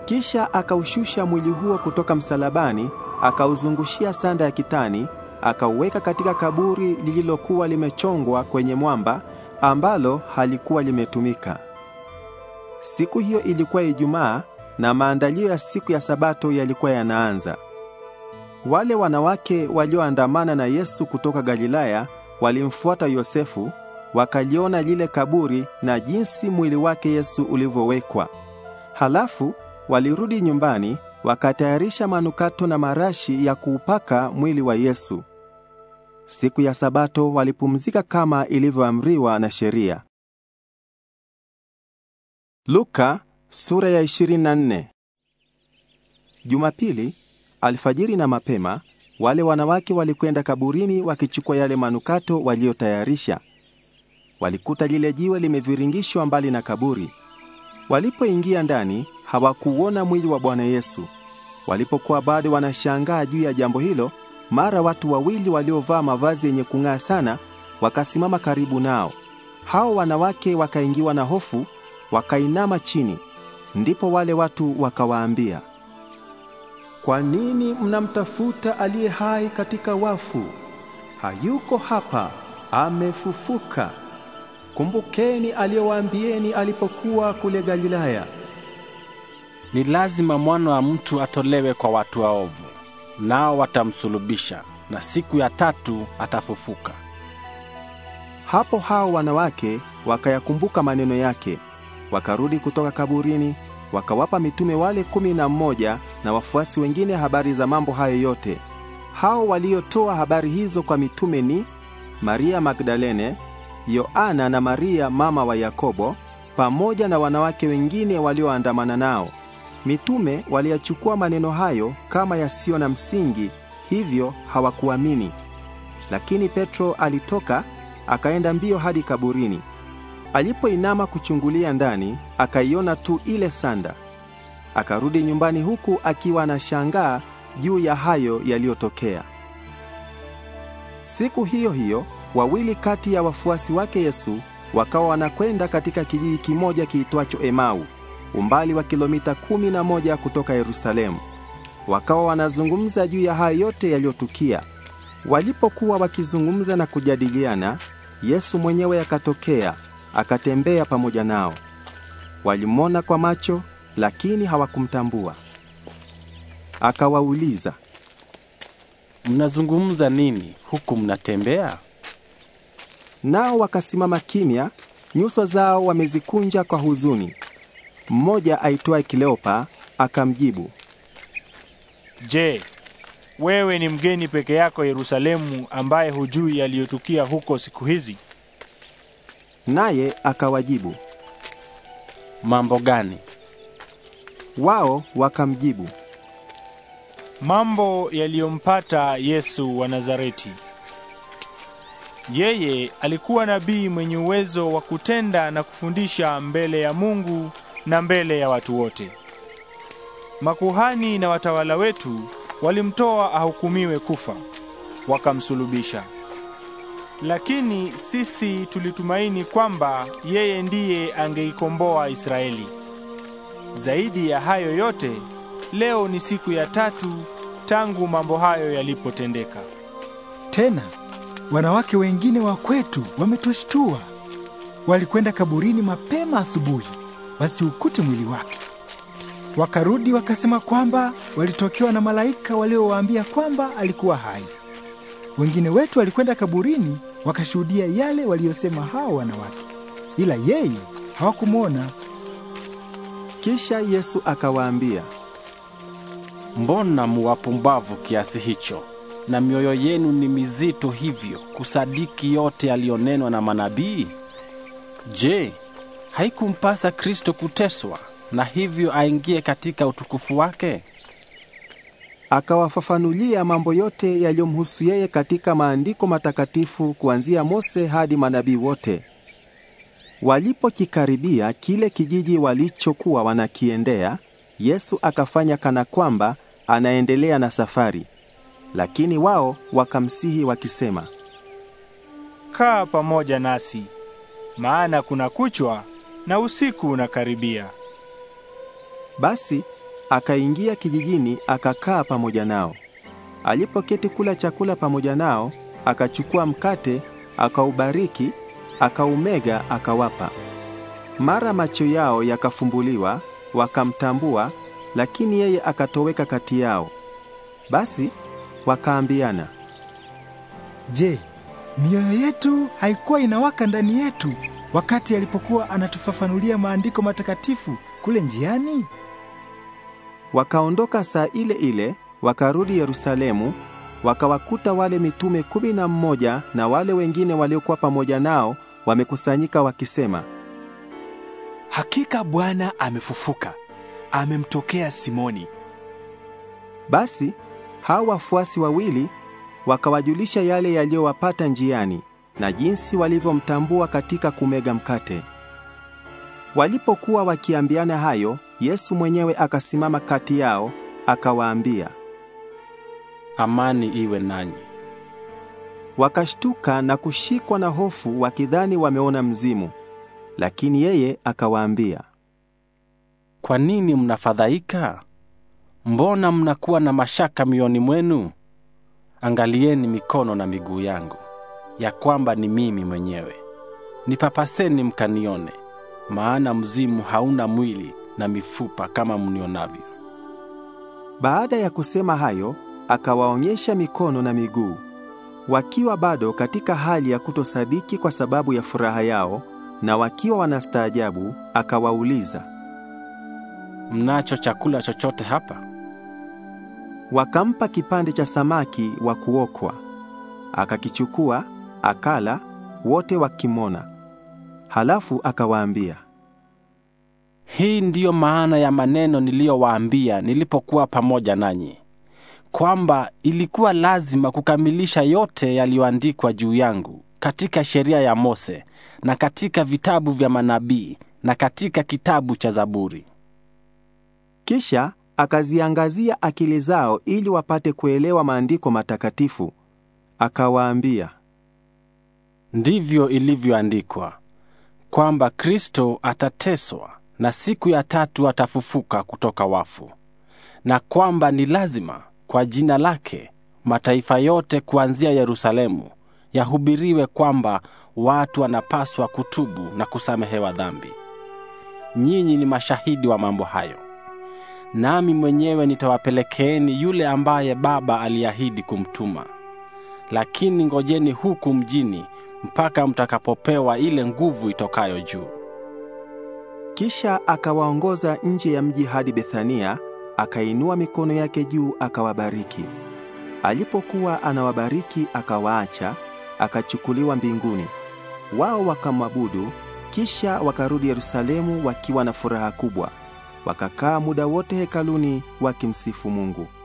Kisha akaushusha mwili huo kutoka msalabani, akauzungushia sanda ya kitani, akauweka katika kaburi lililokuwa limechongwa kwenye mwamba ambalo halikuwa limetumika. Siku hiyo ilikuwa Ijumaa na maandalio ya siku ya Sabato yalikuwa yanaanza. Wale wanawake walioandamana na Yesu kutoka Galilaya walimfuata Yosefu wakaliona lile kaburi na jinsi mwili wake Yesu ulivyowekwa. Halafu walirudi nyumbani, wakatayarisha manukato na marashi ya kuupaka mwili wa Yesu. Siku ya Sabato walipumzika kama ilivyoamriwa na sheria. Luka sura ya 24. Jumapili alfajiri na mapema wale wanawake walikwenda kaburini wakichukua yale manukato waliotayarisha walikuta lile jiwe limeviringishwa mbali na kaburi. Walipoingia ndani, hawakuona mwili wa Bwana Yesu. Walipokuwa bado wanashangaa juu ya jambo hilo, mara watu wawili waliovaa mavazi yenye kung'aa sana wakasimama karibu nao. Hao wanawake wakaingiwa na hofu, wakainama chini. Ndipo wale watu wakawaambia, kwa nini mnamtafuta aliye hai katika wafu? Hayuko hapa, amefufuka. Kumbukeni aliyowaambieni alipokuwa kule Galilaya. Ni lazima mwana wa mtu atolewe kwa watu waovu, nao watamsulubisha, na siku ya tatu atafufuka. Hapo hao wanawake wakayakumbuka maneno yake, wakarudi kutoka kaburini, wakawapa mitume wale kumi na mmoja na wafuasi wengine habari za mambo hayo yote. Hao waliotoa habari hizo kwa mitume ni Maria Magdalene, Yoana na Maria mama wa Yakobo, pamoja na wanawake wengine walioandamana nao. Mitume waliyachukua maneno hayo kama yasiyo na msingi, hivyo hawakuamini. Lakini Petro alitoka akaenda mbio hadi kaburini. Alipoinama kuchungulia ndani, akaiona tu ile sanda. Akarudi nyumbani huku akiwa anashangaa juu ya hayo yaliyotokea. Siku hiyo hiyo wawili kati ya wafuasi wake Yesu wakawa wanakwenda katika kijiji kimoja kiitwacho Emau, umbali wa kilomita kumi na moja kutoka Yerusalemu. Wakawa wanazungumza juu ya hayo yote yaliyotukia. Walipokuwa wakizungumza na kujadiliana, Yesu mwenyewe akatokea, akatembea pamoja nao. Walimwona kwa macho, lakini hawakumtambua. Akawauliza, mnazungumza nini huku mnatembea? Nao wakasimama kimya, nyuso zao wamezikunja kwa huzuni. Mmoja aitwaye Kleopa akamjibu, Je, wewe ni mgeni peke yako Yerusalemu ambaye hujui yaliyotukia huko siku hizi? Naye akawajibu, Mambo gani? Wao wakamjibu, Mambo yaliyompata Yesu wa Nazareti yeye alikuwa nabii mwenye uwezo wa kutenda na kufundisha mbele ya Mungu na mbele ya watu wote. Makuhani na watawala wetu walimtoa ahukumiwe kufa, wakamsulubisha. Lakini sisi tulitumaini kwamba yeye ndiye angeikomboa Israeli. Zaidi ya hayo yote, leo ni siku ya tatu tangu mambo hayo yalipotendeka. Tena Wanawake wengine wa kwetu wametushtua, walikwenda kaburini mapema asubuhi, wasiukute mwili wake. Wakarudi wakasema kwamba walitokewa na malaika waliowaambia kwamba alikuwa hai. Wengine wetu walikwenda kaburini wakashuhudia yale waliyosema hao wanawake, ila yeye hawakumwona. Kisha Yesu akawaambia, mbona muwapumbavu kiasi hicho? na mioyo yenu ni mizito hivyo kusadiki yote yaliyonenwa na manabii? Je, haikumpasa Kristo kuteswa na hivyo aingie katika utukufu wake? Akawafafanulia mambo yote yaliyomhusu yeye katika maandiko matakatifu kuanzia Mose hadi manabii wote. Walipokikaribia kile kijiji walichokuwa wanakiendea, Yesu akafanya kana kwamba anaendelea na safari. Lakini wao wakamsihi wakisema, kaa pamoja nasi, maana kuna kuchwa na usiku unakaribia. Basi akaingia kijijini akakaa pamoja nao. Alipoketi kula chakula pamoja nao, akachukua mkate, akaubariki, akaumega, akawapa. Mara macho yao yakafumbuliwa, wakamtambua, lakini yeye akatoweka kati yao. Basi wakaambiana, Je, mioyo yetu haikuwa inawaka ndani yetu wakati alipokuwa anatufafanulia maandiko matakatifu kule njiani? Wakaondoka saa ile ile wakarudi Yerusalemu, wakawakuta wale mitume kumi na mmoja na wale wengine waliokuwa pamoja nao wamekusanyika wakisema, hakika Bwana amefufuka, amemtokea Simoni. Basi hao wafuasi wawili wakawajulisha yale yaliyowapata njiani na jinsi walivyomtambua katika kumega mkate. Walipokuwa wakiambiana hayo, Yesu mwenyewe akasimama kati yao, akawaambia, Amani iwe nanyi. Wakashtuka na kushikwa na hofu wakidhani wameona mzimu. Lakini yeye akawaambia, Kwa nini mnafadhaika? mbona mnakuwa na mashaka mioni mwenu? Angalieni mikono na miguu yangu, ya kwamba ni mimi mwenyewe. Nipapaseni mkanione, maana mzimu hauna mwili na mifupa kama mnionavyo. Baada ya kusema hayo, akawaonyesha mikono na miguu. Wakiwa bado katika hali ya kutosadiki kwa sababu ya furaha yao na wakiwa wanastaajabu, akawauliza, mnacho chakula chochote hapa? Wakampa kipande cha samaki wa kuokwa, akakichukua akala, wote wakimona. Halafu akawaambia, hii ndiyo maana ya maneno niliyowaambia nilipokuwa pamoja nanyi, kwamba ilikuwa lazima kukamilisha yote yaliyoandikwa juu yangu katika sheria ya Mose na katika vitabu vya manabii na katika kitabu cha Zaburi. Kisha akaziangazia akili zao ili wapate kuelewa maandiko matakatifu, akawaambia, ndivyo ilivyoandikwa kwamba Kristo atateswa na siku ya tatu atafufuka kutoka wafu, na kwamba ni lazima kwa jina lake mataifa yote kuanzia Yerusalemu yahubiriwe kwamba watu wanapaswa kutubu na kusamehewa dhambi. Nyinyi ni mashahidi wa mambo hayo nami mwenyewe nitawapelekeeni yule ambaye Baba aliahidi kumtuma. Lakini ngojeni huku mjini mpaka mtakapopewa ile nguvu itokayo juu. Kisha akawaongoza nje ya mji hadi Bethania, akainua mikono yake juu akawabariki. Alipokuwa anawabariki akawaacha, akachukuliwa mbinguni. Wao wakamwabudu, kisha wakarudi Yerusalemu wakiwa na furaha kubwa wakakaa muda wote hekaluni wakimsifu Mungu.